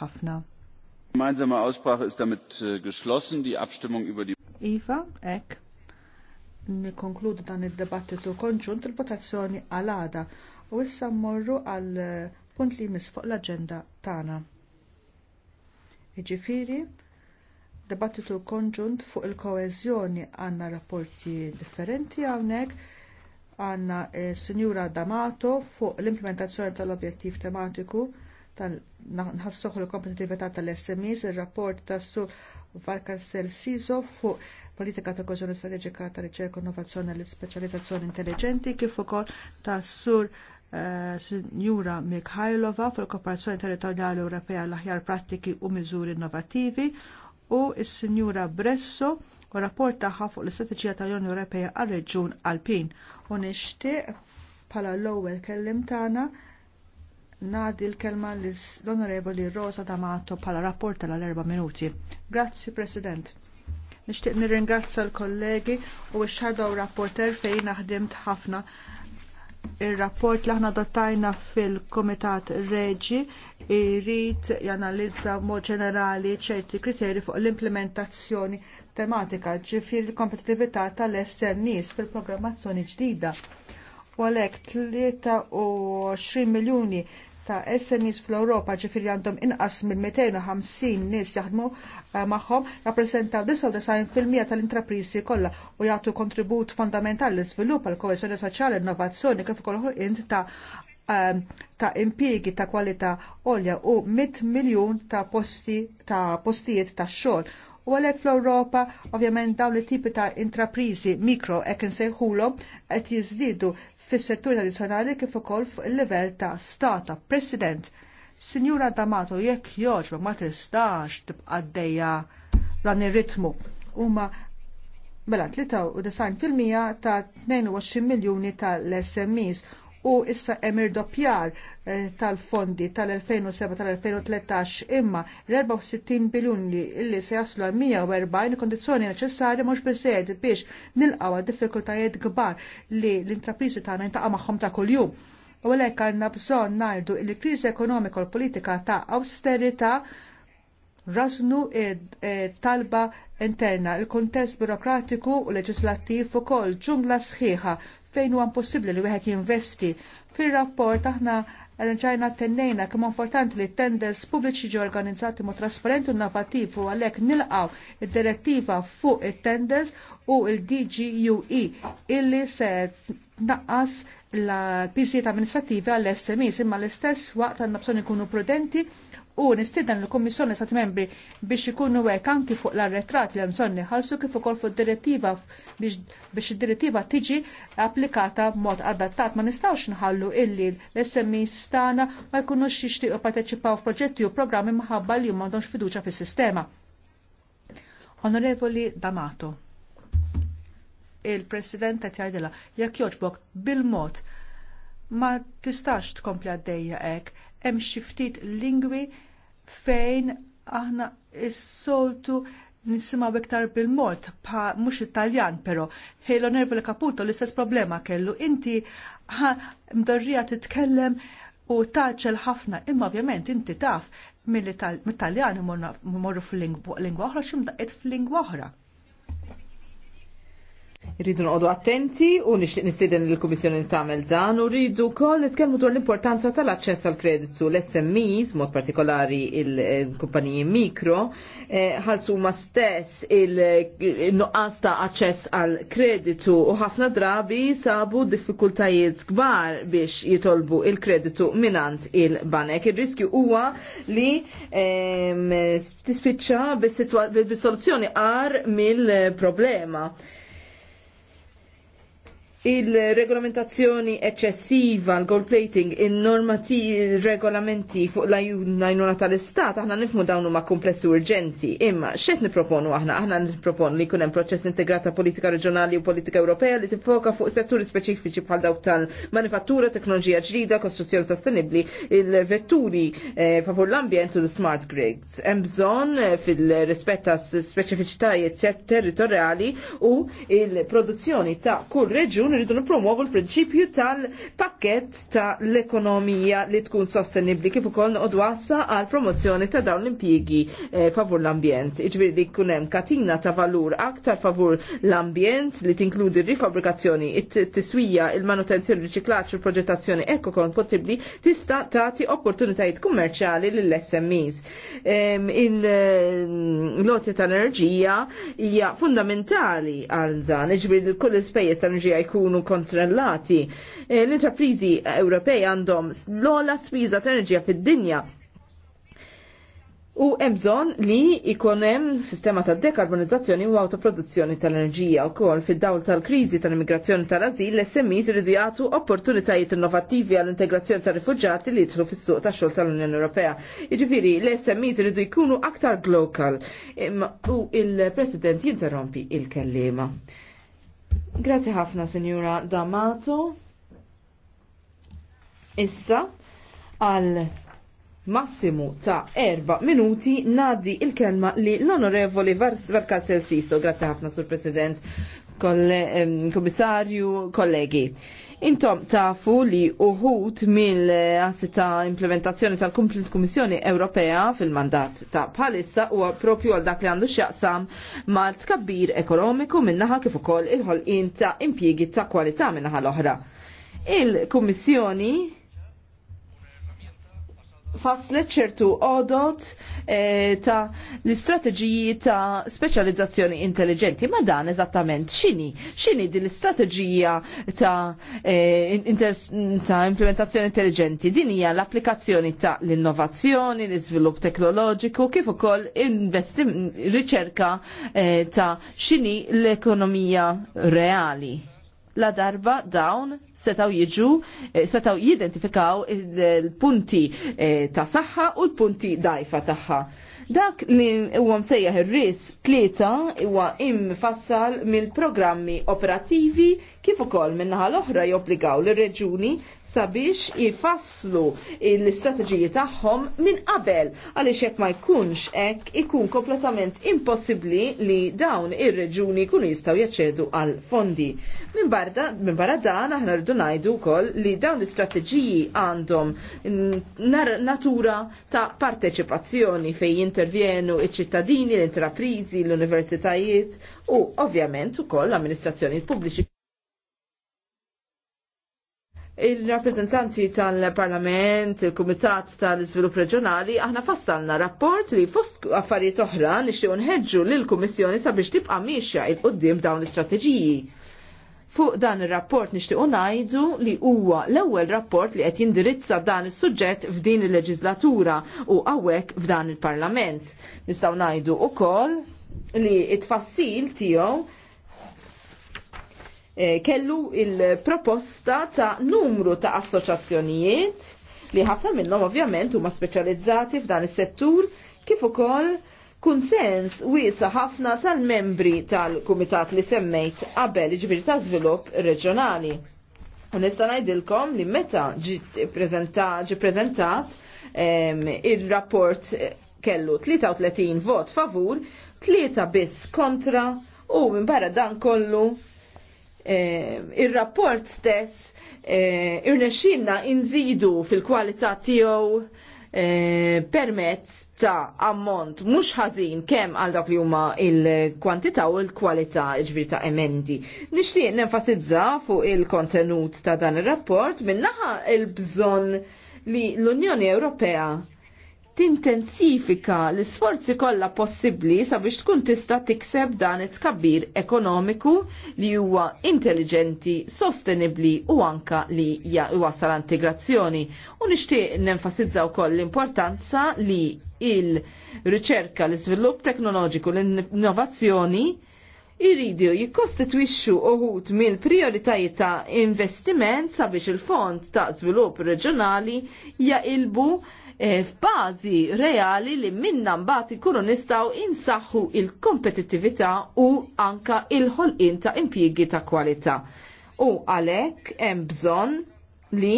ħafna. Gemeinsame Aussprache ist damit äh, geschlossen, die Abstimmung über die Iva, ek. Nikonkludu dan id-debattitu konġunt il-votazzjoni għal-għada u issa mmorru għal äh, punt li jmiss fuq l-agenda tagħna. Jiġifieri, debattitu konġunt fuq il-koeżjoni għandna rapporti differenti hawnhekk għandna e, eh, Signora Damato fuq l-implementazzjoni tal-objettiv tematiku Tal-na nħassuħ l-kompetitività tal-SMEs, ir-rapport tas-sur Valkarsel Siso fuq politika ta' kożjoni strateġika ta' riċerka innovazzjoni l speċjalizzazzjoni intelligenti kif ukoll tas-sur eh, Sinjura Mikhailova fuq kooperazzjoni territorjali Ewropea l-aħjar prattiki u miżuri innovattivi u s-Sinjura Bresso u rapport tagħha fuq l-Istrateġija tal-Unjoni Ewropea għar-Reġjun Alpin. U nixtieq bħala l-ewwel kellim tagħna nadi l-kelma l-Onorevoli Rosa D'Amato pala rapport tal-erba minuti. Grazzi, President. Nishtiq nirringrazza l-kollegi u x-shadow rapporter fejn naħdimt ħafna. Il-rapport li aħna dottajna fil-Komitat Reġi irrid janalizza mod ġenerali ċerti kriteri fuq l-implementazzjoni tematika ġifir il-kompetitività tal-SMEs fil-programmazzjoni ġdida. U għalhekk 23 miljuni ta' SMEs fl-Europa ġifiri għandhom inqas minn 250 nis jaħdmu eh, magħhom rappresentaw 99% tal-intraprisi kollha u jagħtu kontribut fondamentali l-iżvilupp għal koesjoni soċjali, innovazzjoni kif ukoll int ta' eh, ta' impjiegi ta' kwalità olja u 100 miljun ta' posti ta' postijiet ta' xogħol u għalhekk fl ewropa ovvjament dawn it tipi ta' intraprizi mikro, hekk sejħulom, qed jiżdiedu fis-settur tradizzjonali kif ukoll fuq il-livell ta' ta' President. Sinjura Damato jekk joġba ma tistax tibqa' dejja dan ir-ritmu. Huma mela 93% ta' 22 miljuni tal-SMEs u issa hemm irdoppjar eh, tal-fondi tal-2007 tal-2013 imma l-64 biljun li illi se jaslu għal 140 kondizzjoni neċessarja mhux biżejjed biex nilqgħu diffikultajiet kbar li l-intrapriżi tagħna jintaqa' magħhom ta' kuljum. U għalhekk għandna bżonn ngħidu li kriżi ekonomika u l-politika ta' austerità rasnu e, talba interna, il-kontest burokratiku u leġislattiv ukoll ġungla sħiħa fejn huwa impossibbli li wieħed jinvesti. Fir-rapport aħna rġajna tennejna kemm importanti li tenders pubbliċi ġew organizzati mod trasparenti u innovattiv u għalhekk nilqgħu id-direttiva fuq it-tenders u l-DGUE illi se tnaqqas l-pisijiet amministrativi għall smes imma l-istess waqt għandna bżonn ikunu prudenti u nistidan l-Kummissjoni Stat Membri biex ikunu hekk anki fuq l-arretrat li hemm ħalsu kif ukoll fuq direttiva biex id-direttiva tiġi applikata b'mod adattat. Ma nistgħux nħallu illi l smi stana ma jkunux jixtiequ parteċipaw f'proġetti u programmi minħabba li m'għandhomx fiduċja fis-sistema. Onorevoli Damato, il-President qed jgħidilha jekk jogħġbok bil-mod ma tistax tkompli għaddejja hekk, hemm xi ftit lingwi fejn aħna is-soltu nisimaw iktar bil-mod, mux italjan, pero, hej l-onervu kaputo l-istess problema kellu, inti mdorrija titkellem u taċċel ħafna, imma ovvjament inti taf mill-Italjan morru fil-lingwa oħra, daqqet fil-lingwa oħra. Rridu noqogħdu attenti u nixtieq nistieden lill-Kummissjoni tagħmel dan u rridu wkoll nitkellmu dwar l-importanza tal-aċċess għal kreditu l-SMEs, mod partikolari il-kumpaniji mikro, eh, ħalsu ma stess il-nuqqas ta' aċċess għal kreditu u ħafna drabi sabu diffikultajiet kbar biex jitolbu il-kreditu minant il-banek. Ir-riskju huwa li ehm, tispiċċa bis-soluzzjoni għar mill-problema il-regolamentazzjoni eccessiva, l-gold plating, il normati regolamenti fuq la jnuna tal-istat, aħna nifmu dawnu ma' komplessi urġenti. Imma, xet niproponu aħna? Aħna niproponu li kunem proċess integrata politika reġjonali u politika Ewropea li tifoka fuq setturi speċifiċi bħal dawk tal-manifattura, teknoloġija ġdida, kostruzzjoni sostenibli, il-vetturi eh, favur l-ambjent u l-smart grids. Hemm bżonn eh, fil-rispetta speċifiċitajiet territorjali u il-produzzjoni ta' kull reġun dawn irridu l-prinċipju tal-pakket ta' l-ekonomija li tkun sostenibli kif ukoll noqogħdu wassa għal promozzjoni ta' dawn l-impjiegi eh, favur l-ambjent. Iġbir li jkun hemm katina ta' valur aktar favur l-ambjent li tinkludi r-rifabrikazzjoni, it-tiswija, il-manutenzjoni, riċiklaġġ u proġettazzjoni ekko kompatibbli tista' tagħti opportunitajiet kummerċjali lill-SMEs. Ehm, Il-loti eh, tal-enerġija hija fundamentali għal dan, iġbir li kull ispejjeż tal-enerġija jkun jkunu kontrollati. E, L-intraprizi Ewropej għandhom l-ola spiża ta' enerġija fid-dinja U emżon li ikonem sistema ta' dekarbonizzazzjoni u autoproduzzjoni tal-enerġija u kol fid-dawl tal-krizi tal-immigrazzjoni tal-azil l-SMIs rridu jagħtu opportunitajiet innovattivi għall-integrazzjoni tal rifuġġati li jidħlu fis-suq ta' xogħol tal-Unjoni Ewropea. Jiġifieri l-SMIs rridu jkunu aktar global u il-President jinterrompi il-kellima. Grazzi ħafna, Sinjura Damato. Issa, għal massimu ta' erba minuti nadi il-kelma li l-onorevoli Varkas El Siso. Grazie ħafna, Sur President, kommissarju, kollegi. Intom tafu li uħut mill ta' implementazzjoni tal-Kumplit Kummissjoni Ewropea fil-mandat ta' bħalissa u propju għal dak li għandu xjaqsam ma' tkabbir ekonomiku minnaħa kif ukoll il-ħolqien ta' impjiegi ta' kwalità minnaħa l-oħra. Il-Kummissjoni faslet ċertu odot e, ta' l-istrateġiji ta' specializzazzjoni intelligenti. Ma dan eżattament xini? Xini din l-istrateġija ta', e, ta implementazzjoni intelligenti? Din hija l-applikazzjoni ta' l-innovazzjoni, l-iżvilupp teknoloġiku, kif ukoll riċerka e, ta' xini l-ekonomija reali la darba dawn setaw jiġu, eh, setaw jidentifikaw il-punti eh, ta' saħħa u l-punti dajfa tagħha. Dak li huwa msejjaħ ir-ris tlieta huwa imfassal mill-programmi operattivi kif ukoll min-naħa l-oħra jobbligaw l reġuni sabiex jifasslu l-istrateġiji tagħhom minn qabel għaliex jekk ma jkunx hekk ikun kompletament impossibbli li dawn ir-reġuni jkunu jistgħu jaċċedu għal fondi. Minn barra dan aħna rridu ngħidu wkoll li dawn l-istrateġiji għandhom natura ta' parteċipazzjoni fejn jintervjenu iċ-ċittadini, l-intraprizi, l-universitajiet u ovvjament ukoll l-amministrazzjoni pubbliċi il-rappresentanti tal-Parlament, il-Kumitat tal-Izvilupp Reġjonali, aħna fassalna rapport li fost affarijiet oħra nixtiequ nħeġġu lil kummissjoni sabiex tibqa' mixja il qudiem dawn l-istrateġiji. Fuq dan ir-rapport nixtiequ ngħidu li huwa l-ewwel rapport li qed jindirizza dan is-suġġett f'din il-leġislatura u hawnhekk f'dan il-Parlament. Nistgħu ngħidu wkoll li t tfassil tiegħu Eh, kellu il-proposta ta' numru ta' assoċazzjonijiet li ħafna minnhom ovvjament huma speċjalizzati f'dan is-settur kif ukoll kunsens wiesa ħafna tal-membri tal-kumitat li semmejt qabel ġbir ta' żvilupp reġjonali. U nista' ngħidilkom li meta ġiet preżentat ehm, ir-rapport kellu 33 vot favur, 3 biss kontra u minn barra dan kollu Eh, ir-rapport stess eh, irnexxinna inżidu fil-kwalità tiegħu eh, permezz ta' ammont mhux ħażin kemm għal dak li huma il-kwantità u l-kwalità ġbir ta' emendi. Nixtieq nenfasizza fuq il-kontenut ta' dan ir-rapport minnaħa il-bżonn li l-Unjoni Ewropea tintensifika l-isforzi kollha possibbli sabiex tkun tista' tikseb dan it-tkabbir ekonomiku li huwa intelligenti, sostenibbli u anka li jwassal integrazzjoni. U nixtieq nenfasizza wkoll l-importanza li il-riċerka, l iżvilupp teknoloġiku, l-innovazzjoni iridu jikkostitwixxu uħut mill prioritajiet ta' investiment sabiex il-fond ta' żvilupp reġjonali jaqilbu E, f'bażi reali li minna mbagħad ikunu nistgħu insaħħu il-kompetittività u anka il-ħolqien ta' impjiegi ta' kwalità. U għalhekk hemm bżonn li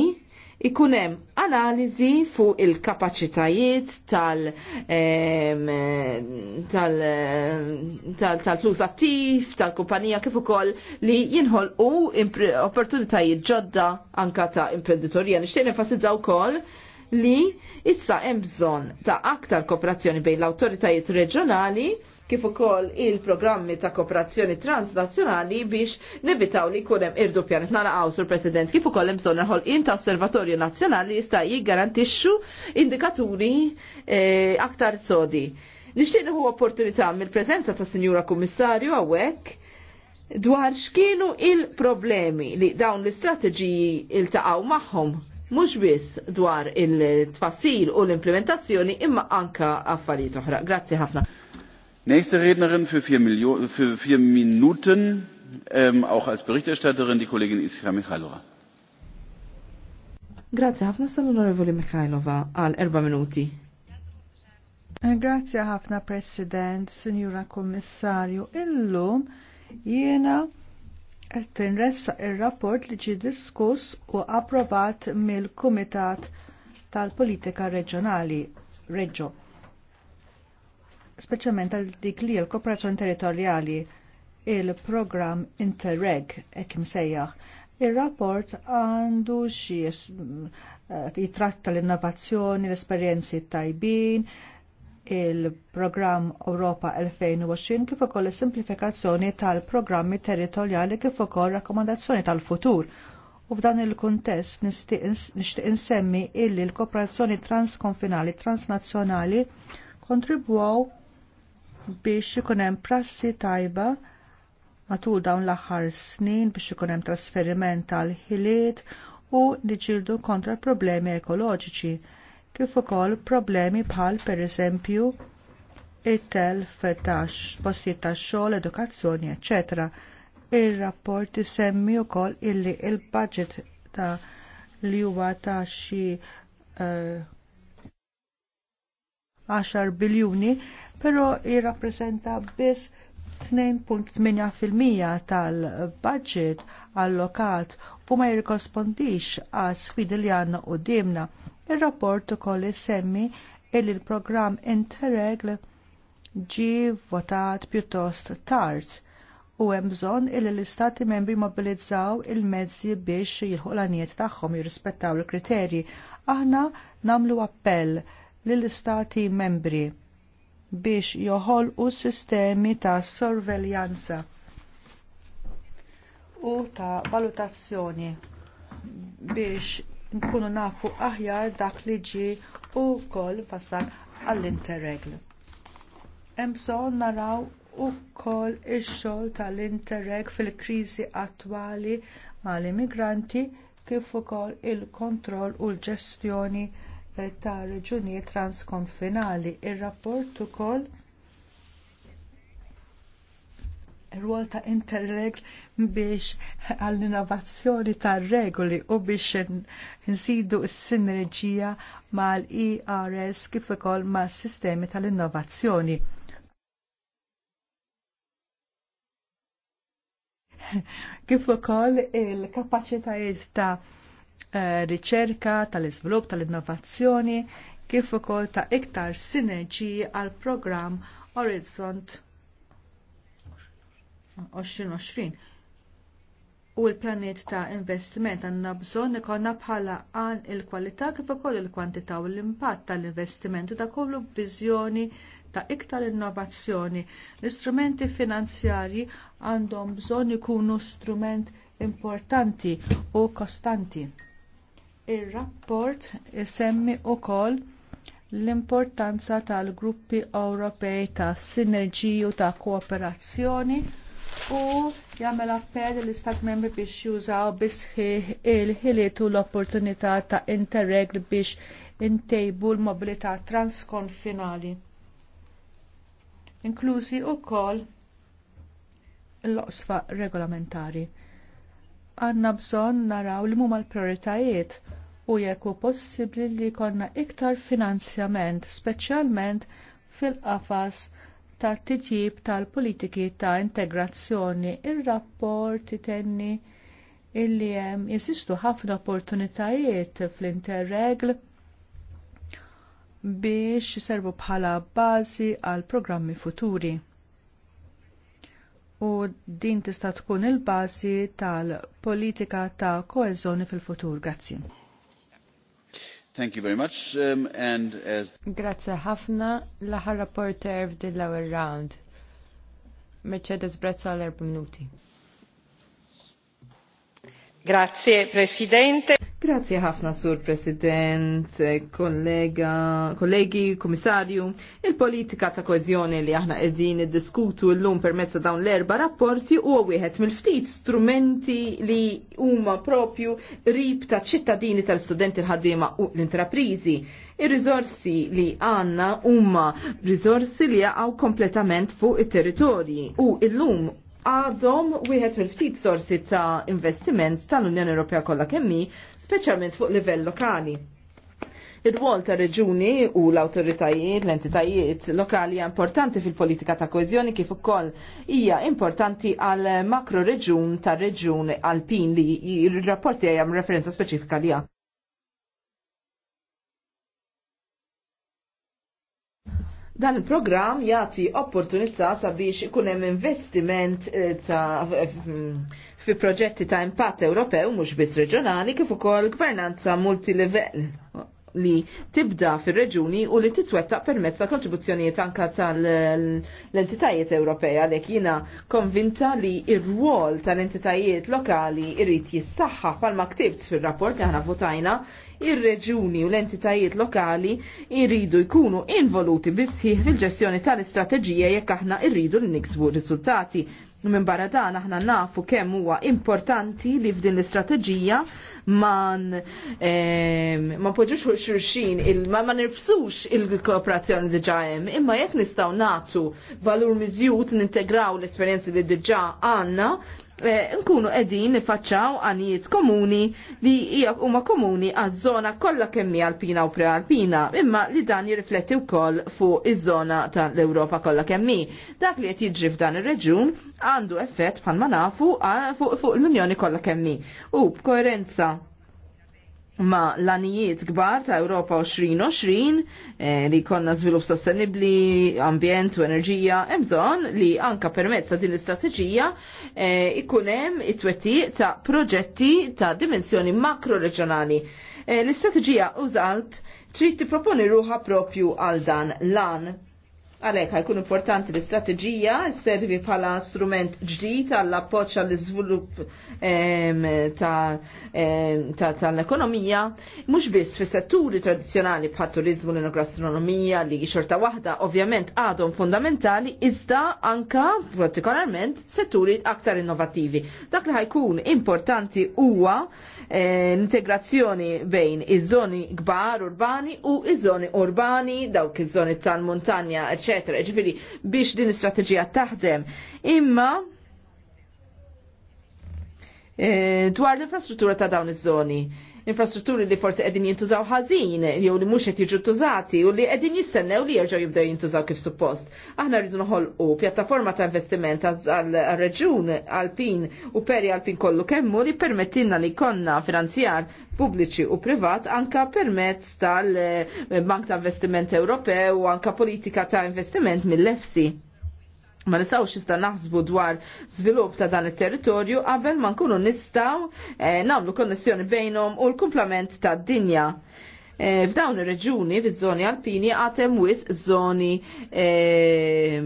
ikun hemm analiżi fuq il-kapaċitajiet tal- tal-flus attiv, tal-kumpanija kif ukoll li jinħolqu opportunitajiet ġodda anka ta' imprenditorija. Nixtieq nefasizza wkoll li issa hemm bżonn ta' aktar kooperazzjoni bejn l-awtoritajiet reġjonali kif ukoll il-programmi ta' kooperazzjoni transnazzjonali biex nevitaw li jkun hemm irdu pjanet nalaqgħu sur President kif ukoll hemm bżonn il ta' osservatorju nazzjonali jista' jiggarantixxu indikaturi eh, aktar sodi. Nixtieq nieħu opportunità mill-preżenza ta' Sinjura Kummissarju hawnhekk dwar x'kienu il-problemi li dawn l-istrateġiji iltaqgħu magħhom mhux biss dwar il-tfassil u l-implementazzjoni imma anka affarijiet oħra. Grazzi ħafna. Nächste Rednerin für vier, Milio für vier Minuten, ähm, auch als Berichterstatterin, die Kollegin Iskra Michalova. Grazie ħafna sal-Onorevoli Mikhailova għal erba minuti. Eh, Grazie ħafna President, Signora Kommissarju. Illum jiena qed inressa ir-rapport li ġie diskuss u approvat mill-Kumitat tal-Politika Reġjonali Reġġo. Speċjalment għal dik li l-kooperazzjoni territorjali il-programm Interreg hekk imsejjaħ. Ir-rapport għandu xi eh, jitratta l-innovazzjoni, l-esperjenzi tajbin, il-programm Europa 2020 kif ukoll is-simplifikazzjoni tal-programmi territorjali kif ukoll rakkomandazzjoni tal-futur. U f'dan il-kuntest nixtieq insemmi illi l-kooperazzjoni transkonfinali transnazzjonali kontribwaw biex ikun hemm prassi tajba matul dawn l-aħħar snin biex ikun hemm trasferiment tal-ħiliet u niġildu kontra problemi ekoloġiċi kif ukoll problemi bħal pereżempju it-telf tax postijiet tax-xogħol, edukazzjoni, eċċ. Ir-rapport isemmi wkoll illi l il budget ta' li huwa ta' xi 10 eh, biljuni, però jirrappreżenta biss 2.8% tal-budget allokat u ma jirkospondix għas sfidi li għandna quddiemna. Ir-rapport ukoll isemmi li l-programm Interreg ġie votat pjuttost tard u hemm bżonn li l-istati membri mobilizzaw il-mezzi biex jilħu l tagħhom jirrispettaw il-kriterji. Aħna nagħmlu appell lill-istati membri biex joħolqu sistemi ta' sorveljanza u ta' valutazzjoni biex nkunu nafu aħjar dak li ġie u kol fassar għall-interregl. bżonn naraw ukoll ix-xogħol tal-interreg fil-kriżi attwali mal-immigranti kif ukoll il-kontroll u l-ġestjoni eh, ta' reġunijiet transkonfinali. Ir-rapport ukoll rwol ta' interreg biex għall-innovazzjoni ta' regoli u biex nsidu s-sinerġija mal-ERS kif ukoll mas sistemi tal-innovazzjoni. Kif ukoll il-kapaċitajiet ta' eh, riċerka, tal-iżvilupp, tal-innovazzjoni, kif ukoll ta' iktar sinerġiji għall programm Horizont 2020. U l-pjaniet ta' investiment għandna bżonn ikollna bħala għan il-kwalità kif ukoll il-kwantità u l-impatt tal-investiment u da kollu viżjoni ta' iktar innovazzjoni. L-istrumenti finanzjarji għandhom bżonn ikunu strument importanti u kostanti. ir rapport isemmi wkoll l-importanza tal-gruppi Ewropej ta' sinerġiju ta' kooperazzjoni u jagħmel appell l-Istat membri biex jużaw bisħiħ il-ħiliet u l-opportunità ta' interreg biex intejbu l-mobilità transkonfinali. Inklusi wkoll l-oqsfa regolamentari. Għanna bżonn naraw li huma l-prioritajiet u jekk hu possibbli li jkollna iktar finanzjament, speċjalment fil-qafas ta' titjib tal-politiki ta' integrazzjoni. Ir-rapport itenni illi hemm jeżistu ħafna opportunitajiet fl-interregl biex jiservu bħala bażi għal programmi futuri. U din tista' tkun il-bażi tal-politika ta' koeżjoni fil-futur. Grazzi. Thank you very much. Um, and as... Grazie ħafna l-aħħar rapporter f'din l-ewwel round. Mercedes Brezza għal Grazie Presidente. Grazie ħafna, Sur President, kollega, kollegi, komissarju. Il-politika ta' koezjoni li aħna edin id-diskutu l-lum permezza dawn l-erba rapporti u għieħed mil ftit strumenti li huma propju rib ta' ċittadini tal-studenti l-ħaddima u l-intraprizi. Ir-rizorsi li għanna huma rizorsi li jaqgħu kompletament fuq it-territorji u l-lum għadhom wieħed mill-ftit sorsi ta' investiment tal-Unjoni Ewropea kollha kemmi, speċjalment fuq livell lokali. ir wol ta' reġuni u l-awtoritajiet, l-entitajiet lokali hija importanti fil-politika ta' koeżjoni kif ukoll hija importanti għal makro reġun ta' reġun alpin li r-rapporti għajam referenza speċifika li Dan il-programm jagħti opportunità sabiex ikun hemm investiment eh, ta' eh, mm, fi proġetti ta' impatt Ewropew mhux biss reġjonali kif ukoll gvernanza multilevel li tibda fir-reġuni u li titwettaq permezz ta' kontribuzzjonijiet anka tal-entitajiet Ewropea għalhekk jiena konvinta li r-rwol tal-entitajiet lokali irrit jissaħħa pal ktibt fir-rapport li aħna votajna ir-reġuni u l-entitajiet lokali irridu jkunu involuti bissi fil-ġestjoni tal-istrateġija jekk aħna rridu li niksbu r riżultati. Minn barra dan aħna nafu kemm huwa importanti li f'din l-istrateġija man ma poġġux xurxin ma, ma nirfsux il-kooperazzjoni li hemm. imma jekk nistgħu nagħtu valur miżjud nintegraw l-esperjenzi li diġà għandna Eh, nkunu edin nifacċaw għanijiet komuni li jgħak huma komuni għaż-żona kollha kemmi Alpina u prealpina, imma li dan jirrifletti wkoll fuq iż-żona tal-Ewropa kollha kemmi. Dak li qed jiġri f'dan ir-reġun għandu effett bħalma nafu fuq fu, l-Unjoni kollha kemmi. U b'koerenza ma l-anijiet gbar ta' Europa 2020 eh, li konna zvilup sostenibli, ambjent u enerġija, emżon li anka permezz ta' din l-istrateġija eh, ikunem it-twetti ta' proġetti ta' dimensjoni makro-reġjonali. Eh, l-istrateġija użalb trid tipproponi ruħa propju għal dan lan. Għalek għajkun importanti l-istrateġija servi bħala strument ġdid għall appoċ għall iżvilupp tal-ekonomija, mhux biss fis setturi tradizzjonali bħat turizmu l enogastronomija li xorta waħda ovvjament għadhom fundamentali iżda anka partikolarment setturi aktar innovativi. Dak li ħajkun importanti huwa Eh, l-integrazzjoni bejn iż-żoni kbar urbani u iż-żoni urbani, dawk iż-żoni tal muntanja eċetera, ġifiri biex din l-istrateġija taħdem. Imma eh, dwar l-infrastruttura ta' dawn iż-żoni infrastrutturi li forsi qegħdin jintużaw ħażin jew li mhux qed jiġu tużati u li qegħdin jistennew li jerġgħu jibdew jintużaw kif suppost. Aħna rridu noħolqu pjattaforma ta' investiment għal-reġun alpin u peri alpin kollu kemmu li permettinna li konna finanzjar pubbliċi u privat anka permezz tal-Bank eh, ta' Investiment Ewropew u anka politika ta' investiment mill-EFSI ma nistaw xista naħsbu dwar zvilup ta' dan it-territorju qabel ma nkunu nistgħu eh, nagħmlu konnessjoni bejnhom u l-kumplament tad-dinja. Eh, F'dawn ir-reġuni, fiż-żoni alpini, għatem wis żoni eh,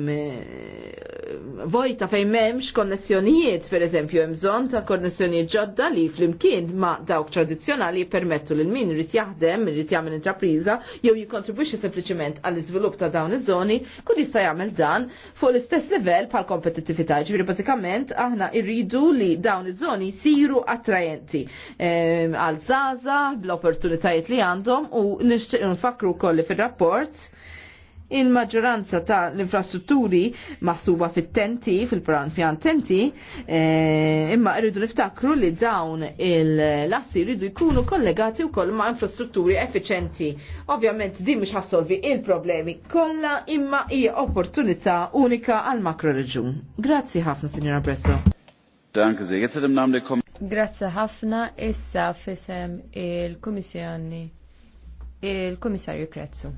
vojta fejn m'hemmx konnessjonijiet, pereżempju hemm bżonn ta' konnessjonijiet ġodda li flimkien ma' dawk tradizzjonali jippermettu lil min rrit jaħdem, irid jagħmel intrapriza, jew jikkontribwixxi sempliċement għall iżvilupp ta' dawn iż-żoni, kun jista' jagħmel dan fuq l-istess livell bħal kompetittività. Ġifieri bażikament aħna irridu li dawn iż-żoni jsiru attrajenti ehm, għal e, żaża, bl-opportunitajiet li għandhom u nixtieq nfakru kolli fir-rapport il-maġġoranza ta' l-infrastrutturi maħsuba fit-tenti, fil-pjan tenti, eh, imma rridu niftakru li dawn il-lassi rridu jkunu kollegati wkoll ma' infrastrutturi effiċenti. Ovvjament din mhix ħassolvi il-problemi kollha imma hija opportunità unika għal makro reġun. Grazzi ħafna, Sinjora Bresso. Danke Grazzi ħafna issa fisem il komissjoni il-Kummissarju Kretzu.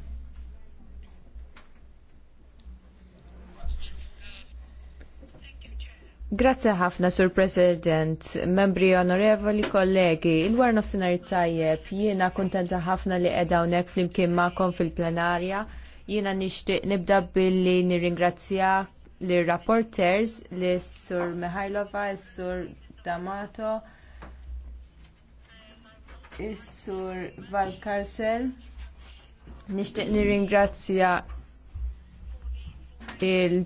Grazie ħafna, Sur President, membri onorevoli kollegi, il-war nofsinar tajjeb, jiena kontenta ħafna li unek fl-imkien ma'kom fil-plenarja, jiena nishtiq nibda billi nirringrazzja li rapporters li Sur Mihajlova, Sur Damato, Sur Valkarsel, nishtiq nirringrazzja il-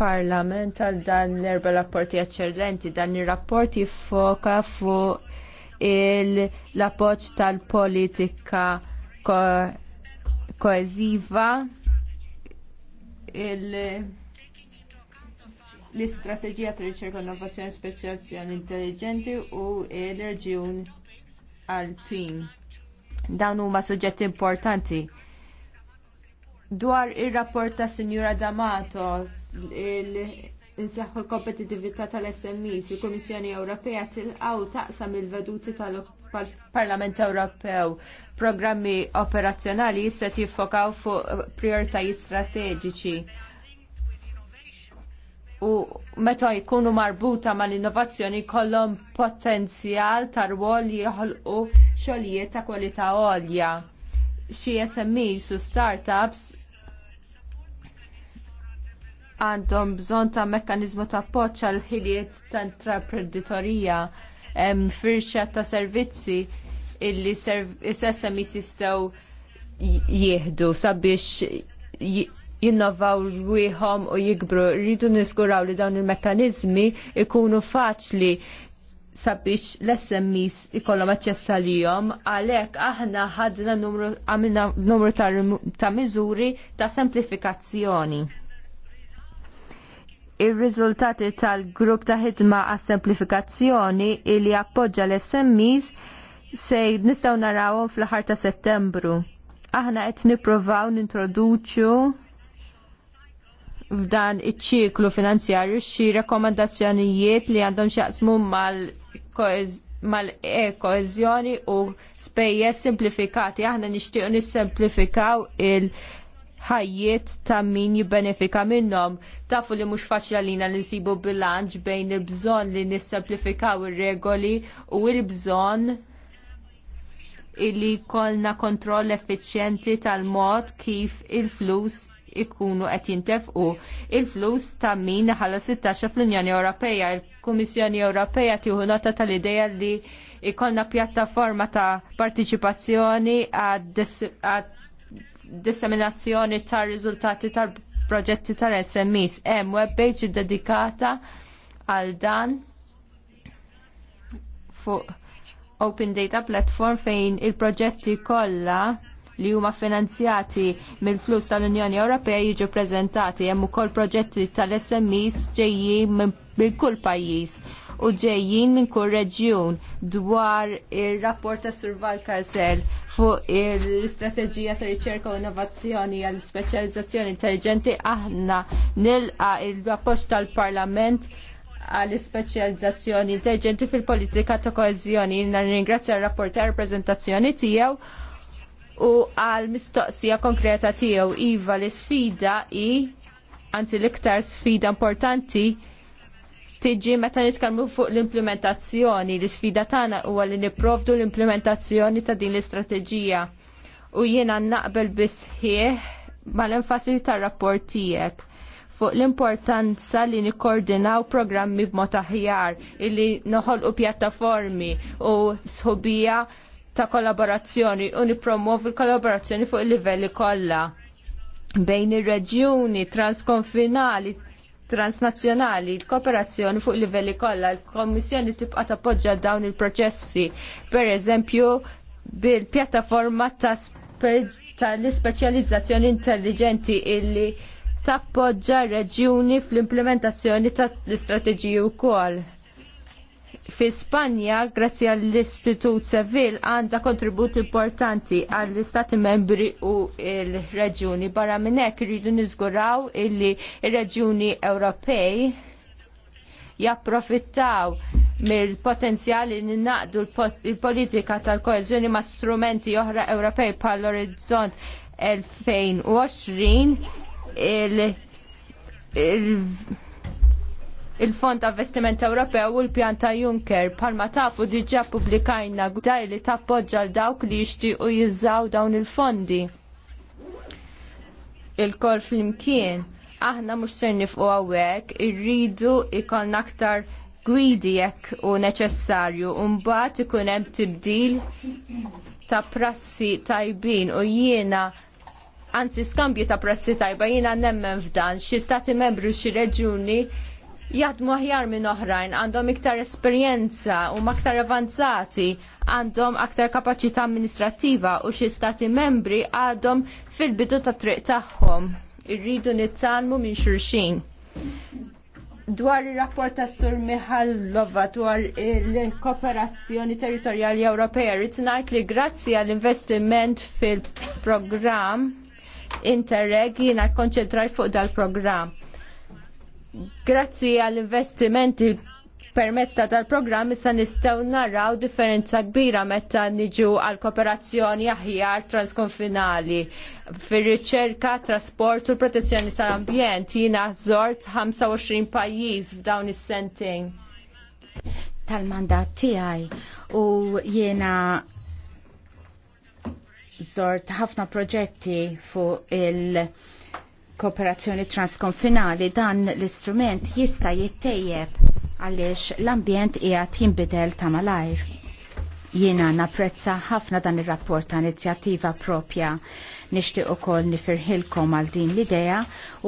parlament għal dan l-erba rapporti eccellenti. Dan ir rapport jiffoka fu l-appoċ tal-politika koeziva il- l istrategija tal-riċerka innovazzjoni speċjazzjoni intelligenti u l-reġjun alpin. Dawn huma suġġetti importanti. Dwar ir-rapport ta' Sinjura D'Amato Inseħħu l-kompetitività tal-SMEs, il-Kummissjoni Ewropea tilqaw taqsam il-veduti tal-Parlament Ewropew. Programmi operazzjonali jista' jiffokaw fuq prioritajiet strateġiċi u meta jkunu marbuta mal innovazzjoni kollom potenzjal ta' rwol jħolqu xogħlijiet ta' kwalità għolja. Xi SMEs u startups għandhom bżonn ta' mekkaniżmu ta' poċa għal ħiliet ta' intraprenditorija firxa ta' servizzi illi s-SMI sistaw jieħdu sabiex jinnovaw rwiħom u jikbru. Rridu niskuraw li dawn il-mekkanizmi ikunu faċli sabiex l-SMIs ikollhom aċċess għalihom, għalhekk aħna ħadna numru għamilna numru ta', ta miżuri ta' semplifikazzjoni ir-riżultati tal-grupp ta' ħidma għas semplifikazzjoni li appoġġa l-SMEs se nistgħu narawhom fl-aħħar ta' Settembru. Aħna qed nippruvaw nintroduċu f'dan iċ-ċiklu finanzjarju xi rakkomandazzjonijiet li għandhom x'jaqsmu mal-koeżjoni mal -e u spejjeż simplifikati. Aħna nixtiequ nissemplifikaw il- ħajjiet ta' min jibbenefika minnhom. Tafu li mhux faċla lina li nsibu bilanċ bejn il-bżonn li nissemplifikaw ir-regoli u il-bżonn illi kolna kontroll effiċjenti tal-mod kif il-flus ikunu qed jintefqu il-flus ta' min ħala 16 fl-Unjoni Ewropea. Il-Kummissjoni Ewropea tieħu nota tal-idea li ikollna pjattaforma ta' partiċipazzjoni għad disseminazzjoni tar riżultati tal-proġetti tal-SMEs. Hemm web page dedikata għal dan fuq Open Data Platform fejn il-proġetti kollha li huma finanzjati mill-flus tal-Unjoni Ewropea jiġu prezentati hemm ukoll proġetti tal-SMEs ġejjin minn kull pajjiż u ġejjin minn kull reġjun dwar ir-rapport ta' Surval Karsel fuq l-istrateġija ta' riċerka u innovazzjoni għall speċjalizzazzjoni intelligenti aħna nilqa il-rapport tal-Parlament għall speċjalizzazzjoni intelligenti fil-politika ta' koeżjoni. Nirringrazzja r-rapport ta' rappresentazzjoni tiegħu u għal mistoqsija konkreta tiegħu iva l-isfida i anzi l-iktar sfida importanti tiġi meta nitkellmu fuq l-implementazzjoni. L-isfida tagħna huwa li nipprovdu l-implementazzjoni ta' din l-istrateġija. U jiena naqbel bisħieħ mal-enfasi tar-rapport tiegħek fuq l-importanza li nikkoordinaw programmi b'mod aħjar illi noħolqu pjattaformi u sħubija ta' kollaborazzjoni u nipromovu l-kollaborazzjoni fuq il-livelli kollha bejn ir-reġjuni transkonfinali transnazzjonali, l-kooperazzjoni fuq livelli kollha, l-Kommissjoni tibqa' tappoġġja dawn il-proċessi, per eżempju bil-pjattaforma tal-ispeċjalizzazzjoni intelligenti illi tappoġġa reġjuni fl-implementazzjoni tal-istrateġiji wkoll fi Spanja, grazzi għall-Istitut Sevil, għandha kontribut importanti għall-Istati membri u l-Reġjuni. Barra minn hekk irridu niżguraw illi ir-Reġjuni Ewropej japprofittaw mill-potenzjali li naqdu l-politika tal-koezjoni ma' strumenti oħra Ewropej pal orizzont 2020 il- il-Fond ta' vestiment Ewropew u l-Pjan ta' Juncker palma tafu diġa publikajna għdaj li tappoġġa l dawk li jixti u jizzaw dawn il-fondi. Il-kol fl-imkien, aħna mux ser u għawek, irridu ikon aktar gwidi jekk u neċessarju, un-bat ikun hemm tibdil ta' prassi tajbin u jiena anzi skambju ta' prassi tajba jiena nemmen f'dan xi stati membru xi reġuni jaħdmu aħjar minn oħrajn, għandhom iktar esperjenza u aktar avanzati, għandhom aktar kapaċità amministrattiva u xi stati membri għadhom fil-bidu ta' triq tagħhom. Irridu nittalmu minn xulxin. Dwar ir-rapport ta' Sur Mihallova dwar il-kooperazzjoni territorjali Ewropea, rrid ngħid li grazzi għall-investiment fil-programm Interreg jiena konċentraj fuq dal-programm grazzi għall-investimenti permezz ta' tal-programm issa nistgħu narraw differenza kbira meta niġu għal kooperazzjoni aħjar transkonfinali fir-riċerka, trasport u protezzjoni tal-ambjent jiena żort 25 pajjiż f'dawn is-sentejn. Tal-mandat tiegħi u jiena żort ħafna proġetti fuq il- kooperazzjoni transkonfinali dan l-istrument jista' jittejjeb għaliex l-ambjent qiegħed jinbidel ta' malajr. Jiena napprezza ħafna dan ir-rapport ta' inizjattiva propja nixtieq ukoll nifirħilkom għal din l-idea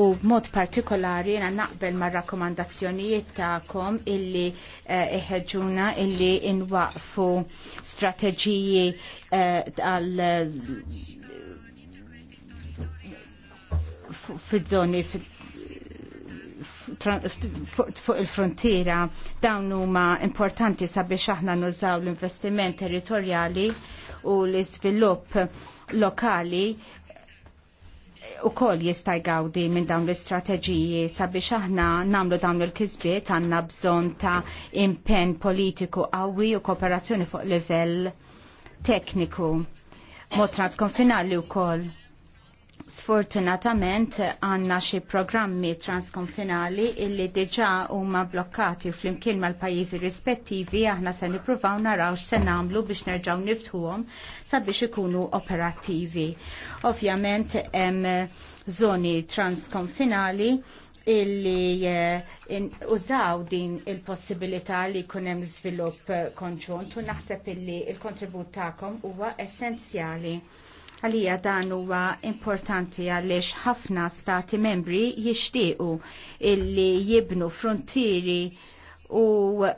u b'mod partikolari jiena naqbel mar rakkomandazzjonijiet tagħkom illi iħeġuna eh, illi inwaqfu strateġiji eh, għal eh, fiż-żoni fuq il-frontiera dawn huma importanti sabiex aħna nużaw l-investiment territorjali u l-iżvilupp lokali u kol jistaj gawdi minn dawn l-istrateġiji sabiex aħna namlu dawn l-kizbiet għanna bżon ta' impen politiku qawwi u kooperazzjoni fuq livell tekniku. Mod transkonfinali u kol Sfortunatament għanna xi programmi transkonfinali illi u huma blokkati u flimkien mal-pajjiżi rispettivi aħna se nippruvaw naraw se nagħmlu biex nerġgħu niftħuhom sabiex ikunu operattivi. Ovvjament hemm żoni transkonfinali illi eh, użaw din il-possibilità li jkun hemm żvilupp konġunt u naħseb illi il-kontribut tagħkom huwa essenzjali Għalija dan huwa importanti għaliex ħafna stati membri jixtiequ illi jibnu frontieri u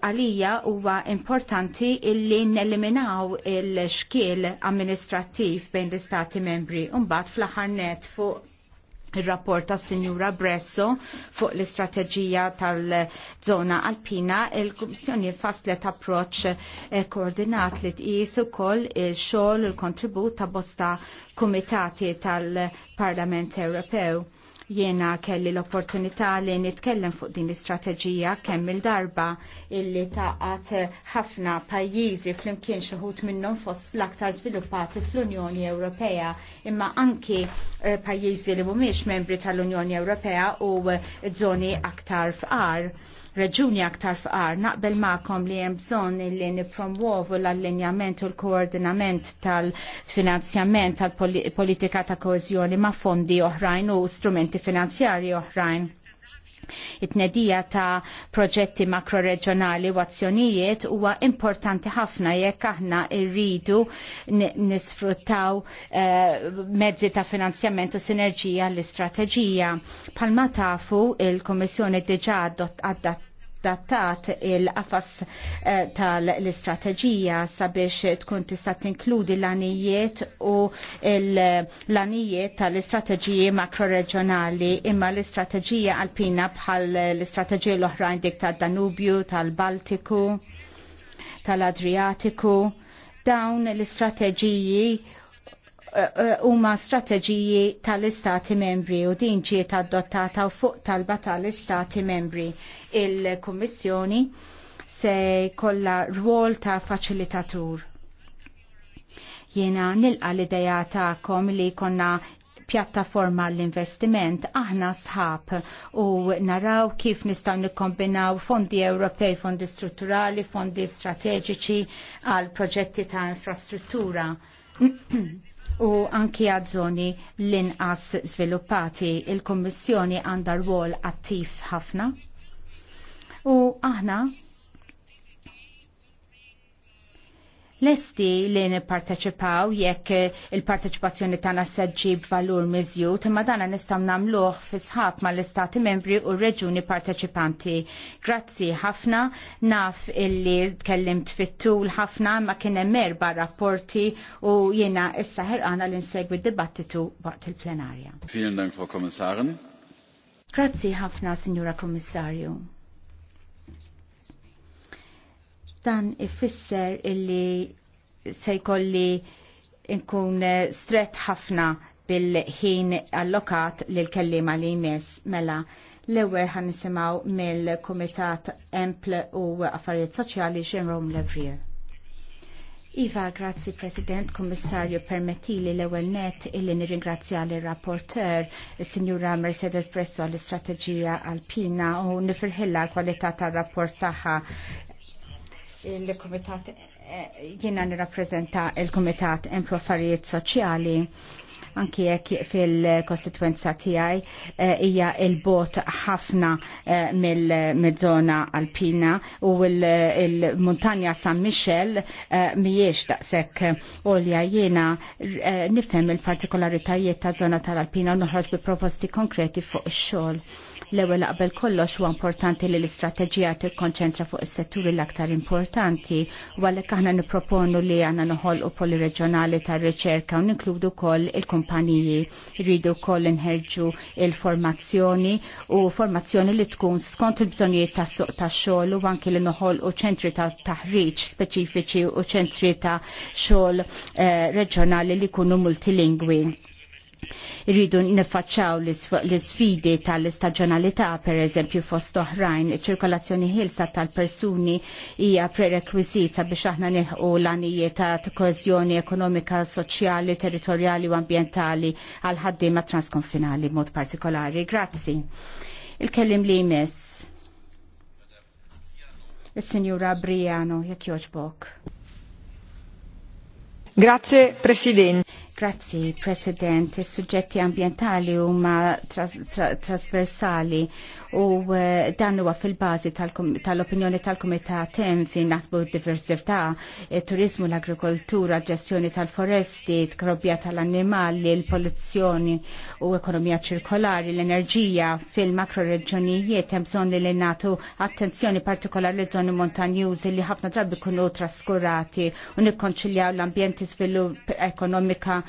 għalija huwa importanti illi neliminaw il-xkiel amministrattiv bejn l-istati membri. bat fl-aħar net fuq il-rapport ta' Sinjura Bresso fuq l-istrateġija tal-zona alpina, il-Kummissjoni faslet approċ eh, koordinat li tqis ukoll il-xogħol il-kontribut ta' bosta kumitati tal-Parlament Ewropew Jiena kelli l-opportunità li nitkellem fuq din l-istrateġija kemm il-darba illi taqat ħafna pajjiżi flimkien xuħut minnhom fost l-aktar sviluppati fl-Unjoni Ewropea imma anki eh, pajjiżi li mhumiex membri tal-Unjoni Ewropea u żoni eh, aktar fqar reġuni aktar fqar naqbel ma'kom li hemm bżonn illi nippromwovu l-allinjament u l-koordinament tal-finanzjament tal-politika ta' koeżjoni ma' fondi oħrajn u strumenti finanzjarji oħrajn. It-tnedija ta' proġetti makroreġjonali u azzjonijiet huwa importanti ħafna jekk aħna rridu nisfruttaw eh, mezzi ta' finanzjament u sinerġija l-istrateġija. Palma tafu il kummissjoni diġà għaddat adattat il-qafas eh, tal-istrateġija sabiex tkun tista' tinkludi l-anijiet u l-anijiet tal-istrateġiji makroreġjonali imma l-istrateġija alpina bħal l-istrateġija l-oħrajn dik tad-Danubju, tal-Baltiku, tal-Adriatiku dawn l-istrateġiji huma strateġiji tal-istati membri u din ġiet adottata fuq talba tal-istati membri. Il-Kummissjoni se kolla rwol ta' faċilitatur. Jiena nilqa l-ideja kom li konna pjattaforma l-investiment aħna sħab u naraw kif nistaw nikkombinaw fondi Ewropej, fondi strutturali, fondi strateġiċi għal proġetti ta' infrastruttura. u anki għadżoni l-inqas sviluppati il-Kommissjoni għandha rwol attiv ħafna. U aħna Lesti li nipparteċipaw jekk il-parteċipazzjoni tagħna se ġib valur miżjud, imma dana nistgħu nagħmluh fi sħab mal-istati membri u reġuni parteċipanti. Grazzi ħafna, naf illi tkellimt fit-tul ħafna ma kien hemm erba' rapporti u jiena issa ħerqana li nsegwi d-dibattitu waqt il-plenarja. Vielen Dank, Frau Kommissarin. Grazzi ħafna, Signora Kommissarju. Dan ifisser illi se jkolli nkun stret ħafna bil-ħin allokat l kellima li jmiss mela l-ewwel ħan nisimaw mill-Kumitat Emple u Affarijiet Soċjali x'inhom Levrier. Iva, grazzi President, Kommissarju, permettili l ewwel net illi nirringrazzja l rapporteur signora Mercedes Bresso għall istrateġija Alpina u nifirħilla l-kwalità tar rapport tagħha il-Komitat eh, jiena nirrappreżenta il-Komitat Empro Affarijiet Soċjali anki jekk fil-kostituenza tiegħi eh, hija il-bot ħafna e, eh, mill-żona alpina u il muntanja San Michel mhijiex daqshekk olja jiena nifhem il-partikolaritajiet ta' żona tal-alpina u noħroġ bi proposti konkreti fuq ix-xogħol L-ewwel qabel kollox huwa importanti li l-istrateġija tikkonċentra fuq is-setturi l-aktar importanti u għalhekk aħna nipproponu li għandna noħolqu poli reġjonali tar-riċerka u ninkludu wkoll il-kumpaniji. Rridu wkoll inħerġu il-formazzjoni u formazzjoni li tkun skont il-bżonnijiet tas-suq tax-xogħol u anki li noħolqu ċentri ta' taħriġ speċifiċi u ċentri ta' xogħol eh, reġjonali li jkunu multilingwi Irridu nifacċaw l-sfidi tal-istaġjonalità, per eżempju, fost oħrajn, ċirkolazzjoni ħilsa tal-persuni hija prerekwizita biex aħna nieħu l-għanijiet ta' koeżjoni ekonomika, soċjali, territorjali u ambientali għal ħaddiema transkonfinali mod partikolari. Grazzi. Il-kellim li jmiss. Il-Sinjura Briano, jekk joġbok. Grazie President. Grazzi, President. Is-suġġetti ambientali huma trasversali u eh, dan huwa fil-bażi tal-opinjoni tal-Kumitat hemm fi nasbu d-diversità, eh, turizmu, l-agrikoltura, ġestjoni tal-foresti, t tal-annimali, l poluzzjoni u ekonomija ċirkolari, l-enerġija fil-makroreġjonijiet hemm bżonn li nagħtu attenzjoni partikolari li żoni montanjużi li ħafna drabi kunu traskurati u nikkonċiljaw l-ambjenti svilupp ekonomika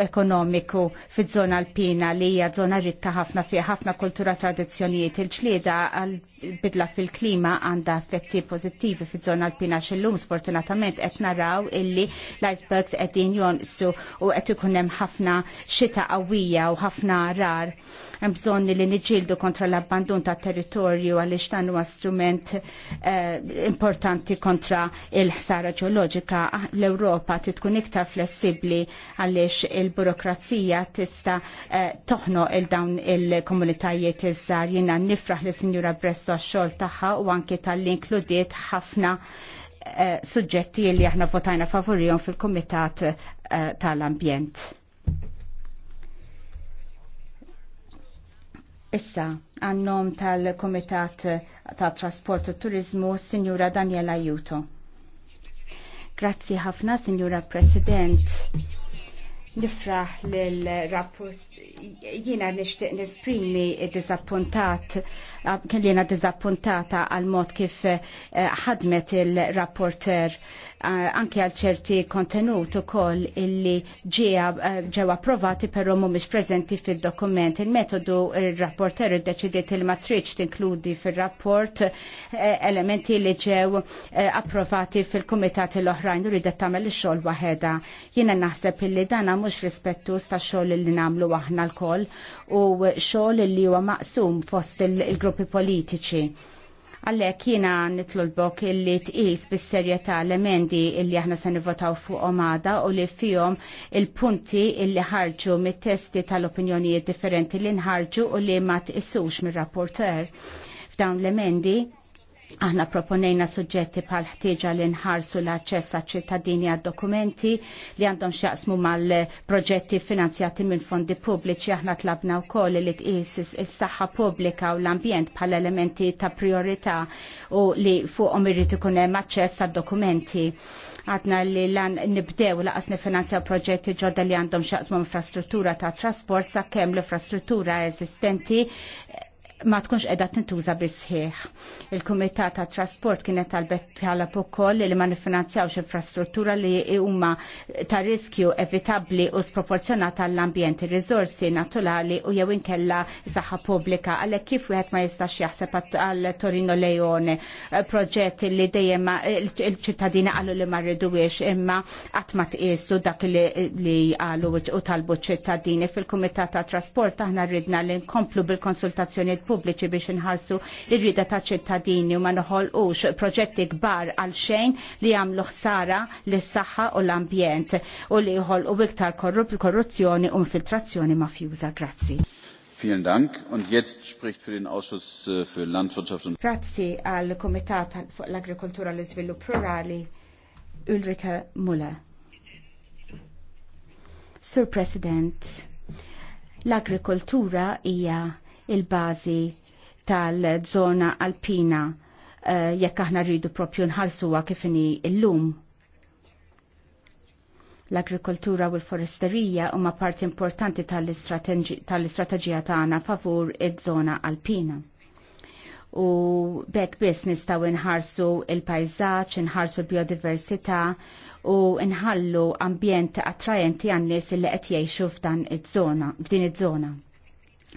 ekonomiku fiż-żona alpina li hija żona rikka ħafna fiha ħafna kultura tradizzjonijiet il-ġlieda għal bidla fil-klima għandha effetti pożittivi fiż-żona alpina xillum sfortunatament qed naraw illi l-icebergs qegħdin jonqsu u qed ikun hemm ħafna xita qawwija u ħafna rar hemm bżonn li niġildu kontra l-abbandun ta' territorju għaliex dan huwa strument eh, importanti kontra il-ħsara ġeoloġika. Ah, L-Ewropa titkun iktar flessibbli għaliex il-burokrazija tista' eh, toħno il-dawn il-komunitajiet iż-żar jiena nifraħ li Sinjura Bresso għax-xogħol tagħha u anke tal-inkludiet ħafna eh, suġġetti li aħna votajna favorijom fil-Komitat eh, tal-Ambjent. Issa, għannom tal-Komitat tal Trasport u Turizmu, Signora Daniela Juto. Grazzi ħafna, Signora President. Nifraħ l-rapport jiena nishtiq nesprimi disappuntat, kellina disappuntata għal mod kif eh, ħadmet il-rapporter eh, anke għal ċerti kontenut ukoll illi illi eh, ġew approvati però mhumiex preżenti fil-dokument. Il-metodu r rapporter iddeċidiet deċidiet il-matriċ tinkludi fil-rapport elementi li ġew approvati fil kumitati l-oħrajn uridet tagħmel ix-xogħol waħedha. Jiena naħseb illi dana mhux rispettus tax xogħol li nagħmlu aħna l-koll u xogħol li huwa maqsum fost il-gruppi politiċi. Għallek jiena nitlolbok illi tqis bis-serjetà l-emendi illi aħna se nivvotaw fuq omada u li fihom il-punti illi ħarġu mit-testi tal-opinjonijiet differenti li nħarġu u li ma tqissux mir-rapporter. F'dawn l-emendi Aħna proponejna suġġetti bħal ħtieġa li nħarsu l-aċċess għal ċittadini għad dokumenti li għandhom xjaqsmu mal-proġetti finanzjati minn fondi pubbliċi. Aħna tlabna wkoll li tqis is-saħħa pubblika u l-ambjent bħal elementi ta' priorità u li fuqhom irrid ikun hemm aċċess għad dokumenti. Għadna li lan nibdew laqas nifinanzjaw proġetti ġodda li għandhom xjaqsmu infrastruttura ta' trasport sakemm l-infrastruttura eżistenti ma tkunx edha tintuża bisħieħ. Il-Kumitat ta' Trasport kienet talbet talab ukoll li ma nifinanzjawx infrastruttura li huma ta' riskju evitabbli u sproporzjonata għall-ambjent, ir-riżorsi naturali u jew inkella saħħa pubblika. Għalhekk kif wieħed ma jistax jaħseb għal Torino Leone eh, proġett li dejjem eh, il-ċittadina qalu li ma rriduwiex imma qatt ma tqisu dak li qalu u talbu ċittadini fil-Kumitat ta' Trasport aħna rridna li nkomplu bil-konsultazzjoni pubbliċi biex inħarsu ir-rida ta' ċittadini u ma ux proġetti gbar għal xejn li għamlu ħsara l saħħa u l-ambjent u li jħol u biktar korruzzjoni u infiltrazzjoni mafjuża. Grazzi. Vielen Dank. Und jetzt spricht für den Ausschuss äh, für Landwirtschaft und Grazie al Komitat fuq l-Agrikoltura l iżvilupp Rurali Ulrika Muller. Sur President, l-agrikoltura hija il-bazi tal-zona alpina eh, jekk aħna rridu propju nħalsuha kifini il-lum. L-agrikoltura u l-foresterija huma parti importanti tal-istrateġija tagħna favur iż-żona alpina u bekk biss nistgħu inħarsu il pajżaġġ inħarsu l-biodiversità u nħallu ambjent attrajenti għan nies li qed jgħixu f'dan iż-żona, f'din iż-żona.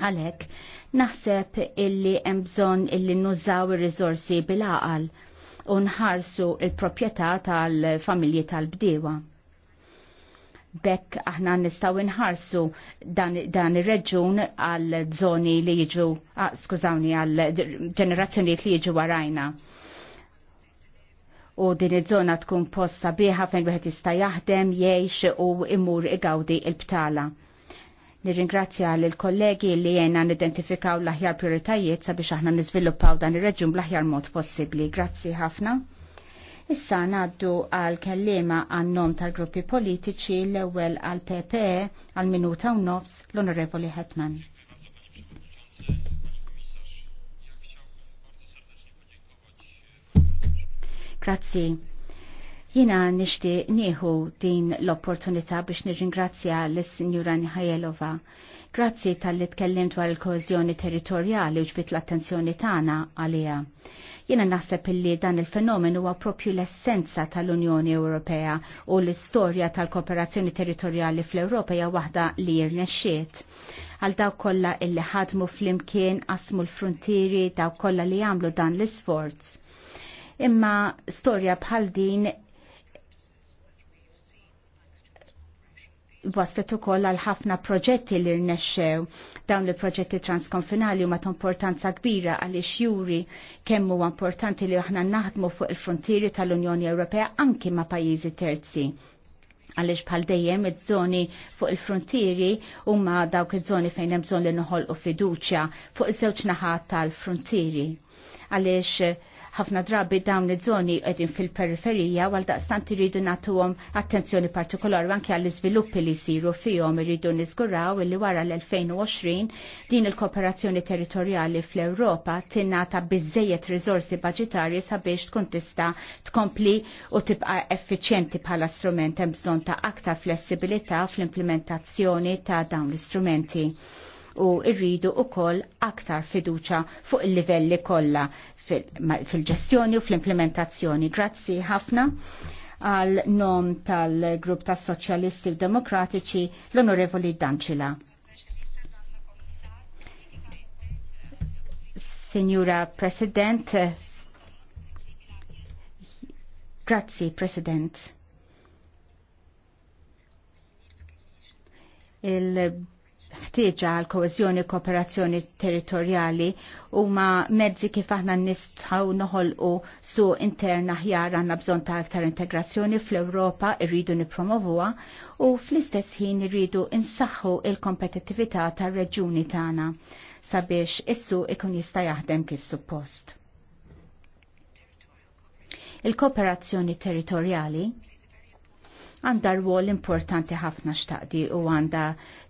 Għalhekk Naħseb illi hemm bżonn illi nużaw ir-riżorsi bil-aqal u nħarsu il-proprjetà tal-familji tal-bdiewa bekk aħna nistaw nħarsu dan, ir-reġun għal żoni li jiġu, ah, skużawni, għal ġenerazzjonijiet li jiġu warajna. U din iż-żona tkun posta biħa fejn wieħed jista' jaħdem, jgħix u imur igawdi il-btala. Nirringrazzja lill kollegi li jena nidentifikaw l-aħjar prioritajiet sabiex aħna niżviluppaw dan ir-reġjun bl-aħjar mod possibbli. Grazzi ħafna. Issa naddu għal kellima nom tal-gruppi politiċi l-ewel għal PPE għal minuta u nofs l-Onorevoli Hetman. Grazzi. Jina nishti nieħu din l-opportunità biex nirringrazzja l-Sinjura Nihajelova. Grazzi tal-li tkellim dwar il-kohezjoni territorjali u ġbit l-attenzjoni tagħna għalija. Jina naħseb illi dan il-fenomen huwa propju l-essenza tal-Unjoni Ewropea u l-istorja tal-kooperazzjoni territorjali fl-Ewropa hija waħda li jirnexxiet għal daw kollha illi ħadmu fl-imkien qasmu l-frontieri daw kollha li jagħmlu dan l-isforz. Imma storja bħal din waslet ukoll għal ħafna proġetti li rnexxew dawn il-proġetti transkonfinali huma ta' importanza kbira għaliex juri kemm huwa importanti li aħna naħdmu fuq il-frontieri tal-Unjoni Ewropea anki ma' pajjiżi terzi għaliex bħal dejjem iż-żoni fuq il-frontieri huma dawk iż-żoni fejn hemm bżonn li noħolqu fiduċja fuq iż-żewġ naħat tal-frontieri għaliex ħafna drabi dawn iż-żoni qegħdin fil-periferija għal daqstant iridu nagħtuhom attenzjoni partikolari anke għall iżviluppi li jsiru fihom iridu niżguraw illi wara l-2020 din il-kooperazzjoni territorjali fl-Ewropa tingħata biżejjed riżorsi baġitarji sabiex tkun tista' tkompli u tibqa' effiċjenti bħala strument hemm bżonn ta' aktar flessibilità fl-implementazzjoni ta' dawn l-istrumenti u rridu u koll aktar fiduċa fuq il-livelli kollha fil-ġestjoni u fl-implementazzjoni. Grazzi ħafna għal nom tal-Grupp ta' Soċjalisti u Demokratiċi l-Onorevoli Danċila. Signora President, grazzi President. il ħtieġa għal koeżjoni kooperazzjoni territorjali huma mezzi kif aħna nistgħu noħolqu su interna ħjar għandna bżonn ta' aktar integrazzjoni fl-Ewropa irridu nippromovuha u fl-istess ħin irridu insaħħu il-kompetittività tar-reġjuni tagħna sabiex issu ikun jista' jaħdem kif suppost. Il-kooperazzjoni territorjali għandha rwol importanti ħafna xtaqdi u għandha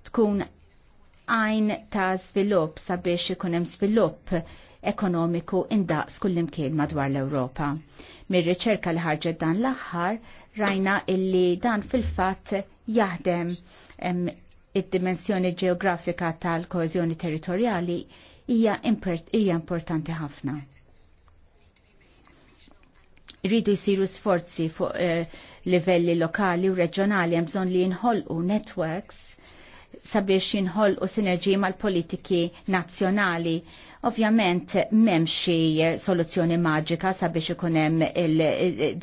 tkun għajn ta' svilupp sabiex ikun hemm svilupp ekonomiku indaqs kullimkien madwar l-Ewropa. Mir-riċerka li ħarġet dan l-aħħar rajna illi dan fil-fatt jaħdem id-dimensjoni ġeografika tal-koezjoni territorjali hija importanti ħafna. Rridu jsiru sforzi fuq eh, livelli lokali u reġjonali hemm bżonn li jinħolqu networks sabiex jinħolqu sinerġiji mal-politiki nazzjonali Ovvjament m'hemm xi soluzzjoni maġika sabiex ikun hemm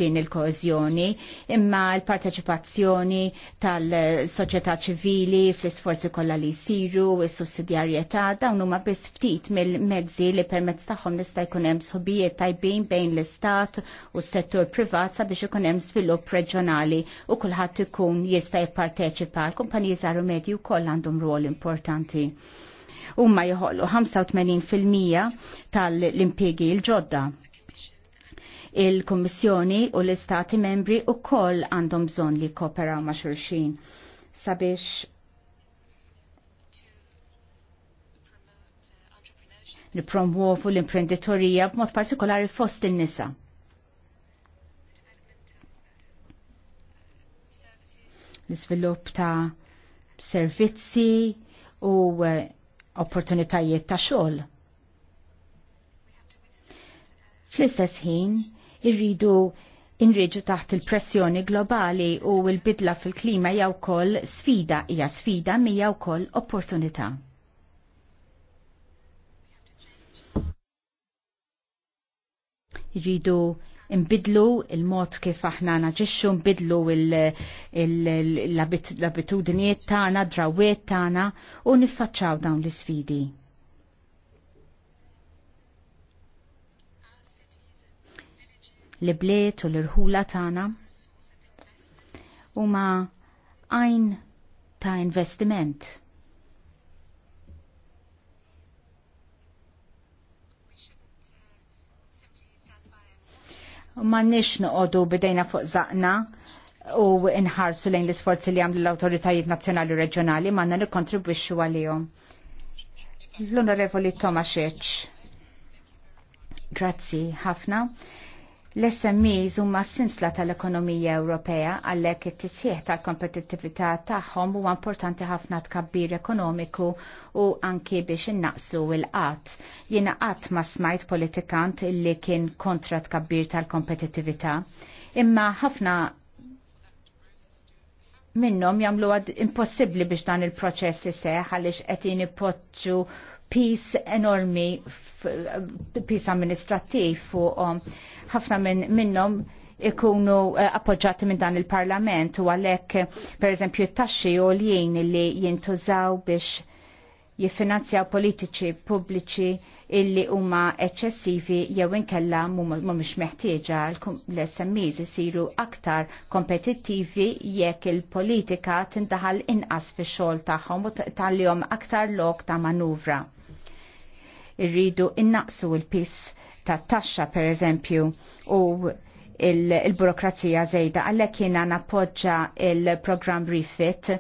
din il-koeżjoni, imma l-parteċipazzjoni tal-soċjetà ċivili fl-isforzi kollha li jsiru, s sussidjarjetà dawn huma biss ftit mill-mezzi li permezz tagħhom nista' jkun hemm sħubijiet tajbin bejn l-istat u s-settur privat sabiex ikun hemm svilupp reġjonali u kulħadd ikun jista' jipparteċipa. L-kumpaniji żaru medju wkoll għandhom rwol importanti huma joħolqu 85% tal impiegi l-ġodda. Il-Kommissjoni u l-Istati membri u koll għandhom bżon li kopera ma' xurxin sabiex nipromwofu l-imprenditorija b'mod partikolari fost in-nisa. L-iżvilupp ta' servizzi u eh, opportunitajiet ta' xogħol. Fl-istess ħin irridu inriġu taħt il-pressjoni globali u l-bidla fil-klima jew wkoll sfida hija sfida mija wkoll opportunità. Irridu imbidlu il-mod kif aħna naġixxu, imbidlu l-abitudinijiet tagħna, drawiet tagħna u niffaċċaw dawn l-isfidi. L-bliet u l-irħula tagħna huma għajn ta' investiment ma nix noqodu bidejna fuq zaqna u nħarsu lejn l-isforzi li għamlu l-autoritajiet nazjonali u reġjonali nani nikontribwixxu għalihom. L-Onorevoli Tomasic. Grazzi ħafna. L-SMEs huma sinsla tal-ekonomija Ewropea għalhekk it-tisħiħ tal-kompetittività tagħhom huwa importanti ħafna tkabbir ekonomiku u anki biex innaqsu l-qatt. Jiena qatt ma smajt politikant li kien kontra tkabbir tal-kompetittività, imma ħafna minnhom jagħmlu għad impossibbli biex dan il-proċess iseħħ għaliex qed jinipoġġu pis enormi, pis amministrattiv fuqhom. Um, ħafna minn minnhom ikunu eh, appoġġati minn dan il-parlament u għalhekk pereżempju t-taxxi u l-jien li jintużaw biex jiffinanzjaw politiċi pubbliċi illi huma eċċessivi jew inkella mhumiex meħtieġa l-SMEs isiru aktar kompetittivi jekk il-politika tindaħal inqas fix-xogħol tagħhom u tagħlihom aktar lok ta' manuvra. Irridu innaqsu l-piss ta' taxxa per eżempju u il-burokrazija il zejda għallek jena napoġġa il-program Refit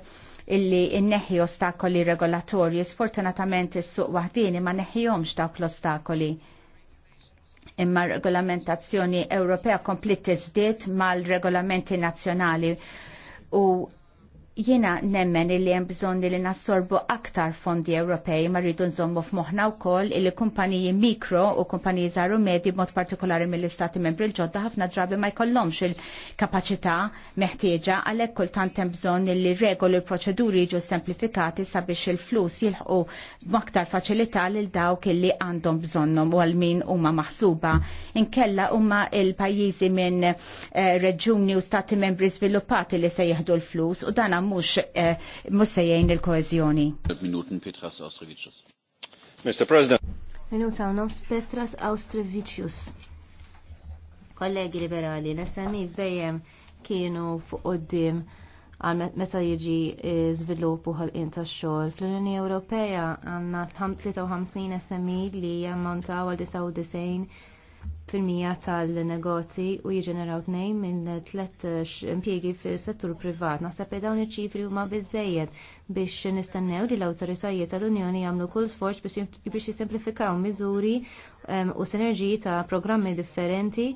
illi inneħi ostakoli regolatorji sfortunatament is-suq wahdini ma neħjomx dawk l-ostakoli imma regolamentazzjoni Ewropea komplit tiżdied mal-regolamenti nazzjonali u Jiena nemmen illi hemm bżonn li nassorbu aktar fondi Ewropej ma rridu nżommu f'moħħna wkoll il kumpaniji mikro u kumpaniji żaru medji b'mod partikolari mill-istati membri l-ġodda ħafna drabi ma jkollhomx il-kapaċità meħtieġa għalhekk kultant hemm bżonn li regoli u proċeduri jiġu semplifikati sabiex il-flus jilħqu b'aktar faċilità lil dawk illi għandhom bżonnhom u għal min huma maħsuba. Inkella huma il-pajjiżi minn eh, reġuni u stati membri sviluppati li se jieħdu l-flus u dan mux eh, mussejjajn il koezjoni Minuten Petras Austrevicius. Mr. President. Minuta noms Petras Austrevicius. Kollegi liberali, l-SMIs dejjem kienu fuq uddim għal meta jiġi eh, żvilupp u ħolqien tax-xogħol. Fl-Unjoni Ewropea għandna 53 SMI li jammontaw għal 99 fil-mija tal-negozji u jiġeneraw tnejn minn tlet impjiegi fis-settur privat. Naħseb li dawn iċ-ċifri huma biżejjed biex nistennew li l-awtoritajiet tal-Unjoni jagħmlu kull sforz biex jisimplifikaw miżuri u sinerġiji ta' programmi differenti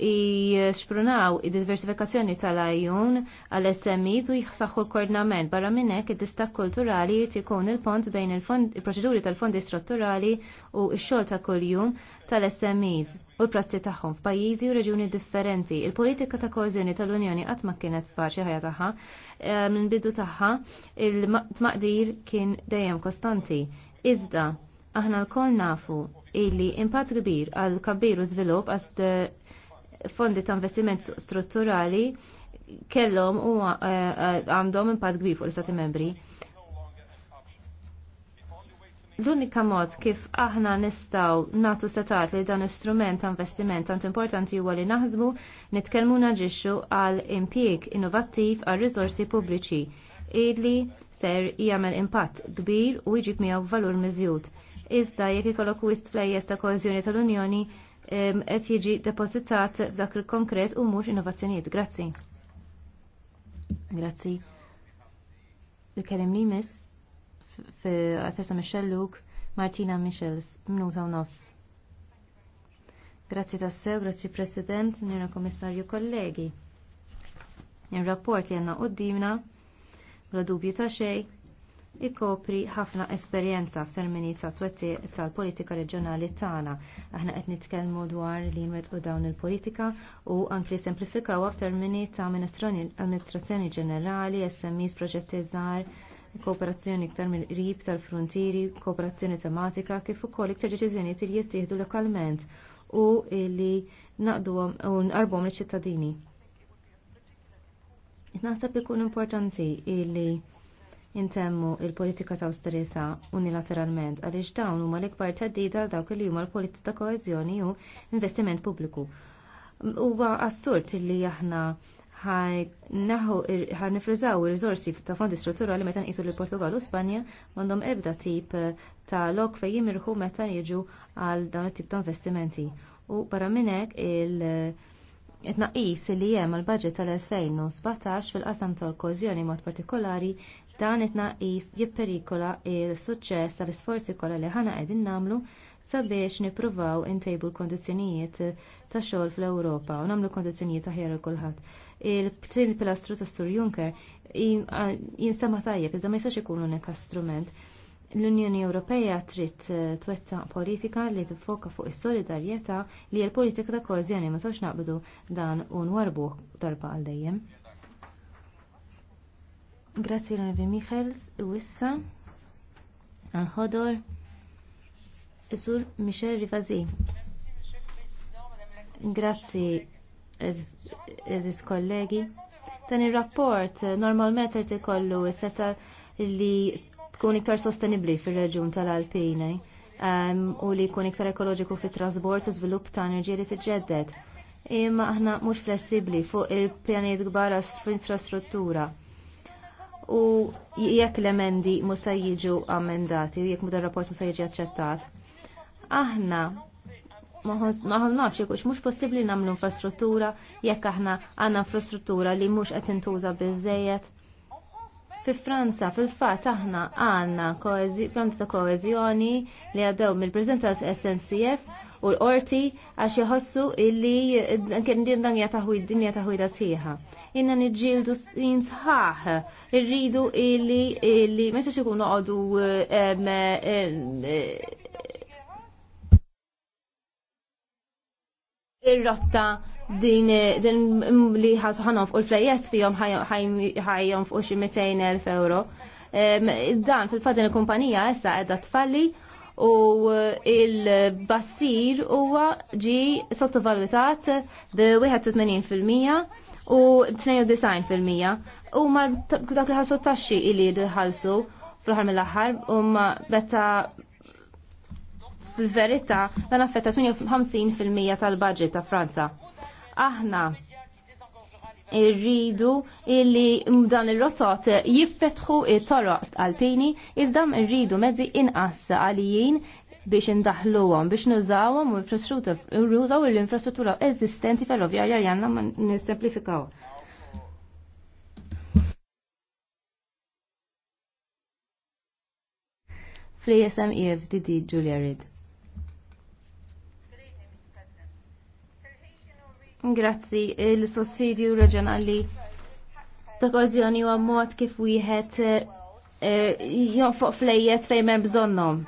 jisprunaw id-diversifikazzjoni tal-ajjun għal-SMEs u jħsaxħu l-koordinament. Barra minnek id-distak kulturali jt il-pont bejn il-proċeduri tal-fondi strutturali u x-xol ta' kuljum tal-SMEs u l-prasti tagħhom f'pajjiżi u reġjuni differenti. Il-politika ta' kożjoni tal-Unjoni qatt ma kienet faċli ħajja tagħha. Eh, minn bidu tagħha il-tmaqdir kien dejjem kostanti. Iżda aħna l-kol nafu illi impatt kbir għal kabbir u żvilupp għas fondi ta' investiment strutturali kellhom u eh, eh, għandhom impatt kbir fuq l-Istati membri. L-unika mod kif aħna nistaw natu setat li dan istrument ta' investiment tant importanti huwa li naħsbu nitkellmu naġixxu għal impjieg innovattiv għal riżorsi pubbliċi illi ser jagħmel impatt kbir u jġib miegħu valur miżjud. Iżda jekk ikollok wist flejjes ta' koeżjoni tal-Unjoni qed jiġi depożitat f'dak il-konkret u mhux innovazzjonijiet. Grazzi. Grazzi. Il-kelim li miss f'Fessa Michel Luke, Martina Michels, minuta u nofs. Grazzi tassew, grazzi President, nirna Komissarju kollegi. Il-rapport li għanna d-dimna, bla dubju ta' xej, ikopri ħafna esperjenza f'termini ta' twetti tal-politika reġjonali tagħna. Aħna qed nitkellmu dwar li nwettqu dawn il-politika u anki semplifikawha f'termini ta' amministrazzjoni ġenerali, SMEs, proġetti żgħar, kooperazzjoni iktar mill-qrib tal-frontieri, kooperazzjoni tematika kif ukoll iktar deċiżjonijiet li jittieħdu lokalment u li naqduhom u nqarbuhom liċ-ċittadini. Naħseb ikun importanti illi intemmu l politika ta' austerità unilateralment għaliex dawn huma l-ikbar theddida għal dawk li huma l-politika ta' koeżjoni u investiment pubbliku. Huwa assurd li aħna ħaj nifrużaw ir riżorsi ta' fondi strutturali meta nqisu lill Portugal u Spanja m'għandhom ebda tip ta' lok fejn jimirħu meta jiġu għal dawn it-tip ta' investimenti. U barra minn hekk il it-naqis li hemm għal budget tal-2017 fil-qasam tal-kozjoni mod partikolari Dan it-tnaqqis jipperikola il-suċċess tal-isforzi kollha li ħana qegħdin nagħmlu sabiex nippruvaw intejbu l kundizzjonijiet tax xogħol fl-Ewropa u nagħmlu kondizzjonijiet aħjar kulħadd. Il-pilastru ta' Sur Juncker jinsema tajjeb iżda ma jistax ikun unika strument. L-Unjoni Ewropea trid eh, twetta' politika li tiffoka fuq is-solidarjetà li l-politika ta' koeżjoni ma tawx naqbdu dan u nwarbuh darba għal dejjem. Grazzi Ravi Michels, u issa għal-ħodor Isur Michel Rivazi. Grazzi, eżis kollegi. Dan il-rapport normalment irid ikollu seta li tkun iktar sostenibli fir-reġjun tal alpine u li jkun iktar ekoloġiku fit trasbord u żvilupp ta' enerġija li tiġġedded imma aħna mhux flessibbli fuq il-pjanijiet kbar fl infrastruttura u jekk l-emendi musa jiġu ammendati u jekk mudar rapport musa jiġi aċċettat. Aħna maħon nafx jekk mhux possibbli nagħmlu infrastruttura jekk aħna għandna infrastruttura li mhux qed intuża bizzejet. Fi Franza, fil-fatt aħna għandna Franza ta' koeżjoni li għaddew mill-preżentaż SNCF u l-qorti għax jħossu illi kien din dan jataħu id-dinja taħu id-datiħa. Inna nġildu jinsħaħ, irridu illi, illi, meċa xikun għodu ir-rotta din din li ħanħof u l-flejjes fihom ħajjom fuq xi 200,000 euro. Dan fil fadin din il-kumpanija issa qiegħda tfalli u eh, il-bassir huwa ġi sottovalutat bi 81% u 92% u ma dak li ħassu taxxi illi ħalsu fl-ħar mill-aħħar u ma betta fil-verità dan affetta 58% tal-budget ta' Franza. Aħna irridu illi dan ir-rotot jiffetħu it-toroq għalpini iżda rridu mezzi inqas għalijin biex indaħluhom biex nużawhom u u l-infrastruttura eżistenti ferroviarja ovjarja janna ma nissemplifikaw. Fl-ISM e Didi Julia Reid. Grazzi, il-sussidju reġjonali ta' kozjoni huwa mod kif wieħed eh, eh, jonfoq flejjes fejn hemm bżonnhom.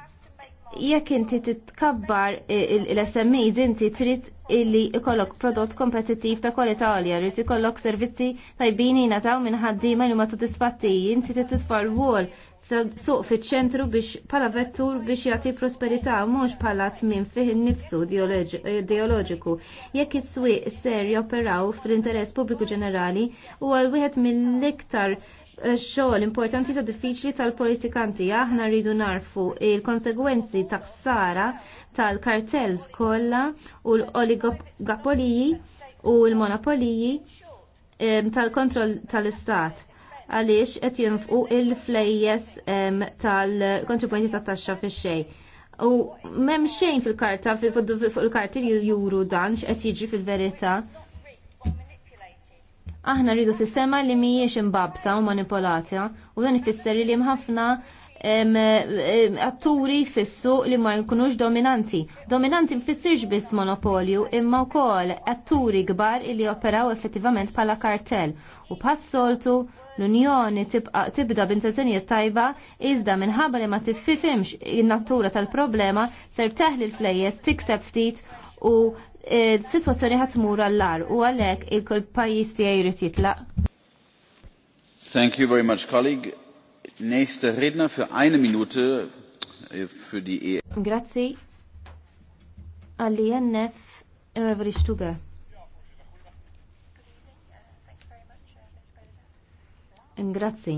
Jekk inti titkabbar eh, l-SMEs inti trid illi ikollok prodott kompetittiv ta' kwalità għalja, rrid ikollok servizzi tajbini nataw minn ħaddiema li huma sodisfatti, inti titfar wol suq fiċ-ċentru biex pala vettur biex jagħti prosperità mhux pala tmim fih innifsu ideoloġiku. Jekk is-swieq ser joperaw fl-interess pubbliku ġenerali huwa wieħed mill-iktar eh, xogħol importanti ta' diffiċli tal-politikanti aħna rridu narfu il-konsegwenzi ta' ħsara tal-kartels kollha u l-oligopoliji u l-monopoliji eh, tal-kontroll tal-istat għaliex qed jinfqu il-flejjes tal-kontribwenti ta' taxxa fix-xejn. U m'hemm xejn fil-karta fuq il-karti li juru dan x'qed jiġri fil-verità. Aħna rridu sistema li mhijiex imbabsa u manipolata u dan ifisser li ħafna atturi fissu li ma jkunux dominanti. Dominanti mfissirx biss monopolju imma wkoll atturi kbar li operaw effettivament bħala kartell u bħas soltu L-Unjoni tibda b'intenzjonijiet tajba iżda minħabba li ma tiffifimx in-natura tal-problema ser teħli l-flejjes tikseb ftit u e, situazzjoni ħatmur għall-lar u għalhekk il-kull pajjiż tiegħi jrid jitlaq. Thank you very much, colleague. Nächste Redner für eine Minute äh, für die Ehe. Grazie. Alienef Reverend Stuger. Ingrazzi.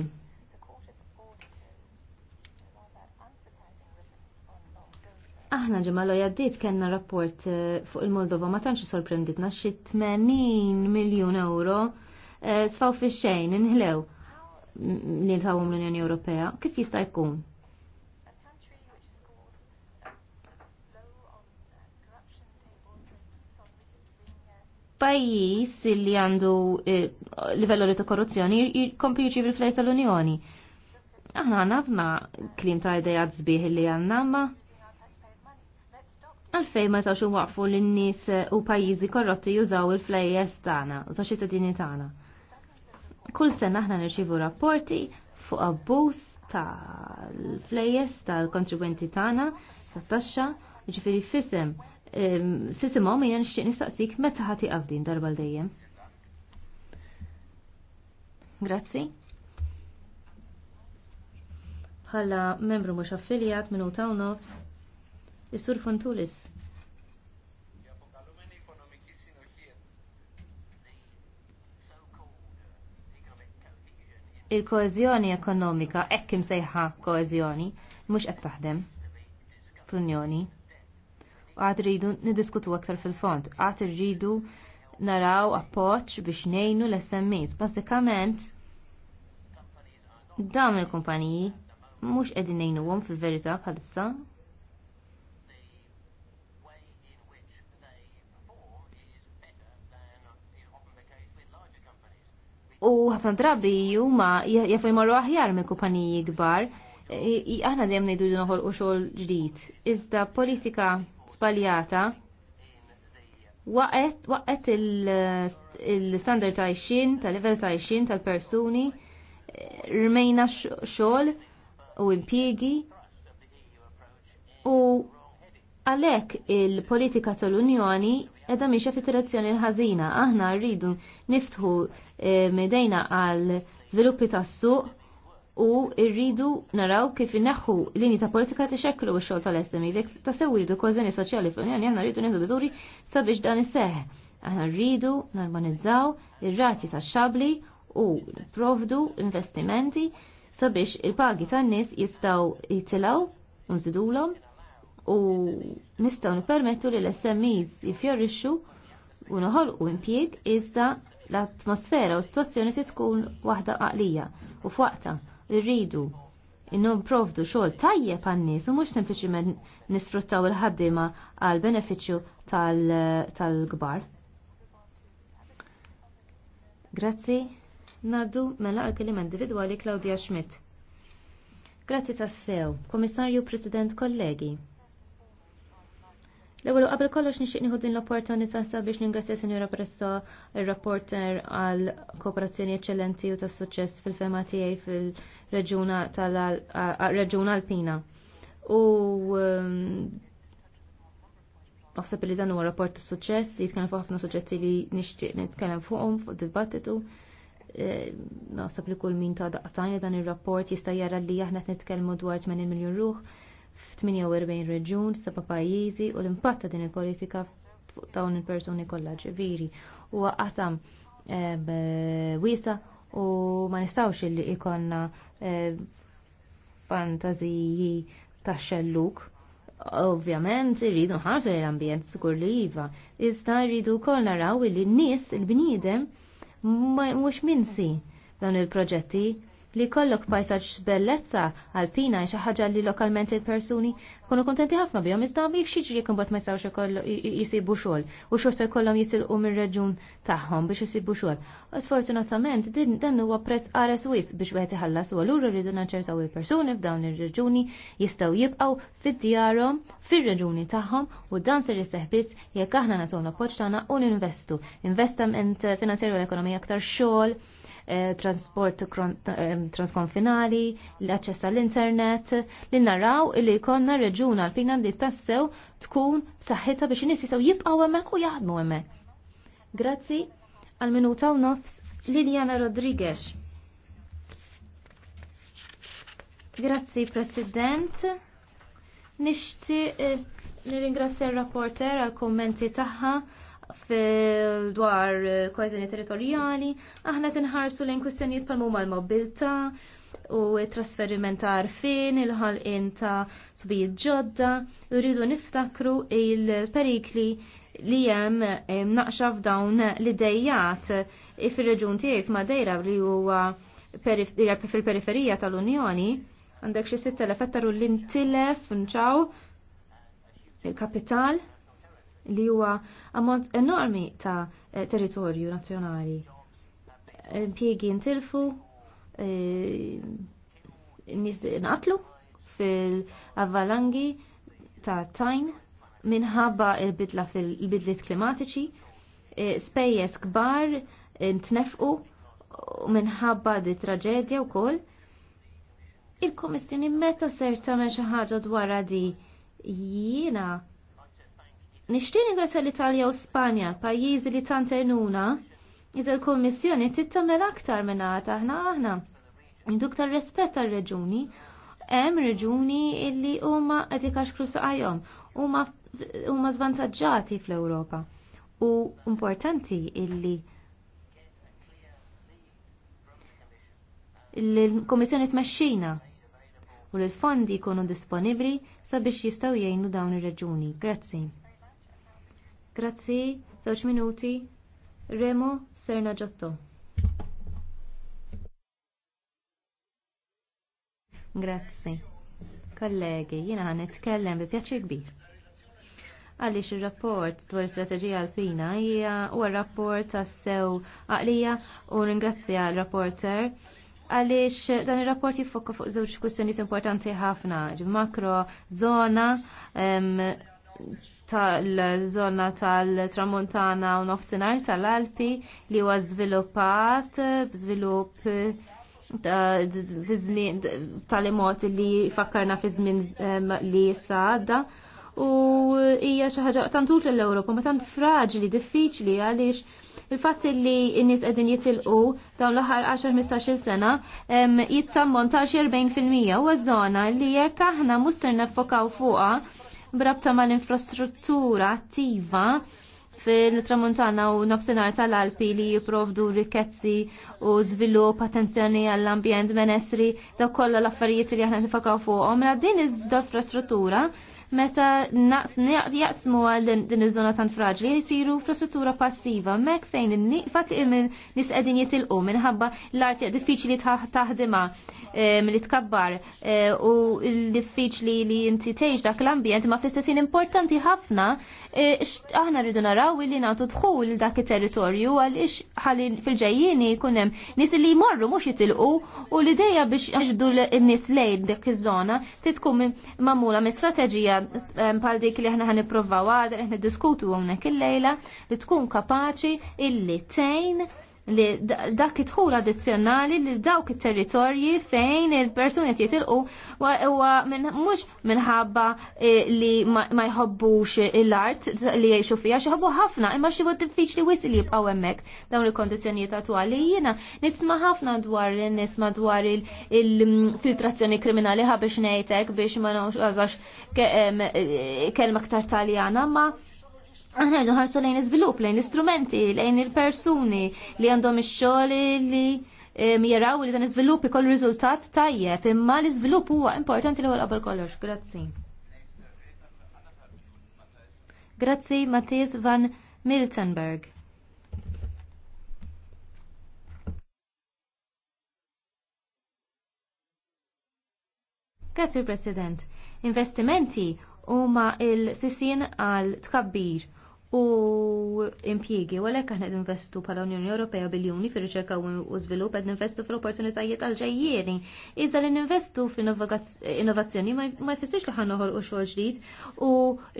Aħna ġemma lo jaddit kena rapport eh, fuq il-Moldova ma tantx sorprenditna xi 80 miljun euro eh, sfaw fi xejn inħlew mm, li l-Unjoni Ewropea. Kif jista' jkun? pajjiż li għandu eh, livello li ta' korruzzjoni jkompli jċib il-flejs tal-Unjoni. Aħna għanna klim ta' idejat zbieħ li għanna ma għalfej ma jistawx waqfu l-nis eh, u pajjiżi korrotti jużaw il-flejjes tagħna, u ta' ċittadini tagħna. Kull sena aħna nirċivu rapporti fuq ta' l flejjes tal-kontribwenti tagħna, tat-taxxa, ġifiri fisem fisimhom jien nixtieq nistaqsik meta ħati din darba l dejjem. Grazzi. Bħalla membru mhux affiljat minn utaw nofs, is-Sur Fontulis. il-koezjoni ekonomika, ekkim sejħa koezjoni, mhux qed taħdem fl-Unjoni għad rridu nidiskutu aktar fil-fond, għad rridu naraw appoċ biex nejnu l-SMEs. Bazzikament, dawn il-kumpaniji mux edin nejnu għom fil-verita bħalissa. U ħafna drabi huma jafu jmorru aħjar me kumpaniji kbar, aħna dejjem ngħidu noħolqu xogħol ġdid. Iżda politika spaljata waqet il-standard ta' ixin, tal-level ta' ixin tal-persuni, rmejna xogħol u impjiegi u għalhekk il-politika tal-Unjoni edha miexa fit direzzjoni ħażina. Aħna rridu niftħu eh, midejna għal żviluppi tas-suq u rridu naraw kif inaħħu linji ta' politika tixekklu u xogħol tal-SMI. Dek ta' sewi rridu kważeni soċjali fl-Unjoni għanna rridu nieħdu miżuri sabiex dan isseħ. Aħna rridu normalizzaw ir-rati ta' xabli u provdu investimenti sabiex il-pagi tan-nies jistgħu jitilgħu nżidulhom u nistgħu nippermettu li l-SMEs jifjorixxu u u impjieg iżda l-atmosfera u s-sitwazzjoni tkun waħda għaqlija u f'waqta rridu innu provdu xogħol tajjeb għan-nies u mhux sempliċiment nisfruttaw il-ħaddiema għal benefiċċju tal-kbar. Grazzi, naddu mela għal-kelima individwali Claudia Schmidt. Grazzi tassew, Komissarju President kollegi. L-ewwel qabel kollox nixtieq nieħu din l-opportunità sabiex ningrazzja Sinjura Pressa il rapporter għal kooperazzjoni eċċellenti u tas-suċċess fil-fema tiegħi fil-, -fema tal alpina. U um, naħseb li dan huwa rapport ta' suċċess, jitkellem fuq ħafna suġġetti li nixtieq nitkellem fuqhom fuq dibattitu. E, naħseb li kull min ta' daqtajni dan ir-rapport jista' jara li aħna qed nitkellmu dwar 80 miljun ruħ f'48 reġun, seba' pajjiżi u l-impatt ta' din il-politika fuq dawn il-persuni kollha ġifieri. Huwa qasam e, wiesa u ma nistgħux illi ikonna E, fantaziji ta' xelluk. Ovvjament, irridu ħarġu l-ambjent skur li jiva. Iżda rridu kol naraw li n-nis, il-bniedem, mux minsi dawn il-proġetti li kollok pajsaġġ bellezza għalpina xi ħaġa li lokalment il-persuni kunu kontenti ħafna bihom iżda jekk xi ġri jkun ma jistgħux ikollu jisibu xogħol u xorta jkollhom jitilqu mir-reġun tagħhom biex isibu xogħol. Sfortunatament dan huwa prezz qares wis biex wieħed iħallas u allura rridu naċċertaw il-persuni f'dawn ir-reġuni jistgħu jibqgħu fid-djarhom fir-reġuni tagħhom u dan ser jisseħ biss jekk aħna nagħtuhom l-appoġġ tagħna u ninvestu. Investament eh, finanzjarju l-ekonomija aktar xogħol Eh, transport eh, transkonfinali, l-aċċess għall-internet, li naraw li jkollna reġuna għalpina li tassew tkun b'saħħitha biex in-nies jistgħu jibqgħu hemmhekk u jaħdmu hemmhekk. Grazzi għal minuta u nofs Liliana Rodriguez. Grazzi President. Nixti eh, nirringrazzja r rapporter għal kommenti tagħha fil-dwar kohezjoni territorjali, aħna tinħarsu lejn kwistjonijiet pal huma l-mobilità u trasferiment ta' arfin, il-ħolqin ta' subijiet ġodda, u rridu niftakru il-perikli li jem naqxa f'dawn l-idejjat fil-reġun tiegħi f'Madeira li huwa fil-periferija tal-Unjoni għandek xi 6000 ettaru l-intilef nċaw il-kapital li huwa ammont enormi ta' eh, territorju nazzjonali. Impjiegi ntilfu, eh, nis naqtlu fil-avvalangi ta' tajn minħabba il-bidla fil-bidlit klimatiċi, eh, spejjes kbar ntnefqu minħabba di traġedja u koll. Il-komissjoni meta ser ta' xi ħaġa dwar di jiena Nixtieq ingressa l-Italja u Spanja, pajjiżi li tant għenuna, iżda l-Kummissjoni tittamel aktar minn għata aħna aħna. Induk tal-rispett tal-reġuni, hemm reġuni illi huma qed ikaxkru saqajhom, huma zvantagġati fl-Ewropa. U importanti illi l-Komissjoni tmexxina u l-fondi jkunu disponibbli sabiex jistgħu jgħinu dawn ir-reġuni. Grazzi. Grazzi, żewġ minuti. Remo Serna Ġotto. Grazzi. Kollegi, jiena għan nitkellem bi pjaċir kbir. Għaliex ir rapport dwar strateġija alpina hija huwa rapport tas-sew għaqlija u ringrazzja l-rapporter għaliex dan ir-rapport jiffokka fuq żewġ kwistjonijiet importanti ħafna, makro, zona, tal-żona tal-Tramontana u nofsinhar tal-Alpi li huwa żviluppat b'żvilupp eh, tal-imot li fakkarna fi żmien ehm, li issa għadda u hija xi ħaġa tantul lill-Ewropa ma tant fraġli, diffiċli għaliex il-fatt li n-nies qegħdin jitilqu dawn l-aħħar 10-15 il sena jitsammon ta' 40% huwa żona li jekk aħna mhux ser naffokaw fuqha brabta mal-infrastruttura attiva fil-tramuntana u nofsinhar tal-Alpi li jipprovdu rikkezzi u żvilupp attenzjoni għall-ambjent menestri da kollha l-affarijiet li aħna nifakaw fuqhom. Mela din iż-infrastruttura meta jaqsmu għal din iż-żona tan fraġli jisiru infrastruttura passiva mek fejn fat niqfat nis qegħdin jitilqu minħabba l art diffiċli taħdima eh, li tkabbar eh, u l-diffiċli li inti tgħix dak l-ambjent ma fl-istessin importanti ħafna E, aħna rridu naraw li nagħtu dħul dak it-territorju għaliex ħalli fil-ġejjieni jkun hemm nies li jmorru mhux jitilqu u l-idea biex jaġdu n-nies lejn dik iż-żona titkun magħmula minn strateġija bħal dik li aħna nipprovaw għadha li ddiskutu hawnhekk il-lejla li tkun kapaċi illi tgħin li dak id-dħul addizzjonali li dawk it-territorji fejn il-persuni qed jitilqu huwa mhux minħabba eh, li ma jħobbux l-art li jgħixu fiha xi ħobbu ħafna imma xi wad diffiċli wis li jibqgħu hemmhekk dawn il-kondizzjonijiet attwali jiena nisma' ħafna dwar nisma' dwar il-filtrazzjoni kriminali ħa biex ngħidlek biex ma nagħmlux eh, kelma aktar Taljana ma' Aħna rridu ħarsu lejn iżvilupp, lejn l-istrumenti, lejn il-persuni li għandhom ix-xogħol li jaraw li dan iżvilupp ikoll riżultat tajjeb, imma l-iżvilupp huwa importanti l-ewwel qabel kollox. Grazzi. Grazzi Matthias van Miltenberg. Grazzi President. Investimenti huma il sisin għal tkabbir u impjiegi, u għalhekk aħna investu bħala Unjoni Ewropea biljuni fir riċerka u żvilupp qed investu fil-opportunitajiet għal ġejjieri. Iżda li ninvestu f'innovazzjoni ma jfissirx li ħan noħolqu xogħol ġdid u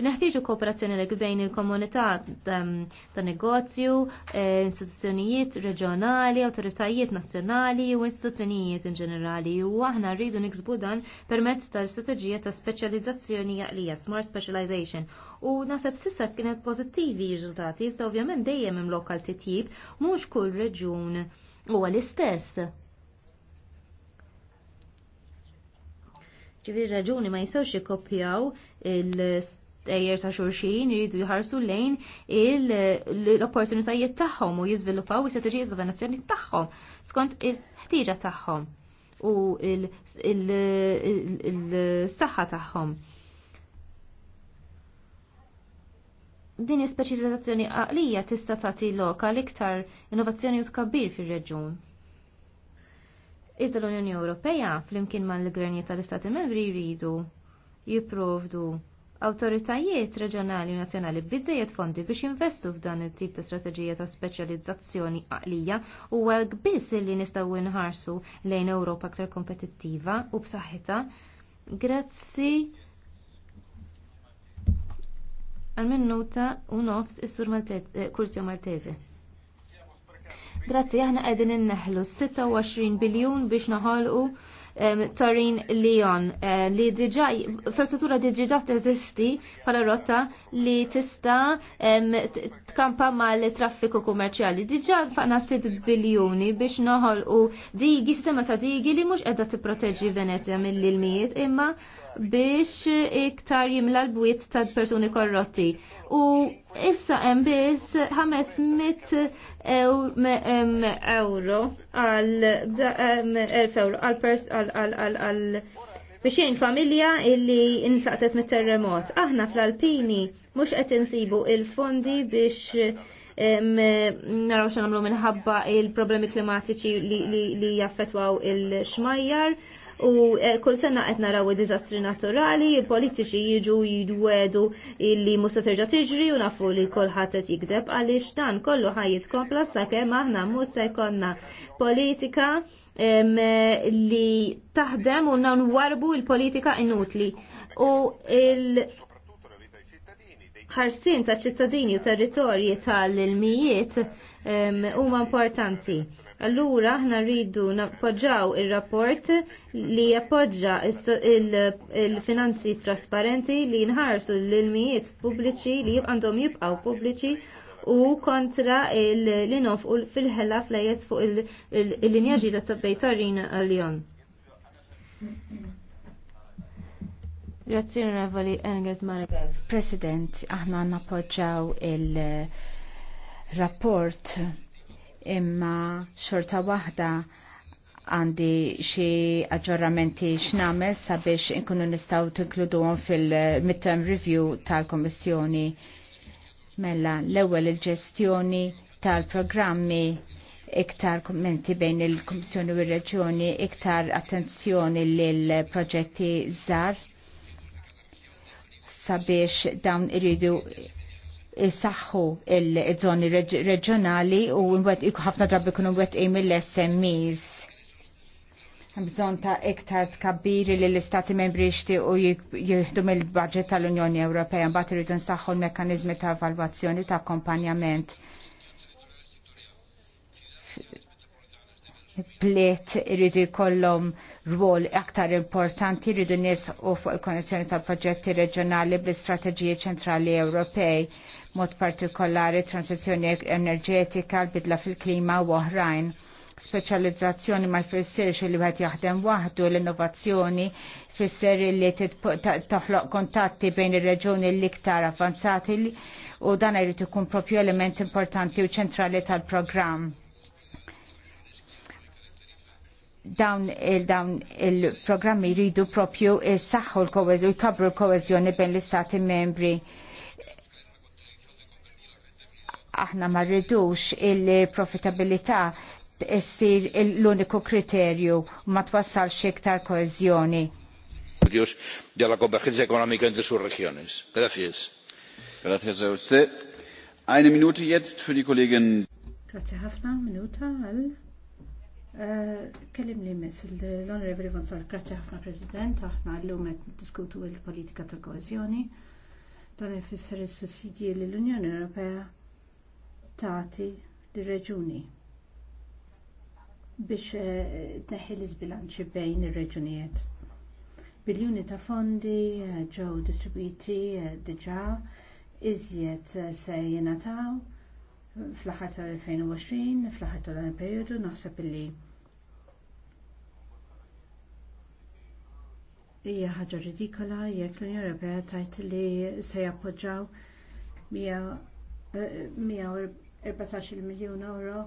neħtieġu kooperazzjoni li bejn il-komunità ta' negozju, eh, istituzzjonijiet reġjonali, awtoritajiet nazzjonali u istituzzjonijiet in ġenerali u aħna rridu niksbu dan permezz tal-strateġija ta' specializzazzjoni għalija, smart specialization u naħseb sissa kienet pożittivi r-riżultati, iżda ovvjament dejjem hemm lokal titjib mhux kull reġun huwa l-istess. Ġifieri raġuni ma jistgħux jikkopjaw il- ejjer ta' xurxin jridu jħarsu lejn l-opportunitajiet tagħhom u jiżviluppaw is-strateġijiet ta' tagħhom skont il-ħtieġa tagħhom u l-saħħa tagħhom. din is-speċjalizzazzjoni għaqlija tista' tagħti loka iktar innovazzjoni u tkabbir fir-reġjun. Iżda l-Unjoni Ewropea flimkien mal l-gvernijiet tal-Istati Membri jridu jipprovdu awtoritajiet reġjonali u nazzjonali biżejjed fondi biex jinvestu f'dan it-tip ta' strateġija ta' speċjalizzazzjoni għaqlija u hekk biss li nistgħu nħarsu lejn Ewropa aktar kompetittiva u b'saħħitha. Grazzi għal-minuta u nofs is-sur eh, kurzju Maltese. Grazzi, aħna qegħdin neħlu 26 biljun biex naħolqu Torin Leon eh, li diġa, infrastruttura diġa teżisti bħala rotta li tista tkampa mal traffiku kummerċjali. Diġà faqna 6 biljuni biex noħol u digi, sistema ta' digi li mhux qiegħda tipproteġġi Venezia mill-ilmijiet imma biex iktar jimla l-bwiet ta' persuni korrotti. U issa hemm biss 500 euro għal 1000 euro għal biexin familja illi insaqtet mit-terremot. Aħna fl-Alpini mux qed insibu il-fondi biex naraw xa namlu minħabba il-problemi klimatiċi li jaffetwaw il-xmajjar u eh, kull sena qed naraw id-diżastri naturali, il-politiċi jiġu jidwedu illi musta terġa' tiġri u nafu li kulħadd qed jikdeb għaliex dan kollu ħajjitkompla sakemm aħna mhux se jkollna politika li taħdem u non warbu il-politika inutli. U il- ħarsin ta' ċittadini u territorji tal-ilmijiet huma importanti. Allura aħna rridu nappoġġaw ir-rapport li jappoġġa il-finanzi trasparenti li nħarsu l-ilmijiet pubbliċi li għandhom jibqgħu pubbliċi u kontra l-inof u fil-ħella flejes fuq il-linja ġida ta' Bejtorin għal-jon. Grazie onorevoli Engels Maragall. President, aħna nappoġġaw il-rapport imma xorta waħda għandi xie aġġorramenti x'namel sabiex inkunu nistgħu tinkluduhom fil-midterm review tal-Kommissjoni Mella, l-ewwel il-ġestjoni tal-programmi iktar kommenti bejn il-Komissjoni u il-Reġjoni, iktar attenzjoni l-proġetti żgħar sabiex dawn iridu jisaxħu il-żoni reġjonali u ħafna drabi kunu wet mill-SMEs bżon ta' iktar tkabbiri li l-istati membri jixtiequ jieħdu mill-budget tal-Unjoni Ewropea mbagħad iridu nsaħħu l-mekkaniżmi ta' evalwazzjoni ta' akkompanjament. Bliet iridu jkollhom rwol aktar importanti iridu u fuq il konnessjoni tal-proġetti reġjonali bl-istrateġiji ċentrali Ewropej mod partikolari transizjoni e-, enerġetika, l-bidla fil-klima u oħrajn Speċjalizzazzjoni ma jfissirx li wieħed jaħdem waħdu l-innovazzjoni fisser li toħloq kontatti bejn ir-reġuni l-iktar avanzati u dan jrid ikun propju element importanti u ċentrali tal-programm. Dawn il-dawn il-programmi jridu propju s-saxħu l-koweżju, jkabru l-koweżjoni bejn l-istati membri aħna ma rridux il-profitabilità essir l-uniku kriterju ma twassalx iktar koeżjoni. de la convergencia económica entre sus regiones. Gracias. Gracias a usted. Eine Minute jetzt für die Kollegin. Grazie ħafna, minuta għal. Eh, kellim li mis l-Onorevoli Vonsor, grazie ħafna President, aħna l-lum diskutu il-politika ta' koezjoni. Dan ifisser is-sussidji l-Unjoni Ewropea tagħti lir-reġuni biex eh, teħi l-izbilanċi bejn ir-reġunijiet. Biljuni ta' fondi eh, ġew distribuiti eh, diġà iżjed se jingħataw fl-aħħar tal-2020, fl-aħħar tal dan il-perjodu naħseb illi hija ħaġa ridikola jekk l-Unjoni Ewropea tajt li se jappoġġaw 114 miljun euro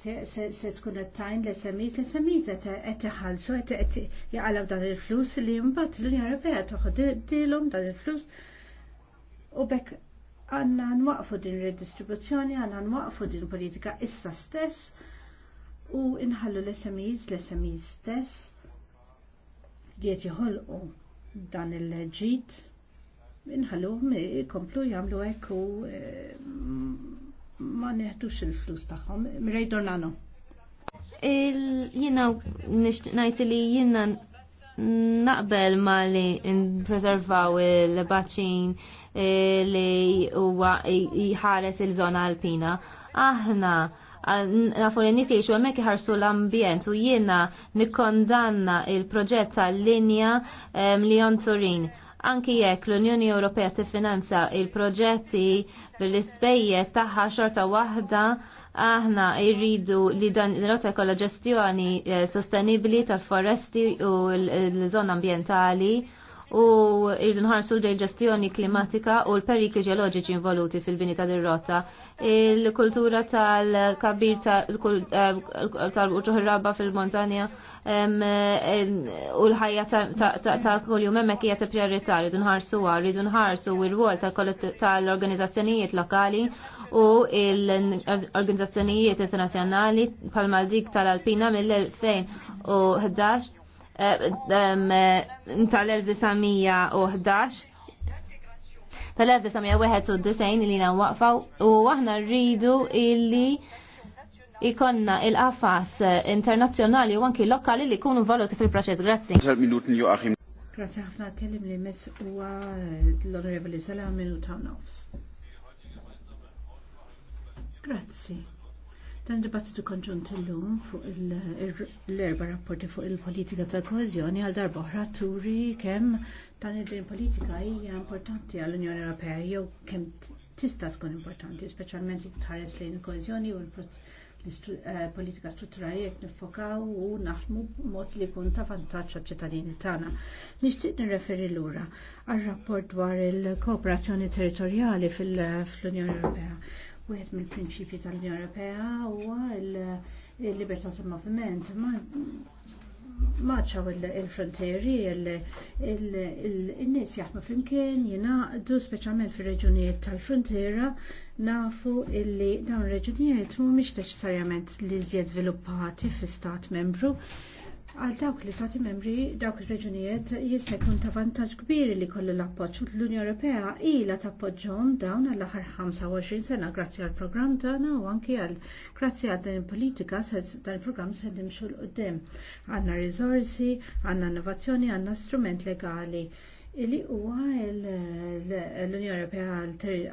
se tkun qed l-SMEs, l-SMEs e-, qed iħallsu e-, qed jaqalgħu dan il-flus li mbagħad l-Unjoni Ewropea dilom dan il-flus u bekk għandna nwaqfu din redistribuzzjoni, għandna nwaqfu din politika issa stess u inħallu l-SMEs, l-SMEs stess li qed jħolqu dan il-ġid inħalluhom mi jagħmlu hekk u eh, ma neħtux il-flus tagħhom. Mirej Dornano. Jina najt li jina naqbel ma li n-preservaw il-baċin eh, li huwa jħares il-żona alpina. Aħna nafu li nisiex u għamek jħarsu l-ambjent u jiena nikondanna il-proġett tal-linja li Turin Anki jekk l-Unjoni Ewropea tiffinanza il-proġetti bil-ispejjeż tagħha xorta waħda aħna jridu li dan rota kollha ġestjoni eh, sostenibbli tal-foresti u l-żona ambjentali u jridu nħarsu l-ġestjoni klimatika u l-perikli ġeoloġiċi involuti fil-bini tal rota il-kultura tal-kabir eh, tal rabba fil-montanja u l-ħajja tal-kuljum emmek hija priorità rridu nħarsu rridu nħarsu il-wol tal-organizzazzjonijiet lokali u l-organizzazzjonijiet internazzjonali pal-maldik tal-Alpina mill-2011 eh, tal-1911 tal-1991 li na waqfaw u aħna rridu illi ikonna il-qafas internazjonali u anki lokali li kunu valuti fil-proċess. Grazzi. Grazzi ħafna kellim li mis u l-onorevoli Salam minu Townhouse. Grazzi. Dan dibattitu konġunt illum fuq l-erba rapporti fuq il-politika ta' koezjoni għal darba oħra turi kemm dan id-din politika hija importanti għall unjoni Ewropea jew kemm tista' tkun importanti, speċjalment tħares lejn il koezjoni u l-politika eh, strutturali jekk nifokaw u naħdmu mod li jkun ta' vantaġġ ċittadini tagħna. Nixtieq nirreferi lura għar-rapport dwar il-kooperazzjoni territorjali fil-Unjoni Ewropea Wieħed mill-prinċipji tal-Unjoni Ewropea huwa l-libertà tal-moviment maċċaw il-frontieri, il-nis jaħdmu flimkien, jinaqdu speċjalment fir reġunijiet tal-frontiera, nafu illi dawn reġunijiet mhumiex neċessarjament li żjed żviluppati fi stat membru, Għal dawk li stati membri, dawk il-reġunijiet jista' jkun ta' vantaġġ kbir li kollu l-appoġġ u l-Unjoni Ewropea ilha tappoġġhom dawn għall aħħar 25 sena grazzi għall programm tagħna u anki għal grazzi għal din il-politika dan il-programm se nimxu l qudiem Għandna risorsi, għandna innovazzjoni, għandna strument legali li huwa l-Unjoni Ewropea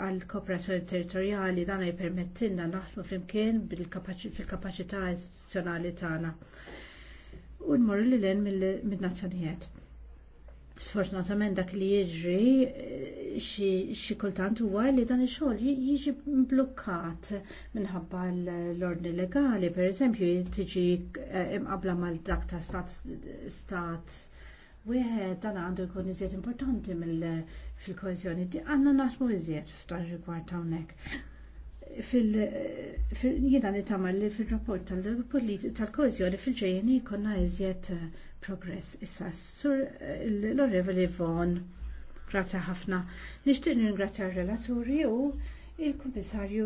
għall kooperazzjoni territorjali dan jippermettilna naħdmu flimkien fil-kapaċità istituzzjonali tagħna u nmur li l-en mill-nazzjonijiet. Sfortunatament dak li jiġri eh, xi kultant huwa li dan ix-xogħol jiġi mblukkat minħabba l-ordni legali, pereżempju tiġi eh, imqabla mal dak ta' stat stat wieħed dan għandu jkun iżjed importanti mill fil-kohezjoni. Għandna naħsmu iżjed f'dan rigward hawnhekk fil jiena li tamal li fil-rapport tal-kohezjoni fil-ġejjeni jkollna iżjed eh, progress. Issa, sur eh, l-Orevoli Vaughan. grazzi ħafna. Nixtieq ringrazzja r-relaturi u il-Kummissarju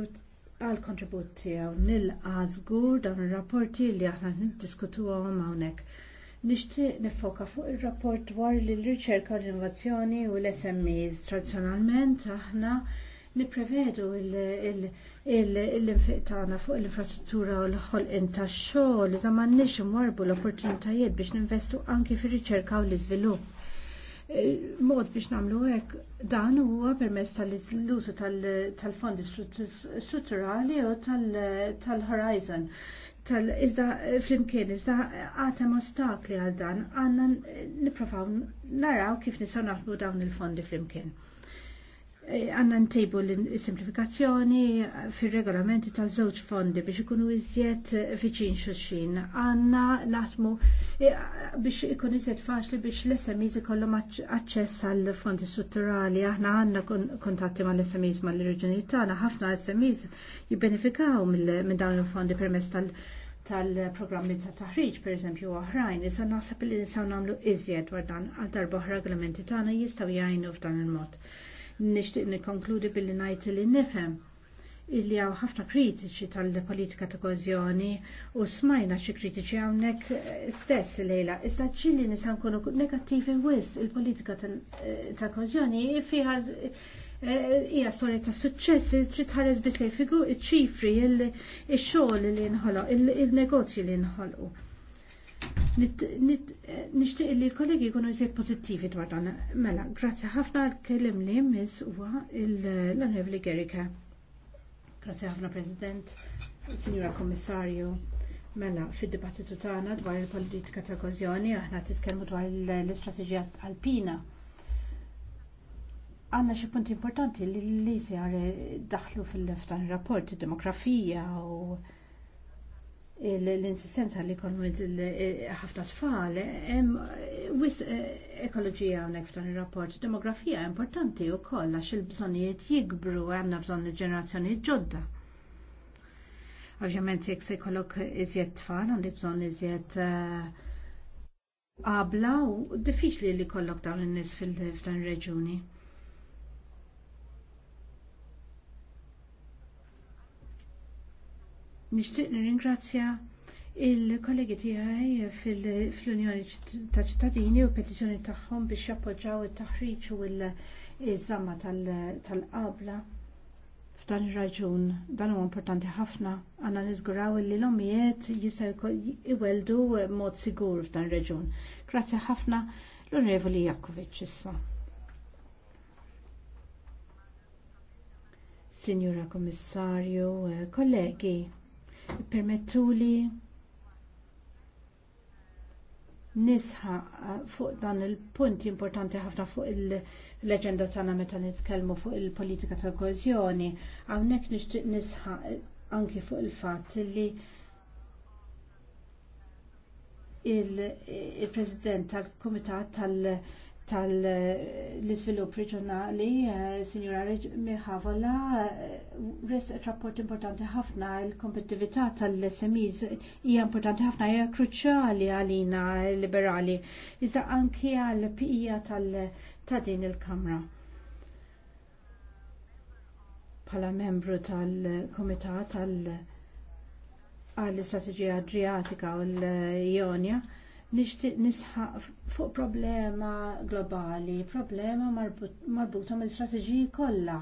għal kontribut tiegħu nil żgur dawn ir-rapporti li aħna niddiskutuhom hawnhekk. Nixtieq nifoka fuq ir rapport dwar l-riċerka l-innovazzjoni u l-SMEs. Tradizzjonalment aħna niprevedu l-infiq tagħna fuq l-infrastruttura u l-ħolqien tax-xogħol iżda m'għandniex imwarbu l-opportunitajiet biex ninvestu anki fir-riċerka u l-iżvilupp. E, mod biex nagħmlu hekk dan huwa permezz tal-użu tal-fondi strutturali u tal-Horizon. Iżda flimkien, iżda għatem ostakli għal dan, għanna niprofaw naraw kif nisaw naħdmu dawn il-fondi flimkien. Eh, għanna ntejbu l-simplifikazzjoni eh, fil-regolamenti ta' żewġ fondi biex ikunu iżjed viċin eh, xulxin. Għanna naħdmu biex ikun iżjed faċli biex l smis ikollhom aċċess għal fondi strutturali. Aħna għanna kontatti ma' l smis ma' l-reġjoni tagħna. Ħafna SMIS jibbenefikaw minn dawn il-fondi permezz tal- tal-programmi ta' taħriġ, per eżempju, oħrajn, issa naħseb li nisaw namlu iżjed dwar dan għal darba oħra għaglamenti tagħna jistgħu jgħinu f'dan il-mod nixtieq nikkonkludi billi ngħid li nifhem illi għaw ħafna kritiċi tal-politika ta' kozjoni u smajna xi kritiċi hawnhekk eh, stess lejla. Issa ċilli nisan kunu negattivi wis il-politika eh, ta' kozjoni fiħa eh, hija storja ta' suċċess trid tħares biss li figu iċ-ċifri, il-xogħol li nħoloq, il-negozji li nħolqu. Nishtiq li l-kollegi jkunu jisir pozittivi dwar dan. Mela, grazzi ħafna l-kelim li jmiss huwa l-Onorevoli Gerika. Grazzi ħafna President, Signora Kommissarju. Mela, fid-dibattitu tagħna dwar il-politika ta' kożjoni aħna titkellmu dwar l-istrateġija alpina. Għanna xi punti importanti li l-lisi e daħlu fil-ftan rapport, demografija u l-insistenza li kolmu ħafna tfal, wis eh, ekoloġija unek f'dan il-rapport, demografija importanti u koll għax il-bżonijiet jikbru għanna bżon il-ġenerazzjoni ġodda. Ovvjament jek se jkollok iżjed tfal għandi bżon iżjed qabla eh, u diffiċli li kollok dawn in-nies fil-dan reġuni. Nixtieq nirringrazzja il-kollegi tiegħi fl-Unjoni ta' ċittadini u petizzjoni tagħhom biex jappoġġaw it-taħriġ u l-żamma tal-qabla f'dan ir-raġun. Dan huwa importanti ħafna għandna niżguraw li l-omijiet jistgħu iweldu mod sigur f'dan ir raġun Grazzi ħafna l-Onorevoli Jakovic issa. Signora Kommissarju, eh, kollegi, permettuli nisħa eh, fuq dan il-punt importanti ħafna fuq il-leġenda tagħna meta nitkellmu fuq il-politika ta' kożjoni hawnhekk nixtieq nisħa eh, anki fuq il-fatt li il-President tal-Kumitat tal-, -tal tal-izvilup eh, reġjonali, eh, Sinjura Mihavola, eh, resqet rapport importanti ħafna, il-kompetitività tal-SMEs hija importanti ħafna, hija kruċjali għalina liberali, iżda anki għal-pija ta' din il-Kamra. Bħala membru tal-Komitat tal-Istrateġija Adriatika u l-Ionja, nixtieq nisħaq fuq problema globali, problema marbuta mill strateġiji kollha.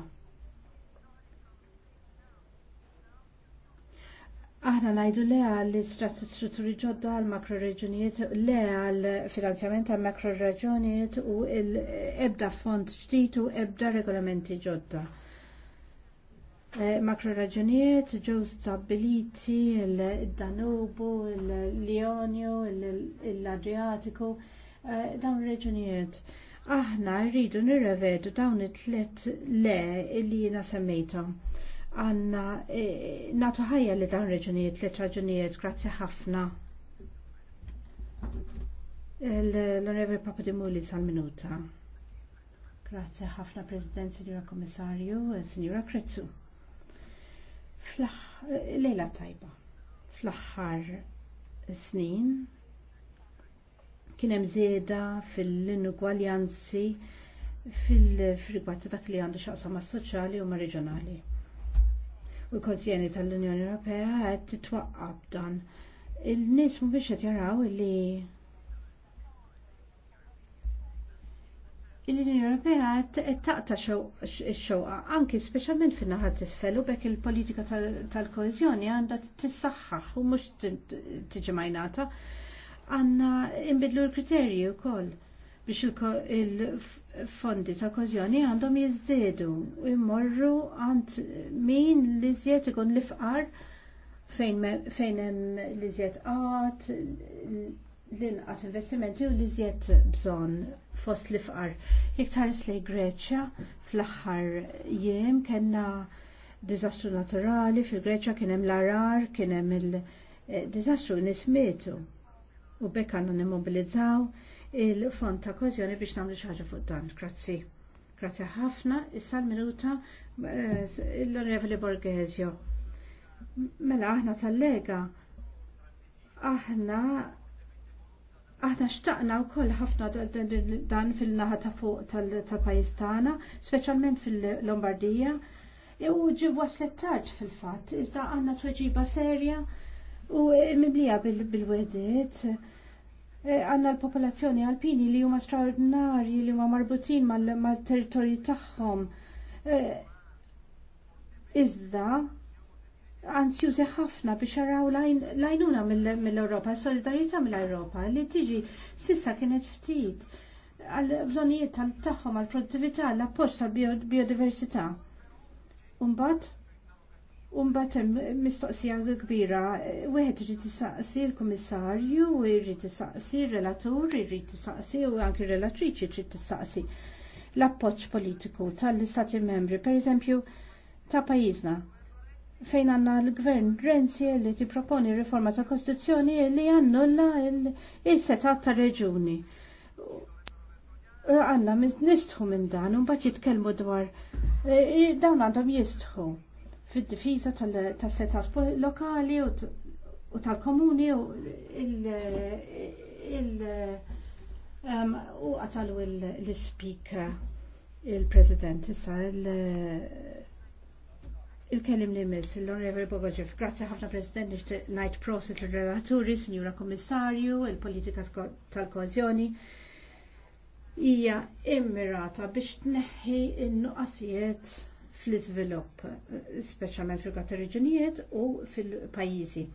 Aħna ngħidu le għal strutturi ġodda għal makroreġunijiet, le għal finanzjament għal makroreġunijiet u ebda fond ġdid u ebda regolamenti ġodda. Eh, makro raġunijiet ġew stabiliti il-Danubu, il-Lionju, l-Adriatiku, eh, dawn raġunijiet. Aħna rridu nirrevedu dawn it-tlet le li jina semmejta. Għanna eh, natu ħajja li dawn raġunijiet, tlet raġunijiet, grazzi ħafna. L-Onorevole Papadimuli sal-minuta. Grazie ħafna President, Signora Kommissarju, Signora Krezzu lejla tajba. Fl-aħħar snin kien hemm żieda fil-inugwaljanzi fil-rigward dak li għandu x'aqsam soċali u ma' reġjonali. U l-Konsjeni tal-Unjoni Ewropea qed twaqqab dan. Il-nies biex qed jaraw li l-Unjoni Ewropea qed taqta x-xewqa anki speċjalment fin t-isfel u bekk il-politika tal għanda għandha tissaħħaħ u mhux t-ġemajnata, għanna imbidlu l-kriterji wkoll biex il-fondi ta' kozjoni għandhom jiżdiedu u jmorru għand min li żjed ikun l-ifqar fejn hemm li żjed qatt l-inqas investimenti u li zjed bżon fost l-ifqar. Jek tħares li Greċja fl-axħar jiem kena dizastru naturali fil-Greċja kienem l-arar, kienem il-dizastru eh, nismetu u bekk għanna nimmobilizzaw il-fond ta' kozjoni biex namlu xaġa fuq dan. Grazzi. Grazzi ħafna. Issa l-minuta eh, l-Onorevoli Borghesio. Mela aħna tal-lega aħna Aħna xtaqna u koll ħafna dan fil-naħa ta' fuq tal-pajis tagħna, speċjalment fil-Lombardija, u ġib waslet tard fil-fatt, iżda għandna tweġiba serja u mimlija bil-wedet. Għanna l-popolazzjoni alpini li huma straordinari li huma marbutin mal-territorju tagħhom. E, iżda, ansjuzi ħafna biex jaraw lajnuna mill-Europa, solidarjetà mill-Europa li tiġi sissa kienet ftit għal bżonijiet tagħhom għal produttività għall appoġġ tal-biodiversità. Umbat, umbat mistoqsija kbira, wieħed irid saqsi l-kummissarju, irid isaqsi l relatur irid saqsi u għanki r-relatriċi irid tisaqsi l-appoġġ politiku tal-istati membri, pereżempju ta' pajjiżna fejn għanna l-gvern Renzi li ti proponi riforma ta' kostituzzjoni li la il-setat ta' reġuni. Għanna nistħu minn dan, un bħat jitkelmu dwar, e, e, dawn għandhom jistħu fid-difiża tal-setat lokali u tal-komuni u il- u għatalu l-speaker il-president issa il- Il-kellim li miss, l-Onorevoli Bogoġev, grazie ħafna President nixtieq ngħid prosit l-relaturi, Sinjura Kommissarju, il-politika tal-kohezjoni hija immirata biex tneħħi n nuqasijiet fl-iżvilupp, speċjalment fil reġunijiet u fil-pajjiżi.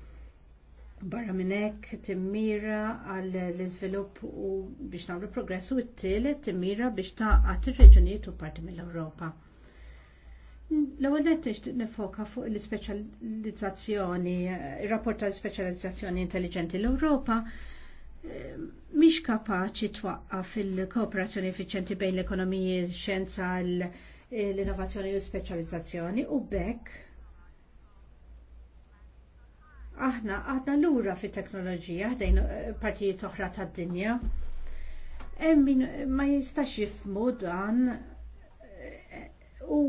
Barra minn hekk timmira għall l-iżvilupp u biex nagħmlu progressu u t-tielet timmira biex taqgħat ir-reġunijiet u parti mill-Ewropa L-ewwel net nifoka fuq l-ispeċjalizzazzjoni, ir-rapport tal-ispeċjalizzazzjoni intelligenti l-Ewropa eh, mhix kapaċi twaqqaf fil kooperazzjoni effiċjenti bejn l-ekonomiji, x-xjenza, l-innovazzjoni u l-speċjalizzazzjoni u bekk aħna għadna lura fit-teknoloġija ħdejn eh, partijiet oħra tad-dinja. Hemm ma jistax jifmu dan eh, u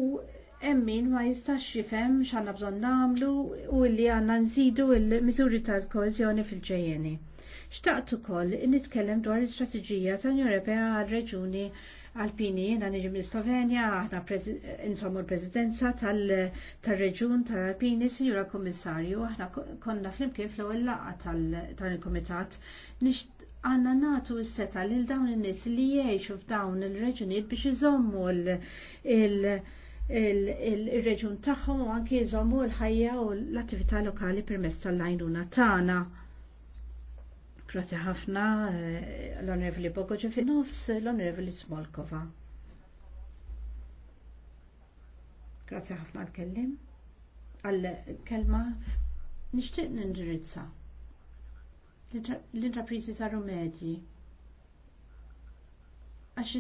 emmin ma jistax jifhem x'għandna bżonn nagħmlu u li għandna nżidu l-miżuri tal-koeżjoni fil-ġejjeni. Xtaqt ukoll nitkellem dwar l-istrateġija tal Ewropea għal-reġuni Alpini, jena niġi minn Slovenja, aħna insommu l-prezidenza tal-reġun tal-Alpini, Signora Komissarju, aħna konna flimkien fl-ewwel laqgħa tal-Komitat għanna natu s-seta lil dawn in-nies li jgħixu f'dawn il-reġunijiet biex iżommu l- il-reġun tagħhom u anki jżommu l-ħajja u l-attività lokali permezz tal-lajnuna tagħna. Grazzi ħafna eh, l-Onorevoli Bogoġi fin l-Onorevoli Smolkova. Grazzi ħafna għal-kellim. Għal-kelma nixtieq nindirizza. L-intrapriżi saru medji għax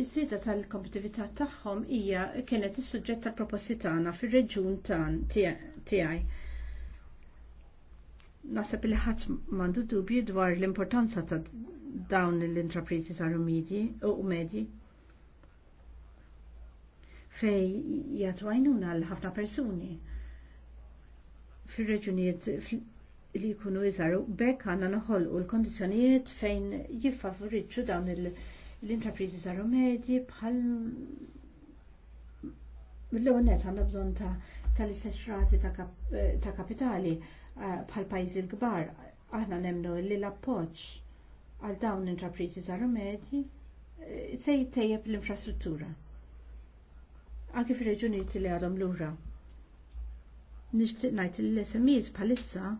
Iż-żieda tal-kompetitività tagħhom hija kienet is-suġġett tal-proposti tagħna fir-reġjun tiegħi. Naħseb li ħadd m'għandu dubju dwar l-importanza ta' dawn l-intrapriżi saru medji u medji fej jagħtu għajnuna għal ħafna persuni fir-reġunijiet li jkunu iżaru bekk għandna noħolqu l-kondizzjonijiet fejn jiffavoriċu dawn il- l-intrapriżi saru medji bħal mill-ewnet għandna bżonn tal-istess rati ta' eh, kapitali eh, bħal pajjiżi l-kbar. Aħna nemnu li l-appoġġ għal dawn l-intrapriżi saru medji eh, se jittejjeb l-infrastruttura. Anke fir-reġunijiet li għadhom lura. Nixtieq ngħid l-SMEs bħalissa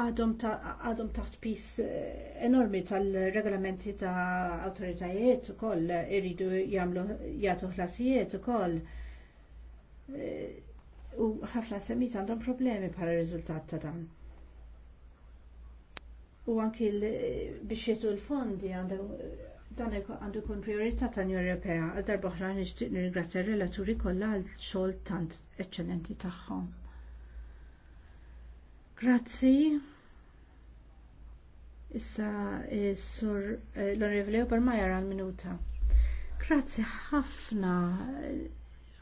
għadhom taħt pis eh, enormi tal-regolamenti ta' awtoritajiet ukoll iridu jagħmlu jagħtu ħlasijiet ukoll. Eh, u ħafna semmit għandhom problemi bħala riżultat ta' dan. U anki biex jitu l-fondi dan għandu jkun priorità ta' Ewropea għal darba oħra nixtieq nirringrazzja r-relaturi kollha għal xogħol tant eċċellenti tagħhom. Grazzi. Issa eh, sur eh, l onorevoli Ober Majer għal minuta. Grazzi ħafna.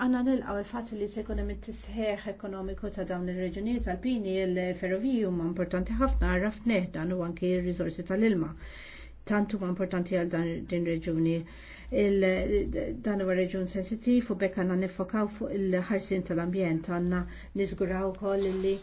Għanna nilqaw il-fat li se jkun hemm it-tisħeħ ekonomiku ta' dawn ir-reġunijiet alpini l-ferroviji huma importanti ħafna għarraf dan u anki r-riżorsi tal-ilma. Tant huma importanti għal dan din reġuni dan huwa reġun sensittiv u bekk għandna nifokaw fuq il-ħarsin tal-ambjent għandna niżguraw wkoll li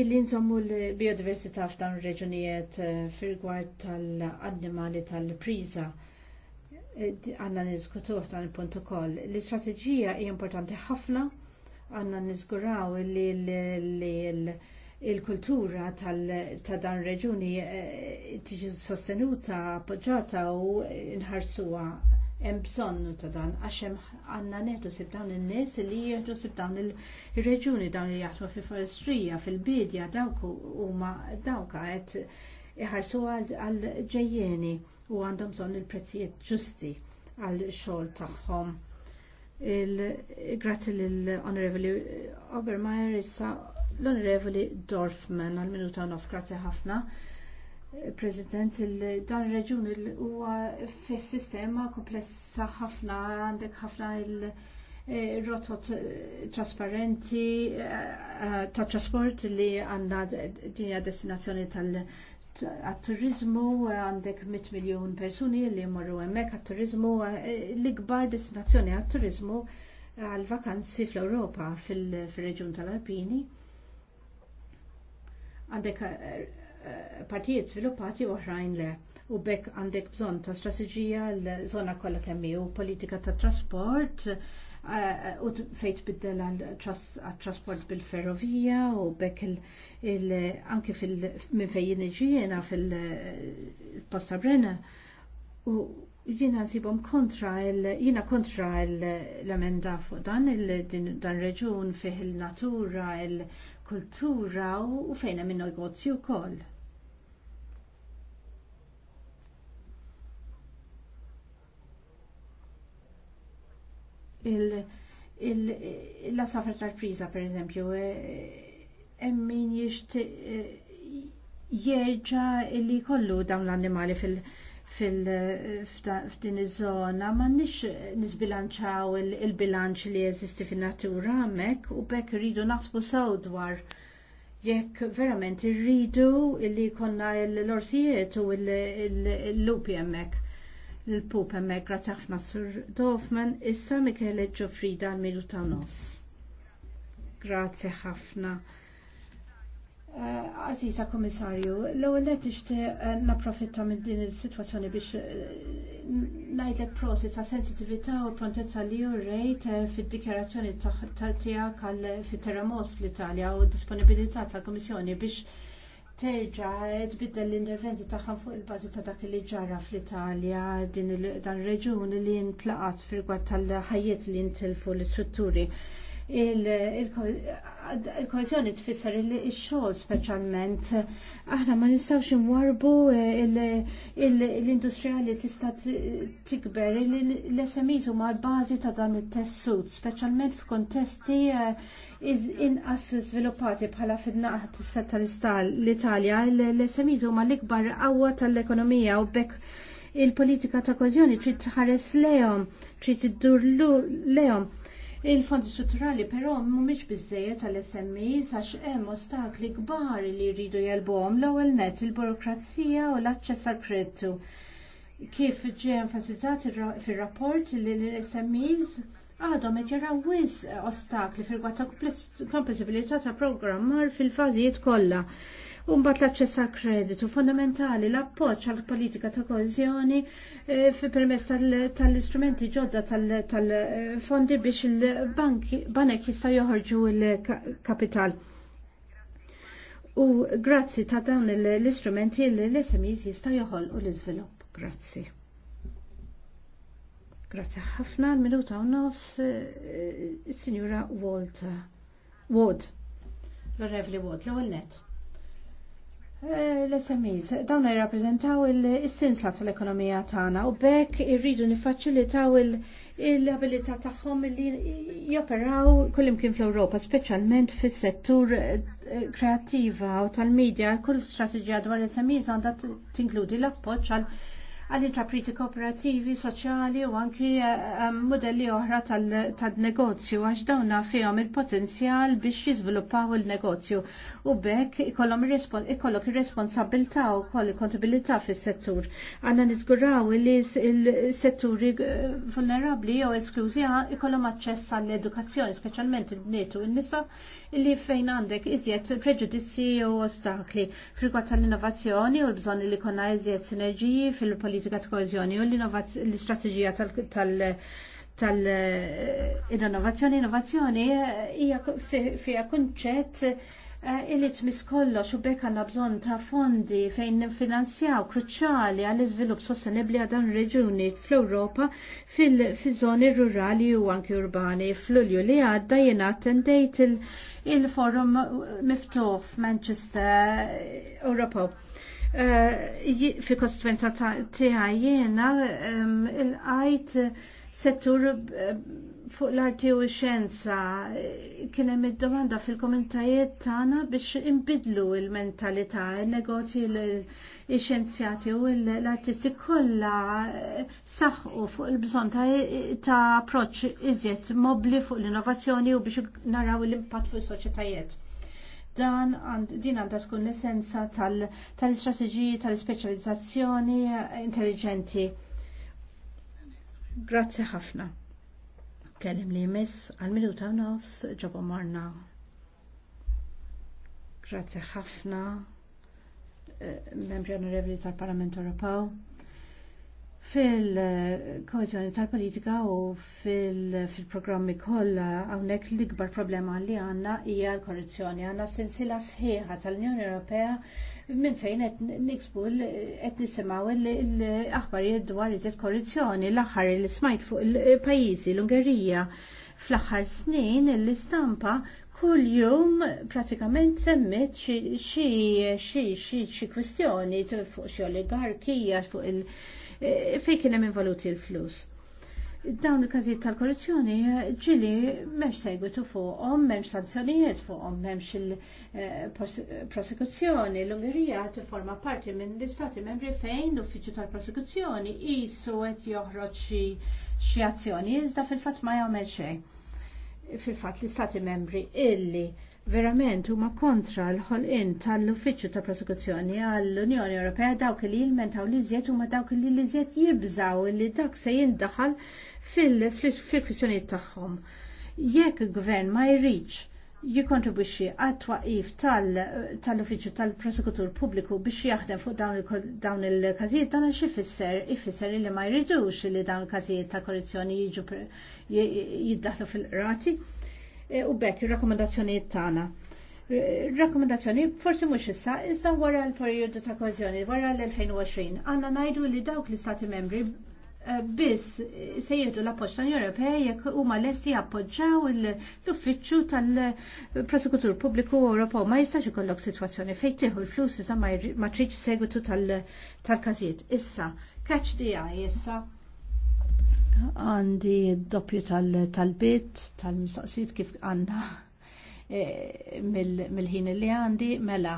illi nżommu l-biodiversità f'dawn ir-reġunijiet eh, fil-gwart tal-annimali tal-priża eh, għanna niskutuħ dan il-punt ukoll. L-istrateġija hija importanti ħafna għanna niżguraw li l-kultura ta' dan reġuni eh, tiġi sostenuta, appoġġata u nħarsuha hemm bżonnu ta' dan għax hemm għandna neħdu sib dawn in-nies li jieħdu sib dawn ir-reġuni dawn li jaħdmu fil-forestrija, fil-bidja dawk huma dawk qed iħarsu għal ġejjeni u għandhom bżonn il-prezzijiet ġusti għal xogħol tagħhom. Grazzi lill-Onorevoli Obermeyer issa l-Onorevoli Dorfman għal minuta nofs, grazzi ħafna. President, dan reġun huwa fis sistema komplessa ħafna, għandek ħafna il-rotot eh, trasparenti eh, eh, ta' trasport li għandna dinja destinazzjoni tal- għat-turizmu, għandek 100 miljon persuni li jmorru hemmhekk għat-turizmu, l-ikbar destinazzjoni għat-turizmu għal-vakanzi fl ewropa fil-reġjun tal-Alpini. Għandek Eh, partijiet sviluppati oħrajn le. U bekk għandek bżon ta' strategija l-zona kollha kemmi u politika ta' trasport eh, u fejt biddel għal-trasport bil-ferrovija u bekk anke minn fejn iġiena fil-passabrena u jina nsibom kontra il, kontra l-emenda fuq dan il-dan reġun fih il-natura, il-kultura u fejna minn negozju koll il-safra tal-priza per eżempju, e, emmin jiext e, jieġa li kollu dawn l-annimali fil- f'din iż-żona ma nix nisbilanċaw il-bilanċ li jeżisti fin-natura hemmhekk u bekk irridu naħsbu sew dwar jekk verament irridu li konna l-orsijiet u l-lupi hemmhekk l-pup emmek ħafna sur Dofman, issa Michele Ġofrida għall milu ta' nofs. Grazie ħafna. Uh, Aziza komissarju, l-ewwel qed nixtieq eh, napprofitta minn din is-sitwazzjoni biex eh, ngħidlek process ta' sensitività u prontezza li hu rejt fid-dikjarazzjoni tiegħek fit-terremot fl-Italja u d-disponibilità tal-Kummissjoni biex terġa' tbiddel l-interventi tagħha fuq il-bażi ta' dak li ġara fl-Italja din dan ir-reġuni li ntlaqat fil tal-ħajjiet li ntilfu l-istrutturi il-kohesjoni tfisser il-xogħol speċjalment aħna ma nistgħux imwarbu l-industrija li tista' tikber l-SMEs huma l-bażi ta' dan it-tessut speċjalment f'kontesti eh, inqas sviluppati bħala fid-naħ tisfel tal-Italja, l-SMIs huma l-ikbar qawwa tal-ekonomija u bekk il-politika ta' kozjoni trid tħares lehom, trid iddur lehom. Il-fondi strutturali però mhumiex biżejjed tal smis għax hemm ostakli kbar li jridu jelbuhom l-ewwel net il-burokrazija u l-aċċess għal kreditu Kif ġie enfasizzat fir-rapport li l smis għadhom qed jaraw wis eh, ostakli fil gwatta ta' ta' programmar fil-fażijiet kollha. Umbat l-access għal kreditu fondamentali l-appoċ għal politika ta' kozjoni eh, fi permess tal-istrumenti ġodda tal-fondi eh, biex il-banek jista' joħorġu il-kapital. U grazzi ta' dawn l-istrumenti l-SMEs jista' joħol u l-izvilup. Grazzi. Grazie ħafna minuta u nofs eh, eh, il-Sinjura Walter. Wood. L-Revli Ward, l net. Eh, L-SMEs, dawna jirrappreżentaw il-sinsla tal-ekonomija tagħna u bekk irridu nifaċilitaw il-abilità tagħhom li joperaw kullimkien fl-Ewropa, speċjalment fis-settur kreattiva u tal-medja, kull strateġija dwar l-SMEs għandha tinkludi l-appoġġ għal għal intraprizi kooperativi, soċjali u anki eh, eh, modelli oħra tal-negozju għax dawna fihom il-potenzjal biex jiżviluppaw il-negozju u bekk ikollok ir-responsabilità u koll il-kontabilità fis-settur. Għandna niżguraw li il-setturi eh, vulnerabbli jew esklużija ikollhom aċċess għall-edukazzjoni, speċjalment il-bnietu n nisa illi fejn għandek iżjed preġudizzi u ostakli frigwat tal-innovazzjoni u l-bżon li konna iżjed sinerġiji fil-politika ta' koezjoni u l-istrateġija tal- tal-innovazzjoni. Innovazzjoni hija fija kunċett eh, illi tmis kollox u bekk għandna bżonn ta' fondi fejn nifinanzjaw kruċjali għall iżvilupp sostenibbli għal dawn ir-reġuni fl-Ewropa fil-żoni rurali u anki urbani. Fl-Ulju li għadda jiena attendejt il- il-forum miftuħ Manchester Europa. Eh, fi kostwenza tiħaj jiena il-qajt settur fuq l-arti u xenza kien hemm id-domanda fil-kommentajiet tagħna biex inbidlu il-mentalità, il-negozji il ix-xjenzjati u l-artisti kollha eh, saħħu fuq il-bżonn ta' approċċ iżjed mobbli fuq l-innovazzjoni u biex naraw l-impatt fuq is-soċjetajiet. Dan din għandha tkun l-essenza tal-istrateġiji tal-ispeċjalizzazzjoni eh, intelligenti. Grazzi ħafna. Kellim li jmiss għal-minuta nofs ġobom marna. Grazzi ħafna. Eh, membri onorevoli tal-Parlament Ewropew fil-kohezjoni tal-politika u fil-programmi kollha hawnhekk l-ikbar problema li għandna hija l-korruzzjoni. Għandna sensila sħiħa tal-Unjoni Ewropea minn fejn qed niksbu qed nisimgħu l-aħbarijiet dwar iżjed korruzzjoni l-aħħar li smajt fuq il-pajjiżi l-Ungerija fl-aħħar snin l-istampa kull jum pratikament semmit xi kwistjoni fuq xi oligarkija fuq il eh, fejn kien hemm involuti l-flus. Dawn il-każijiet tal-korruzzjoni eh, ġili m'hemmx segwitu fuqhom, m'hemmx sanzjonijiet fuqhom, m'hemmx il-prosekuzzjoni. Eh, L-Ungerija tifforma parti minn l-istati membri fejn l-uffiċċju tal-prosekuzzjoni qisu qed joħroġ xi azzjoni iżda fil-fatt ma jagħmel xejn fil-fat l-istati membri illi verament huma kontra l-ħolqin tal-Uffiċċju ta' Prosekuzzjoni għall-Unjoni Ewropea dawk li jilmentaw li żjed huma dawk li li żjed jibżaw li dak se jindaħal fil-kwistjonijiet tagħhom. Jekk gvern ma jridx jikontribwixxi għat-twaqif tal-Uffiċċju tal-Prosekutur Pubbliku biex jaħdem fuq dawn il-każijiet dan xi ifisser ifisser li ma jridux li dawn il-każijiet ta' korruzzjoni jiġu jiddaħlu fil-qrati e, u bekk ir-rakkomandazzjonijiet tagħna. Rakkomandazzjoni forsi mhux issa, iżda wara l-perjodu ta' kohezjoni, wara l-2020, għandna ngħidu li dawk l-Istati membri biss se jieħdu l-appoġġ tal-Ewropej jekk huma lesti jappoġġaw l-uffiċċju tal-Prosekutur Pubbliku Ewropew ma jistax ikollok sitwazzjoni fejn tieħu l-flus issa ma tridx segwitu tal-każijiet. Issa, catch the eye issa. Għandi doppju tal-bit, tal-mistoqsijiet kif għandna e, mill-ħin li għandi mela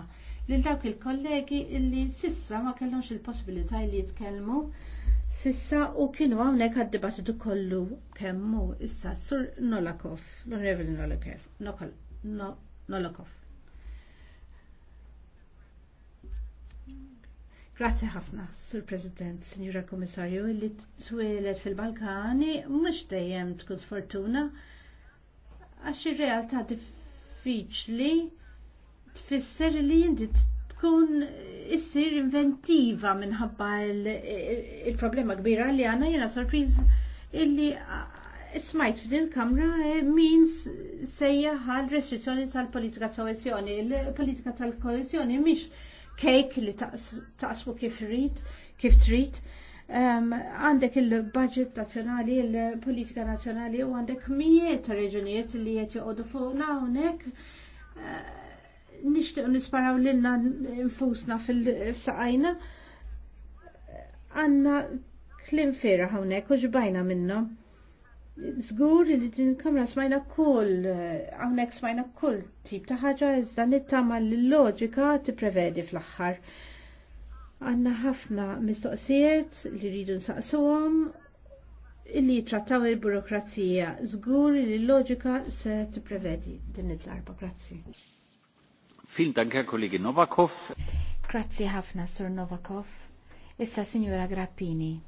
lil dawk il-kollegi illi sissa ma kellhomx il-possibilità li jitkellmu sissa u kienu hawnhekk għad-dibattitu kollu kemmu issa sur Nolakov, l-Onorevoli Nolakov, Nokol, Nolakov. Grazie ħafna, Sur President, Signora Komissarju, li t twilet fil-Balkani, mux dejjem tkun sfortuna, għax ir-realtà diffiċli tfisser li jindit tkun eh, issir inventiva minħabba eh, il-problema kbira li għanna jena sorpriz illi eh, smajt f'din kamra min sejjaħ għal restrizzjoni tal-politika tal koesjoni. Il-politika tal koalizjoni mhix kejk li taqsmu kif rrit, kif trid. Għandek il-budget nazzjonali, il-politika nazzjonali u għandek mijiet ta' reġunijiet li qed joqogħdu fuq hawnhekk nishtiq nisparaw lilna nfusna fil-saqajna għanna klim fera hawnhekk u ġbajna minnhom. Zgur li din kamra smajna kull, hawnhekk smajna kull tip ta' ħaġa iżda nittama li l-loġika tipprevedi fl-aħħar. Għanna ħafna mistoqsijiet li rridu nsaqsuhom illi trattaw il-burokrazija. Zgur li l-loġika se tipprevedi din it darba Grazzi. Vielen Novakov. Grazzi ħafna, Sur Novakov. Issa, Signora Grappini.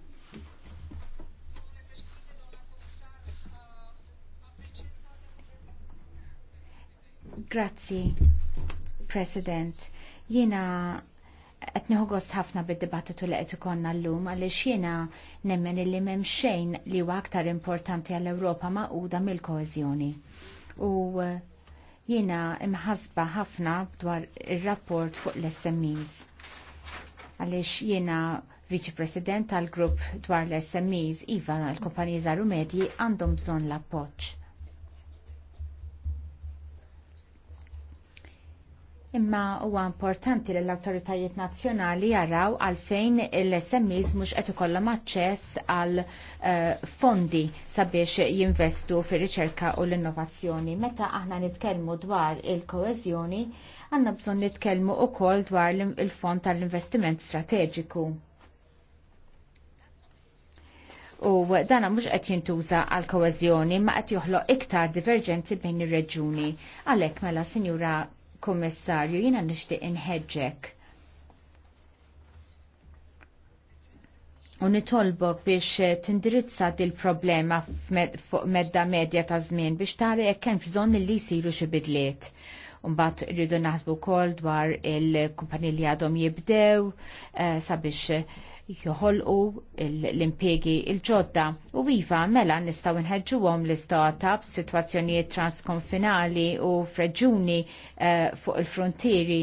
Grazzi, President. Jiena qed nieħu gost ħafna bid-dibattitu li qed ikonna llum għaliex jiena nemmen illi m'hemm xejn li huwa aktar importanti għall-Ewropa maquda mill-koeżjoni. U Jiena imħasba ħafna dwar ir-rapport fuq l-SMEs. Għaliex jiena Viċi President tal-grupp dwar l-SMEs, Iva l-kumpaniji żaru medji għandhom bżonn l-appoġġ. Imma huwa importanti li l-awtoritajiet nazzjonali jaraw għalfejn l-SMEs mhux qed ikollhom aċċess għal eh, fondi sabiex jinvestu fir-riċerka u l-innovazzjoni. Meta aħna nitkellmu dwar il-koeżjoni, għandna bżonn nitkellmu wkoll dwar il-fond tal-investiment strateġiku. U dana mhux qed jintuża għal koezjoni ma qed joħloq iktar divergenzi bejn ir-reġuni. Għalhekk mela, Sinjura Kommissarju, jina nishtiq inħedġek u nitolbok biex tindirizza dil problema fuq medda medja ta' żmien biex tara jekk hemm bżonn li jsiru xi bidliet. Mbagħad irridu naħsbu wkoll dwar il kumpanija li għadhom jibdew eh, sabiex joħolqu l-impiegi il-ġodda u iva mela nistgħu nħeġġuhom l istartup f'sitwazzjonijiet transkonfinali u f'reġuni eh, fuq il-frontieri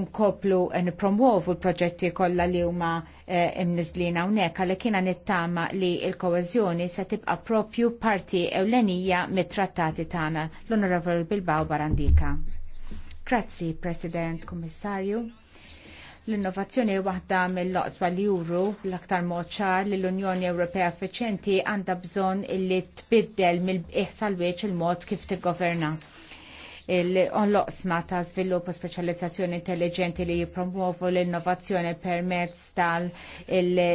unkoplu eh, n-promuovu l-proġetti kollha li huma imnizlina eh, imniżlin hawnhekk għalli kiena nittama li l kohezjoni se tibqa' propju parti ewlenija mit-trattati tagħna l-Onorevole Bilbao Barandika. Grazzi, President, Kummissarju. L-innovazzjoni waħda mill-loqsba li juru l-aktar moċar li l-Unjoni Ewropea effiċenti għandha bżonn illi tbiddel mill-iħsal wieċ il-mod kif t-governa l-onloqsma ta' sviluppu speċjalizzazzjoni intelligenti li jipromuovu l-innovazzjoni permezz tal-enerġija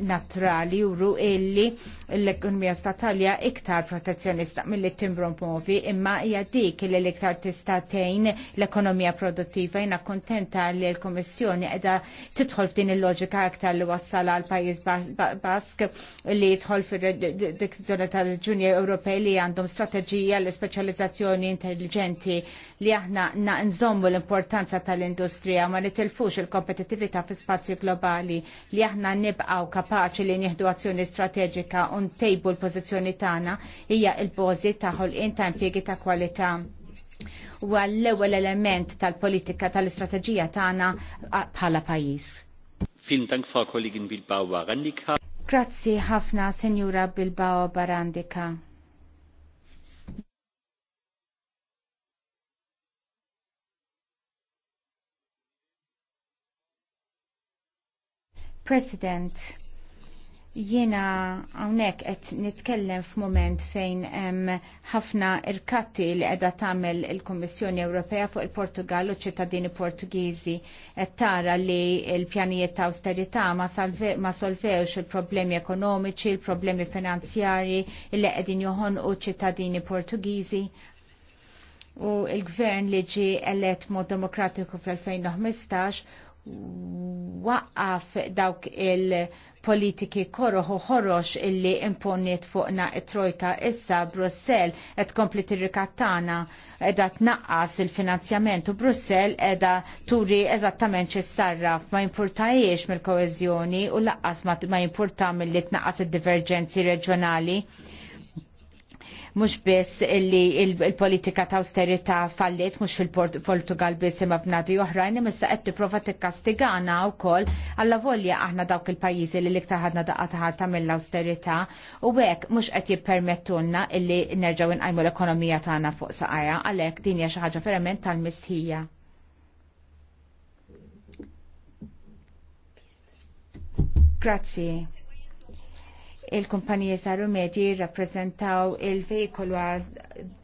naturali juru illi l-ekonomija statalja iktar protezzjonista mill-li timbru imma hija dik li l-iktar tista' tgħin l-ekonomija produttiva jina kontenta li l-Kommissjoni qiegħda tidħol f'din il-loġika aktar li wassal għal pajjiż Bask li jidħol fir-dik tal-Ġunja Ewropej li għandhom strateġija l l-speċjalizzazzjoni intelligenti li aħna nżommu l-importanza tal-industrija ma nitilfux il-kompetittività fi spazju globali li aħna nibqaw kapaċi li nieħdu azzjoni strateġika un tejbu l-pożizzjoni tagħna hija l-bożi taħol ta' impjiegi ta' kwalità u għall-ewwel element tal-politika tal-istrateġija tagħna bħala pajjiż. Vielen Dank, Frau Kollegin Bilbao Barandika. Grazzi ħafna, Signora Bilbao Barandika. President, jiena hawnhekk qed nitkellem f'mument fejn hemm ħafna irkatti li qiegħda tagħmel il-Kummissjoni Ewropea fuq il-Portugal u ċittadini Portugiżi qed tara li l-pjanijiet ta' austerità ma, solvewx il-problemi ekonomiċi, il-problemi finanzjarji li qegħdin u ċittadini Portugiżi u il-gvern li ġie elett mod demokratiku fl-2015 waqqaf dawk il-politiki korroħ u ħorox illi imponiet fuqna it-trojka issa Brussel qed kompli tirrikattana edha tnaqqas il-finanzjament u Brussel edha turi eżattament s-sarraf, ma jimpurtajiex mill-koezjoni u laqqas ma jimpurta mill-li tnaqqas id divergenzi reġjonali mhux biss illi il-politika ta' austerità fallit mhux fil-Portugal biss imma b'nadi oħrajn imma issa qed tipprova tikkastigana wkoll għalla volja aħna dawk il-pajjiżi li l-iktar ħadna daqqa ħarta mill-austerità u hekk mhux qed jippermettulna illi nerġgħu inqajmu l-ekonomija tagħna fuq saqajja għalhekk din hija xi ħaġa verament tal-mistħija. Grazie il-kumpaniji saru rumedji rappresentaw il-vejkolu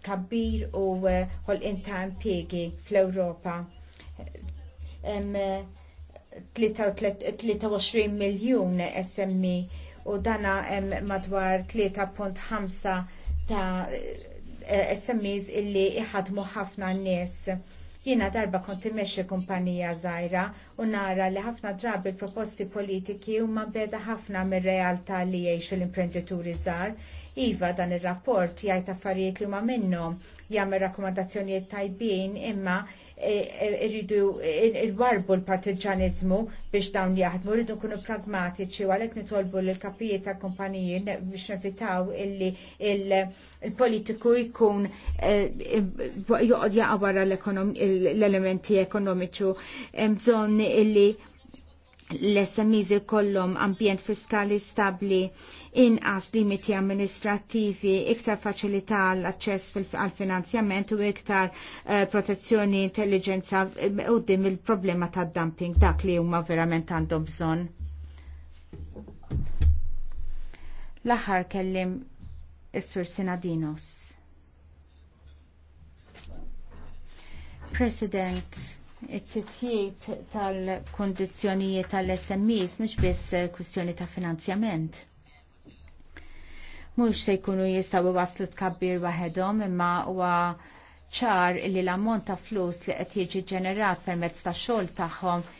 kabbir u eh, ħolqien intan impjiegi fl-Ewropa. 23 miljun SMI e u dana madwar 3.5 ta' eh, SMEs illi iħadmu ħafna n-nies Jiena darba kont imexxi kumpanija żgħira u nara li ħafna drabi proposti politiki huma beda ħafna mir-realtà li jgħixu l-imprenditori żgħar. Iva dan ir-rapport jgħid affarijiet li huma minnhom jagħmel rakkomandazzjonijiet tajbin imma e, e, irridu e, il-warbu l-partiġanizmu biex dawn jaħdmu, rridu nkunu pragmatiċi u għalhekk nitolbu lill kapijiet tal kumpaniji biex nevitaw illi il-politiku jkun joqgħod jaqa' wara l-elementi ekonomiċi hemm bżonn illi l-SMEs kollom ambjent fiskali stabli, inqas limiti amministrativi, iktar faċilità l-aċċess għal-finanzjament u iktar eh, protezzjoni intelligenza eh, u dim il-problema ta' dumping dak li huma verament għandhom bżonn. L-aħħar kellim is-Sur Sinadinos. President, it-titjib tal-kondizjonijiet tal-SMEs mhux biss eh, kwistjoni ta' finanzjament. Mhux se jkunu jistgħu waslu tkabbir waħedhom imma huwa ċar li l-ammont ta' flus li qed jiġi ġenerat permezz ta' xogħol tagħhom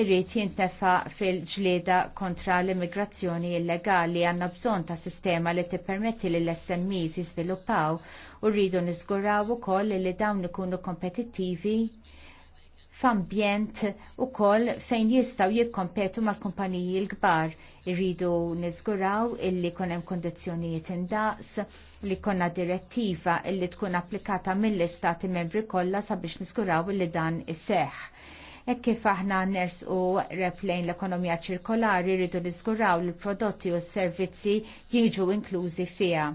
irrid jintefa fil-ġlieda kontra l-immigrazzjoni illegali għandna bżonn ta' sistema li tippermetti li l-SMEs jiżviluppaw u rridu niżguraw ukoll li dawn ikunu kompetittivi f'ambjent ukoll fejn jistgħu jikkompetu mal kumpaniji l-kbar. Irridu niżguraw illi jkun hemm kundizzjonijiet indaqs li jkollna direttiva illi tkun applikata mill-istati membri kollha sabiex niżguraw illi dan iseħħ E kif aħna ners u replejn l-ekonomija ċirkolari rridu niżguraw li l-prodotti u s-servizzi jiġu inklużi fija.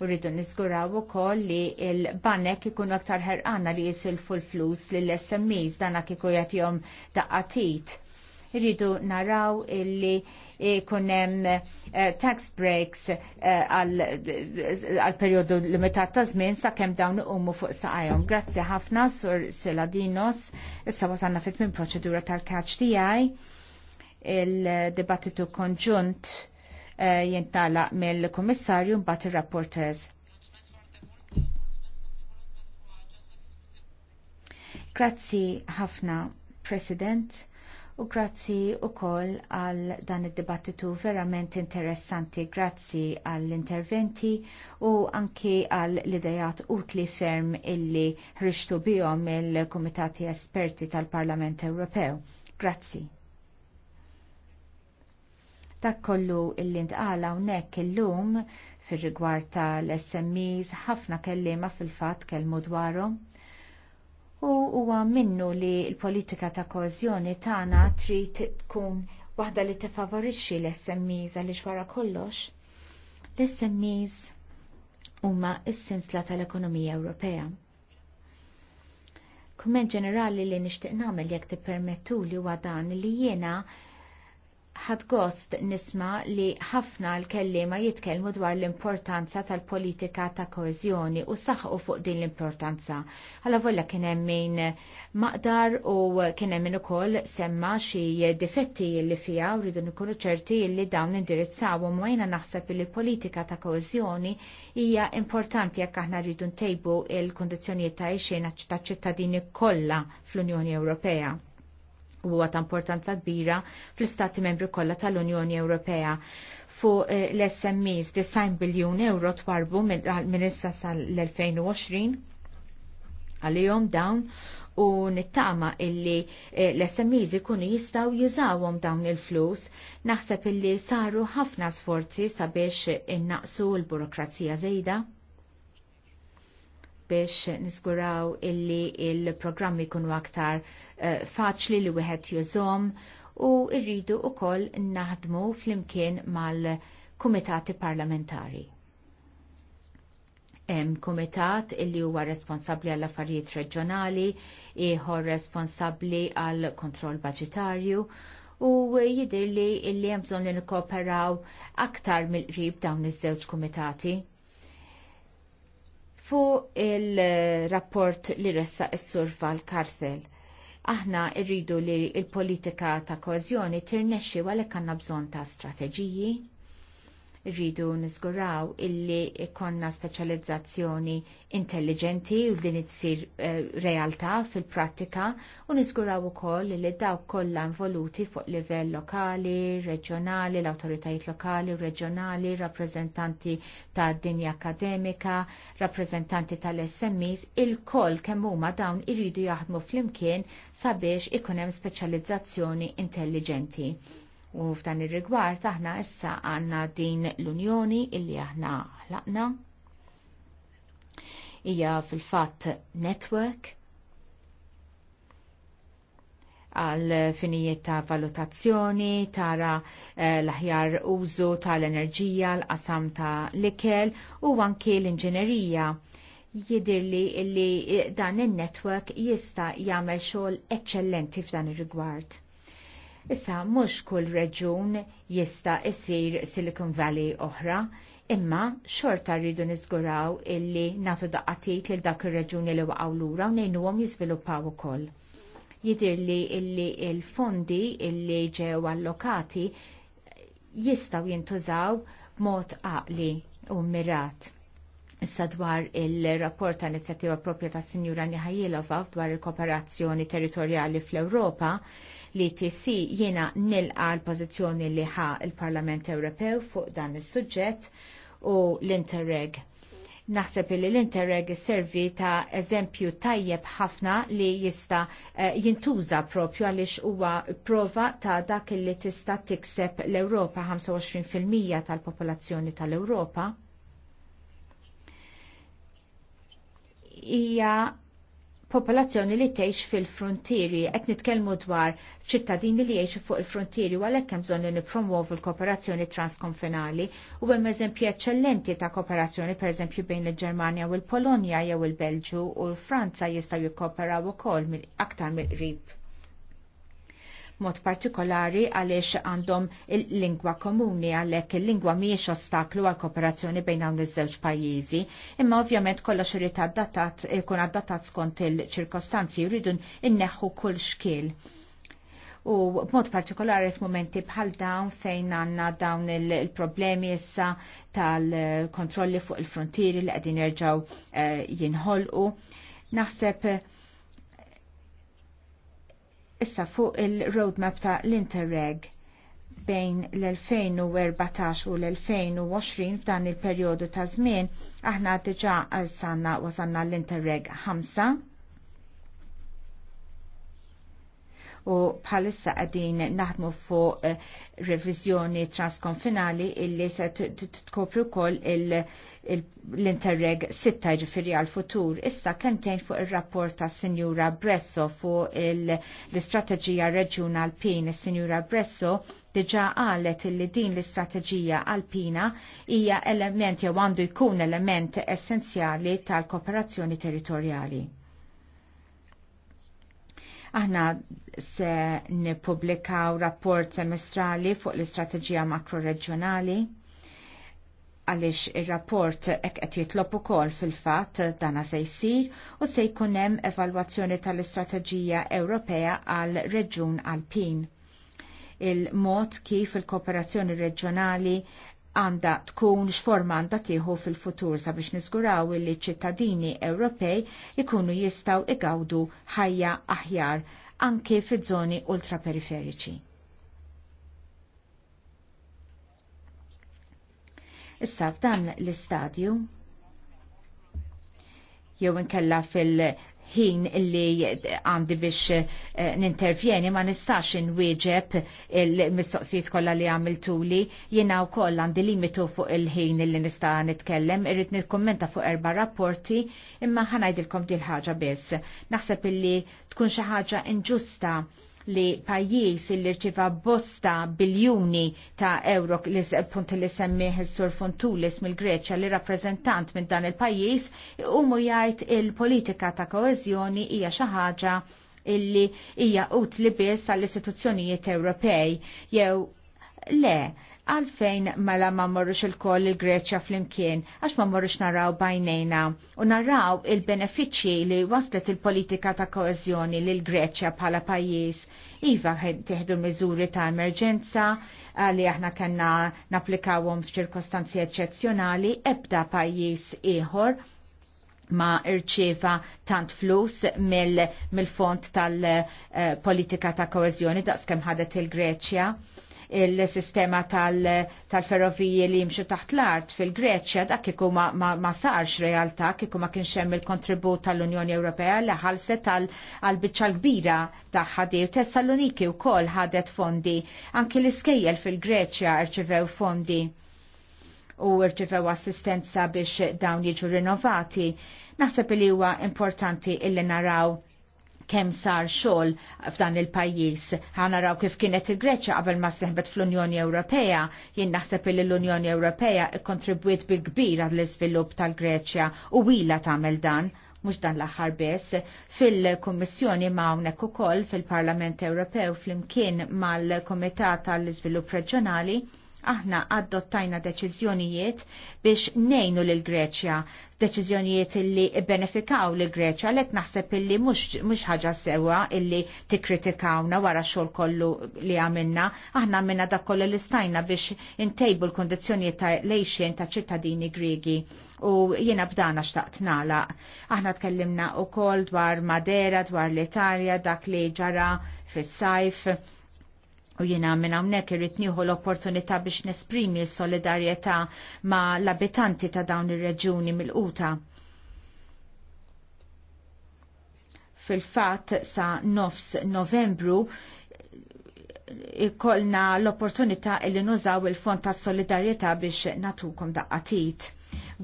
Rridu niżguraw ukoll li l-banek ikunu aktar ħerqana li jisilfu l-flus lill smes dana kiku jagħtihom daqqatit. Irridu naraw illi ikunem eh, tax breaks eh, għal periodu limitat ta' żmien sakemm dawn umu fuq saqajhom. Grazzi ħafna sur Seladinos, issa wasanna fit minn proċedura tal-kaċ tiegħi il-dibattitu konġunt eh, jintala mill-Komissarju mbagħad ir rapportez Grazzi ħafna, President u grazzi wkoll għal dan id-dibattitu verament interessanti, grazzi għall interventi u anki għall idejat utli ferm illi ħriġtu bihom il kumitati Esperti tal-Parlament Ewropew. Grazzi dak kollu il-lintqala unnek il-lum fil-rigward tal-SMEs ħafna kellima fil-fat kellmu dwarhom u huwa minnu li l-politika ta' kożjoni tagħna trid tkun waħda li tifavorixxi l-SMEs għaliex wara kollox. L-SMEs huma s-sinsla tal-ekonomija Ewropea. Kumment ġenerali li nixtieq nagħmel jekk tippermettuli huwa dan li jiena ħadgost gost nisma li ħafna l-kellima jitkellmu dwar l-importanza tal-politika ta' koezjoni u saħqu fuq din l-importanza. Għalla volla kien hemm min maqdar u kien hemm min ukoll semma xi difetti li fija u rridu nkunu ċerti li dawn indirizzaw u mwajna naħseb li l-politika ta' koezjoni hija importanti jekk aħna rridu ntejbu il-kondizzjonijiet ta' ixin ta' ċittadini kollha fl-Unjoni Ewropea u huwa ta' importanza kbira fl-istati membri kollha tal-Unjoni Ewropea. Fuq eh, l-SMEs 9 biljun euro twarbu minn issa sal-2020 għalihom dawn u nittama illi eh, l-SMEs ikunu jistaw jizawom dawn il-flus, naħseb illi saru ħafna sforzi sabiex innaqsu l-burokrazija zejda biex nisguraw illi il-programmi kunu aktar eh, faċli li wieħed jużom u rridu wkoll naħdmu flimkien mal-kumitati parlamentari. Hemm kumitat illi huwa responsabbli għall affarijiet reġjonali, ieħor responsabbli għall kontroll baġitarju u jidhirli illi hemm bżonn li nikkooperaw aktar mill-qrib dawn iż-żewġ kumitati Fu il-rapport li ressa s-sur kartel Aħna rridu li il-politika ta' kozjoni tirnexxi għalhekk għandna bżonn ta' strateġiji Irridu niżguraw illi konna speċjalizzazzjoni intelligenti u din itsir eh, realtà fil-prattika u niżguraw ukoll li dawk kollha involuti fuq livell lokali, reġjonali, l-awtoritajiet lokali u reġjonali, rappreżentanti ta' dinja akademika, rappreżentanti tal-SMEs, il-koll kemm huma dawn irridu jaħdmu flimkien sabiex ikun hemm speċjalizzazzjoni intelligenti U f'dan ir-rigward aħna issa għandna din l-Unjoni illi aħna ħlaqna. Hija fil-fatt network għal finijiet ta' valutazzjoni, tara eh, l-aħjar użu tal-enerġija, l-qasam ta' l-ikel u anke l-inġenerija. Jidirli li eh, dan il-network jista' jagħmel xogħol eċċellenti f'dan ir-rigward Issa mhux kull reġun jista' isir Silicon Valley oħra, imma xorta rridu niżguraw illi nagħtu daqqatit lil dak ir-reġuni li waqgħu lura u ngħinuhom jiżviluppaw ukoll. Jidhirli illi il-fondi illi ġew allokati jistaw jintużaw mod għaqli u mirat. Issa dwar il-rapport ta' inizjattiva propja ta' Sinjura Nihajilova dwar il-kooperazzjoni territorjali fl-Ewropa, li tisi jiena nilqa l-pozizjoni li ħa il-Parlament Ewropew fuq dan is-suġġett u l-Interreg. Naħseb li l-Interreg servi ta' eżempju tajjeb ħafna li jista eh, jintuża propju għaliex huwa prova ta' dak li tista' tikseb l-Ewropa 25% tal-popolazzjoni tal-Ewropa. Ija popolazzjoni li tgħix fil-frontieri qed nitkellmu dwar ċittadini li jgħixu fuq il-frontieri għalhekk hemm bżonn li nippromuovu l-kooperazzjoni transkonfinali u hemm eżempji eċċellenti ta' kooperazzjoni pereżempju bejn il-Ġermanja u l-Polonja jew il-Belġu u l-Franza jistgħu jikkooperaw ukoll aktar mill-qrib mod partikolari għaliex għandhom il-lingwa komuni għalhekk il-lingwa mhijiex ostaklu għal kooperazzjoni bejn dawn iż-żewġ pajjiżi, imma ovvjament kollox irid adattat ikun adattat skont il-ċirkostanzi jridu inneħħu kull xkiel. U mod partikolari f'momenti bħal dawn fejn għanna dawn il-problemi issa tal-kontrolli fuq il-frontieri li qegħdin jerġgħu eh, jinħolqu. Naħseb Issa fuq il-roadmap ta' l-Interreg bejn l-2014 u l-2020 f'dan il-perjodu ta' żmien aħna diġà għal sanna wasanna l-Interreg 5 u bħalissa għadin naħdmu fuq eh, revizjoni transkonfinali illi se tkopri wkoll l-interreg sitta ġifiri għal-futur. Issa kemtejn fuq ir-rapport ta' Sinjura Bresso fuq l-istrateġija reġjuna pin Sinjura Bresso diġa qalet illi din l-istrateġija alpina hija element jew għandu jkun element essenzjali tal-kooperazzjoni territorjali. Aħna se nipublikaw rapport semestrali fuq l-istrateġija makroregjonali, għaliex ir-rapport hekk qed jitlob ukoll fil-fatt dana se jsir u se jkun hemm evalwazzjoni tal-istrateġija Ewropea għal reġjun Alpin il-mod kif il-kooperazzjoni reġjonali għanda tkun x'forma għanda tieħu fil-futur sabiex niżguraw li ċittadini Ewropej ikunu jistaw igawdu ħajja aħjar anke fiż-żoni ultraperiferiċi. Issa f'dan l-istadju jew inkella fil- ħin li għandi biex eh, nintervjeni ma nistax inwieġeb il-mistoqsijiet kollha li għamiltu li jiena wkoll għandi limitu fuq il-ħin li nista' nitkellem, irrid nikkummenta fuq erba' rapporti imma ħanajdilkom dil ħaġa biss. Naħseb illi tkun xi ħaġa inġusta li pajjiż li rċiva bosta biljuni ta' euro li punt li semmiħ sur Funtulis mill-Greċja li rappreżentant minn dan il-pajjiż u jgħid il-politika ta' koeżjoni hija xi ħaġa illi hija utli biss għall-istituzzjonijiet Ewropej jew le għalfejn mela ma morrux il-koll il-Greċja fl-imkien, għax ma morrux naraw bajnejna u naraw il-benefiċċji li waslet il-politika ta' koezjoni l greċja bħala pajjiż. Iva teħdu miżuri ta' emerġenza eh, li aħna kena naplikawhom f'ċirkostanzi eċċezzjonali ebda pajjiż ieħor ma irċeva tant flus mill-fond mil tal-politika eh, ta' koezjoni daqskem ħadet il-Greċja il-sistema tal-ferroviji li jimxu taħt l-art fil-Greċja da kiku ma, ma, ma sarx realtà kiku ma kienx hemm il-kontribut tal-Unjoni Ewropea li ħalse tal biċċa l-kbira tagħha u Tessaloniki wkoll ħadet fondi anki l-iskejjel fil-Greċja rċivew fondi u rċivew assistenza biex dawn jiġu rinnovati. Naħseb li huwa importanti illi naraw kemm sar xogħol f'dan il-pajjiż. raw kif kienet il-Greċja qabel ma seħbet fl-Unjoni Ewropea, jien naħseb li l-Unjoni Ewropea ikkontribwiet bil-kbir għall-iżvilupp tal-Greċja u wila tagħmel dan mux dan l-axar bes, fil-Kommissjoni ma' unek u koll fil-Parlament Ewropew fl-imkien mal-Komitat tal iżvilupp Reġjonali, aħna adottajna deċiżjonijiet biex nejnu l-Greċja deċiżjonijiet illi benefikaw li Greċa let naħseb illi mhux ħaġa sewa illi tikkritikawna wara xogħol kollu li għamilna, aħna għamilna dak kollu li stajna biex intejbu l-kondizzjonijiet ta' lejxin ta' ċittadini Griegi u jiena bdana xtaqt nagħlaq. Aħna tkellimna wkoll dwar Madera, dwar l-Italja, dak li ġara fis-sajf U jena minn hawnhekk irrid nieħu l-opportunità biex nesprimi s-solidarjetà ma' l-abitanti ta' dawn ir-reġuni mill-quta. Fil-fatt sa' nofs Novembru ikollna l-opportunità li nużaw il-Fond ta' Solidarjetà biex natukom daqqatit.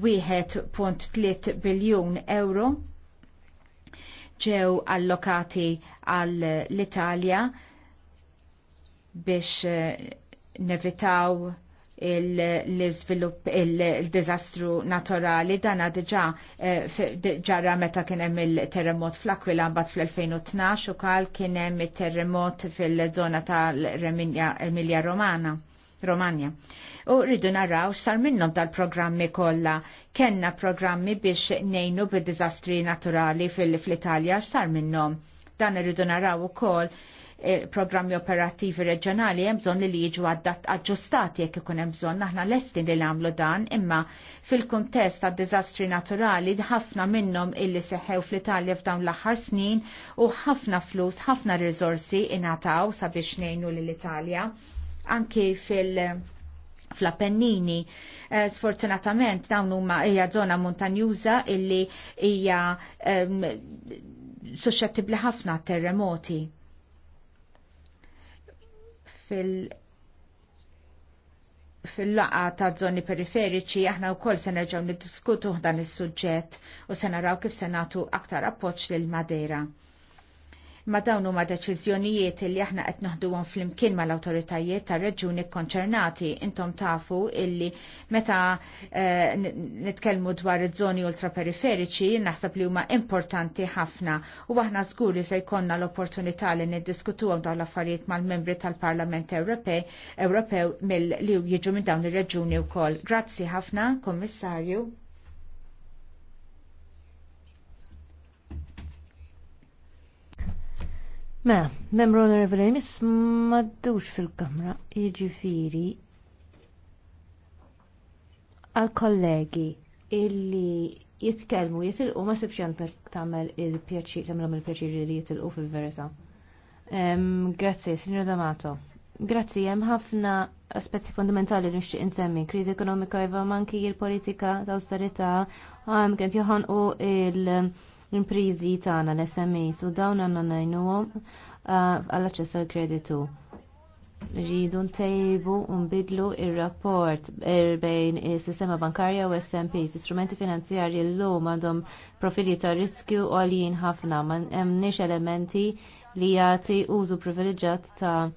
1.3 biljun euro ġew allokati għall-Italja biex eh, nevitaw il-dizastru il naturali dan diġa eh, ġarra meta kien hemm il-terremot fl-Akwila mbagħad fl-2012 u kal kien hemm it-terremot fil-żona tal-Emilia Romana. Romania. U rridu naraw sar minnom dal-programmi kollha. Kenna programmi biex nejnu bid-dizastri naturali fil-Italja sar minnom. Dan rridu naraw ukoll Eh, programmi operattivi reġjonali hemm bżonn li jiġu aġġustati jekk ikun hemm bżonn aħna lestin li nagħmlu dan imma fil-kuntest tad diżastri naturali ħafna minnhom illi seħħew fl-Italja f'dawn l-aħħar snin u ħafna flus, ħafna riżorsi ingħataw sabiex ngħinu lill-Italja anki fil- fl-Appennini. Eh, sfortunatament dawn huma hija żona montanjuża illi hija um, ħafna terremoti fil- fil ta' zoni periferiċi aħna wkoll se nerġgħu niddiskutu dan is-suġġett u se naraw kif se nagħtu aktar appoġġ lil Madeira ma dawn huma deċiżjonijiet li aħna qed naħduhom flimkien mal-awtoritajiet tar-reġuni konċernati. Intom tafu illi meta eh, nitkellmu dwar iż-żoni ultraperiferiċi naħseb li huma importanti ħafna u aħna żgur li se jkollna l-opportunità li niddiskutuhom dawn l-affarijiet mal-membri tal-Parlament Ewropej Ewropew mill-li jiġu minn dawn ir-reġuni wkoll. Grazzi ħafna, Kommissarju. Ma, mela, membru onorevoli mis maddux fil-kamra, jiġifieri għal kollegi illi jitkellmu jitilqu ma sibxan tagħmel il-pjaċir tagħmelhom il-pjaċir li jitilqu fil-verità. Grazzi, Signor D'Amato. Grazzi, hemm ħafna aspetti fundamentali li nixtieq insemmi, kriżi ekonomika iva manki il-politika ta' għam hemm kien joħonqu il- l-imprizi tagħna l-SMEs u dawn għandna ngħinuhom uh, għall-aċċess għall kreditu rridu ntejbu unbidlu nbidlu r rapport er, bejn is-sistema bankarja u SMP. Istrumenti finanzjarji llum għandhom profili ta' riskju għalijin ħafna, ma hemmniex elementi li jagħti użu privileġat ta'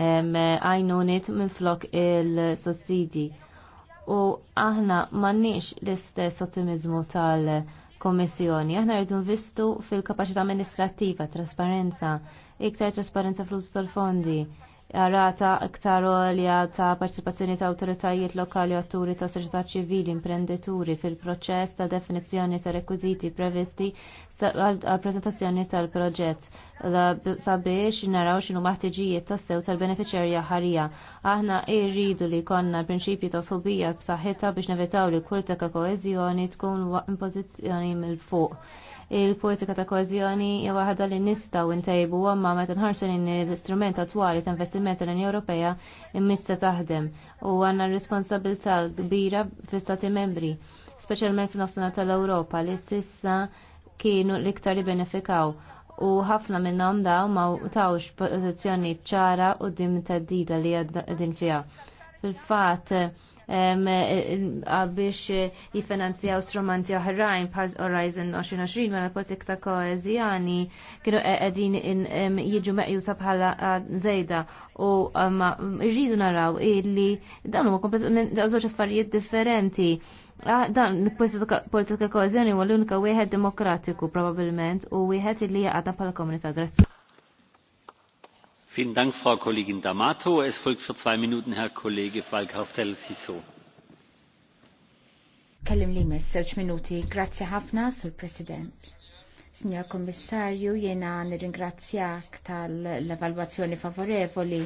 għajnunit minflok il-sussidi. U aħna m'għandniex l-istess ottimizmu tal- kommissjoni. Aħna rridu nvistu fil-kapaċità amministrattiva, trasparenza, iktar trasparenza fl-użu tal-fondi rata iktar għolja ta' parċipazzjoni ta' autoritajiet lokali u atturi ta' soċjetà ċivili imprendituri fil-proċess ta' definizzjoni ta' rekwiżiti previsti għal prezentazzjoni tal-proġett sabiex naraw x'inhu maħtiġijiet tas-sew tal-benefiċjarja ħarija. Aħna irridu li konna l-prinċipji ta' subija b'saħħitha biex nevitaw li kull teka koeżjoni tkun impożizzjoni mill-fuq il-politika ta' kozjoni jew waħda li nistgħu ntejbu imma meta nħarsu lin l-istrument attwali ta' investiment tal-Unjoni Ewropea immissa taħdem u għandna responsabilità kbira fl-Stati membri, speċjalment f'nofsinhar tal-Ewropa li sissa kienu l-iktar li benefikaw u ħafna minnhom daw ma tawx pożizzjoni ċara u dim tad-dida li għaddin fiha. Fil-fatt, Eh, biex eh, jifinanzjaw strumenti oħrajn bħal Horizon 2020 mela politik ta' koeżjani kienu qegħdin jiġu meqjusa bħala żejda u ma rridu naraw illi dawn huma kompletament żewġ affarijiet differenti. Dan politika koeżjoni huwa l-unika wieħed demokratiku probabbilment u wieħed illi jaqgħadna bħala komunità. Grazzi. Vielen Dank, Frau Kollegin D'Amato. Es folgt für zwei Minuten Herr Kollege Valcarcel Sisso. Kellim li mis, żewġ minuti. Grazie ħafna, Sur President. Signor Kommissarju, jena nirringrazzjak tal-evalwazzjoni favorevoli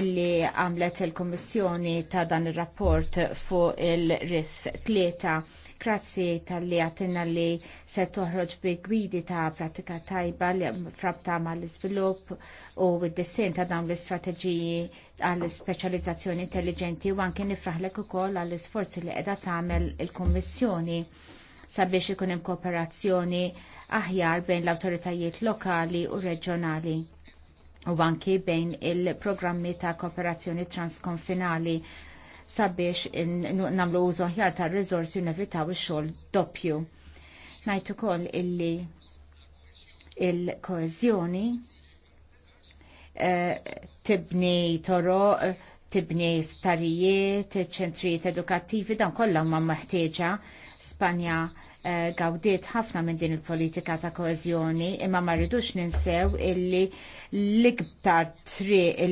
illi għamlet il-Kommissjoni ta' dan ir rapport fuq il-RIS 3 Grazzi tal-li għatina li se toħroġ bi gwidi ta' pratika tajba li frabta ma' l-izvilup u id-dissin ta' dawn l-istrateġiji għall-specializzazzjoni intelligenti u anke nifraħlek ukoll għall-isforzi li qiegħda tagħmel il-Kummissjoni sabiex ikun hemm kooperazzjoni aħjar bejn l-awtoritajiet lokali u reġjonali u anki bejn il-programmi ta' kooperazzjoni transkonfinali sabiex namlu użu aħjar ta' rizorsi nevitaw ix xol doppju. Ngħid ukoll illi il koezjoni eh, tibni toro, tibni starijiet, ċentrijiet edukattivi, dan kollha huma meħtieġa Spanja Eh, gawdiet ħafna minn din il-politika ta' koezjoni imma ma rridux ninsew illi l-iktar tri eh,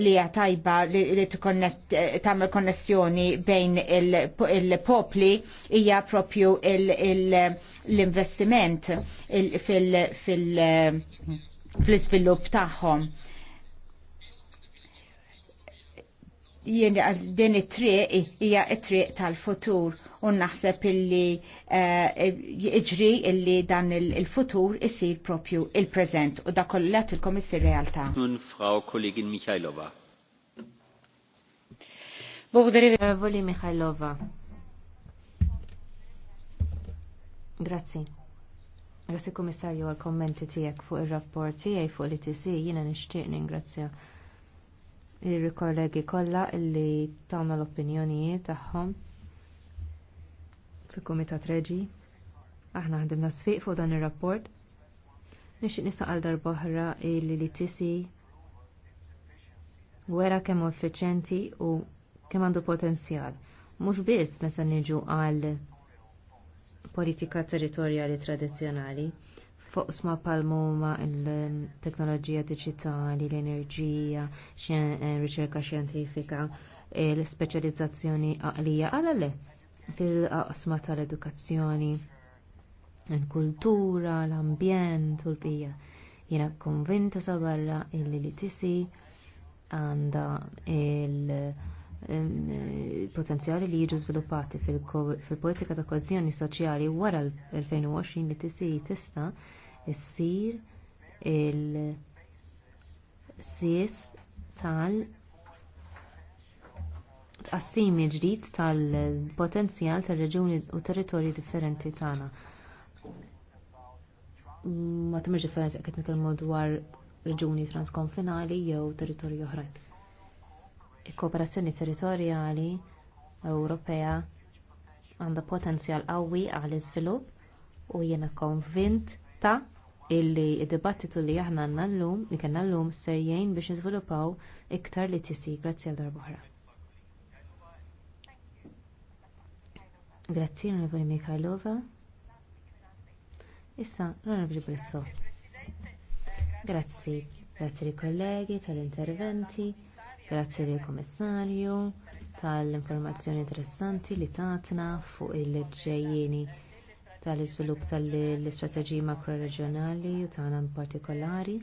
li tajba li eh, tagħmel konnessjoni bejn il-popli hija propju l-investiment fil-iżvilupp tagħhom. jien din it-triq hija t triq tal-futur u naħseb illi eh, iġri illi dan il-futur isir propju il-prezent u da kollu il komissir Realta. realtà. Nun Frau Kollegin Michailova. Voli Mikhailova. Grazzi. Grazie Komissarju għal kommenti tijek fuq il-rapport tijek fuq li tisi jina nishtiq ningrazzja il-kollegi kolla illi tagħmel l-opinjonijiet tagħhom fil-Kumitat Reġi. Aħna ħdimna sfiq fuq dan ir-rapport. Nixtieq nistaqal darb'oħra li li tisi wera kemm effiċjenti u kemm għandu potenzjal. Mhux biss meta niġu għal politika territorjali tradizzjonali, foqsma pal-muma il-teknoloġija diġitali, l-enerġija, eh, riċerka xjentifika, l-speċjalizzazzjoni għaqlija, għala ah, le, fil-qasma tal-edukazzjoni, il-kultura, l-ambjent u l-bija. Jena konvinta sabarra illi li tisi għanda il-potenzjali li jiġu sviluppati fil-politika ta' kozjoni soċjali wara l-2020 li tisi tista' issir il-sis tal- tqassimi ġdid tal-potenzjal tar-reġuni u territorji differenti tagħna. Ma timx differenza qed nitkellmu dwar reġuni transkonfinali jew territorji oħrajn. Il-kooperazzjoni territorjali Ewropea għandha potenzjal qawwi għal iżvilupp u jiena konvinta illi id-dibattitu li aħna għandna llum li kellna llum se jgħin biex niżviluppaw iktar li tisi grazzi għal darba oħra. Grazzi, onorevoli Mikhailova. Issa, onorevoli Bresso. Grazzi, grazie ai kollegi tal-interventi, grazie al commissario, tal-informazzjoni interessanti li tatna fuq il-ġejjini tal-iżvilupp tal-istrateġiji makroreġjonali u tagħna partikolari.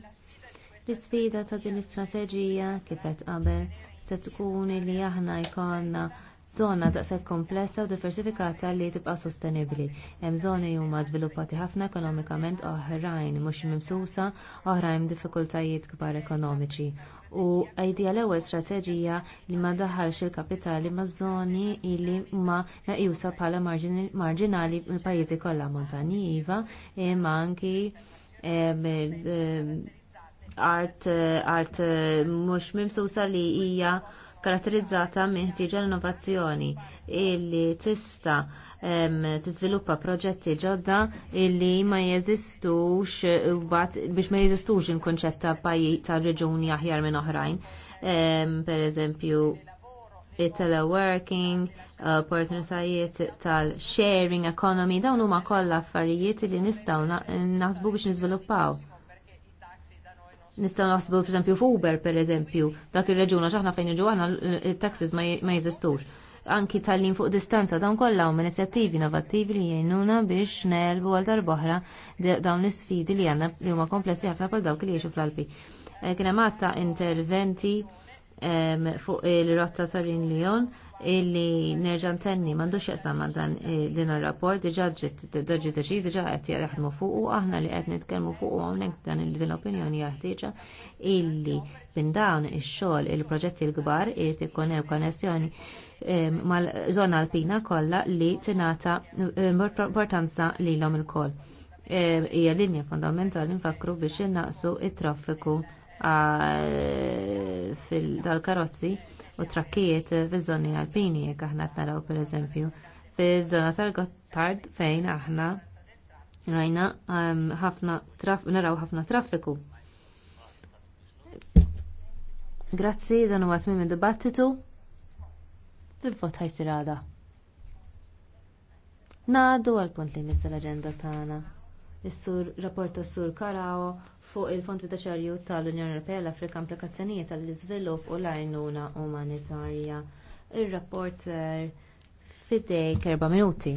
L-isfida ta' din l-istrateġija kif qed qabel se tkun li aħna jkollna Zona daqshekk komplessa u diversifikata li tibqa' sostenibbli. Hemm żoni huma żviluppati ħafna ekonomikament oħrajn mhux mimsusa, oħrajn diffikultajiet kbar ekonomiċi. U għajdi l ewwel strateġija li ma daħalx il-kapitali ma' żoni li huma meqjusa bħala marġinali mill-pajjiżi kollha montani iva, imma anki art art mhux mimsusa li hija karatterizzata minn ħtieġa innovazzjoni illi tista' tiżviluppa proġetti ġodda illi ma jeżistux biex ma jeżistux il-konċett ta' pajji ta' reġuni aħjar minn oħrajn. Per eżempju, teleworking, opportunitajiet tal-sharing economy, dawn huma kollha affarijiet li nistgħu naħsbu biex niżviluppaw Nistaw naħsbu per f'Uber per eżempju, dak il-reġuna xaħna fejn iġu għana il-taxis ma jeżistux. Anki tal-lin fuq distanza dawn kollha minn inizjattivi innovattivi li jgħinuna biex nelbu għal darboħra dawn l-isfidi li għandna li huma komplessi ħafna bħal dawk li jgħixu fl-alpi. Eh, kien hemm interventi ehm, fuq il-rotta Sorin Lyon illi nerġan tenni mandu xieqsam ma dan eh, din il-rapport diġa ġi deċiż diġa qed jaħdmu fuq u aħna li qed nitkellmu fuq u hawnhekk dan l-opinjoni jaħtieġa illi minn dawn ix-xogħol il-proġetti l-kbar irid ikun hemm konnessjoni eh, mal-żona alpina kollha li tingħata eh, importanza lilhom il-koll. Hija linja fondamentali nfakru biex innaqsu it-traffiku ah, tal-karozzi u trakkijiet fiż-żoni alpini jekk aħna qed naraw pereżempju fiż-żona tal-Gottard fejn aħna rajna um, ħafna naraw ħafna traffiku. Grazzi dan huwa tmiem id-dibattitu. Fil-vot ħajsir għada. Nadu għal-punt li mis l-aġenda tagħna. Is-sur rapport tas-sur Karawo fuq il-Fond Fiduċarju tal-Unjoni Ewropea l-Afrika implikazzjonijiet tal-iżvilupp u l-għajnuna umanitarja. Ir-rapport Fidej erba' minuti.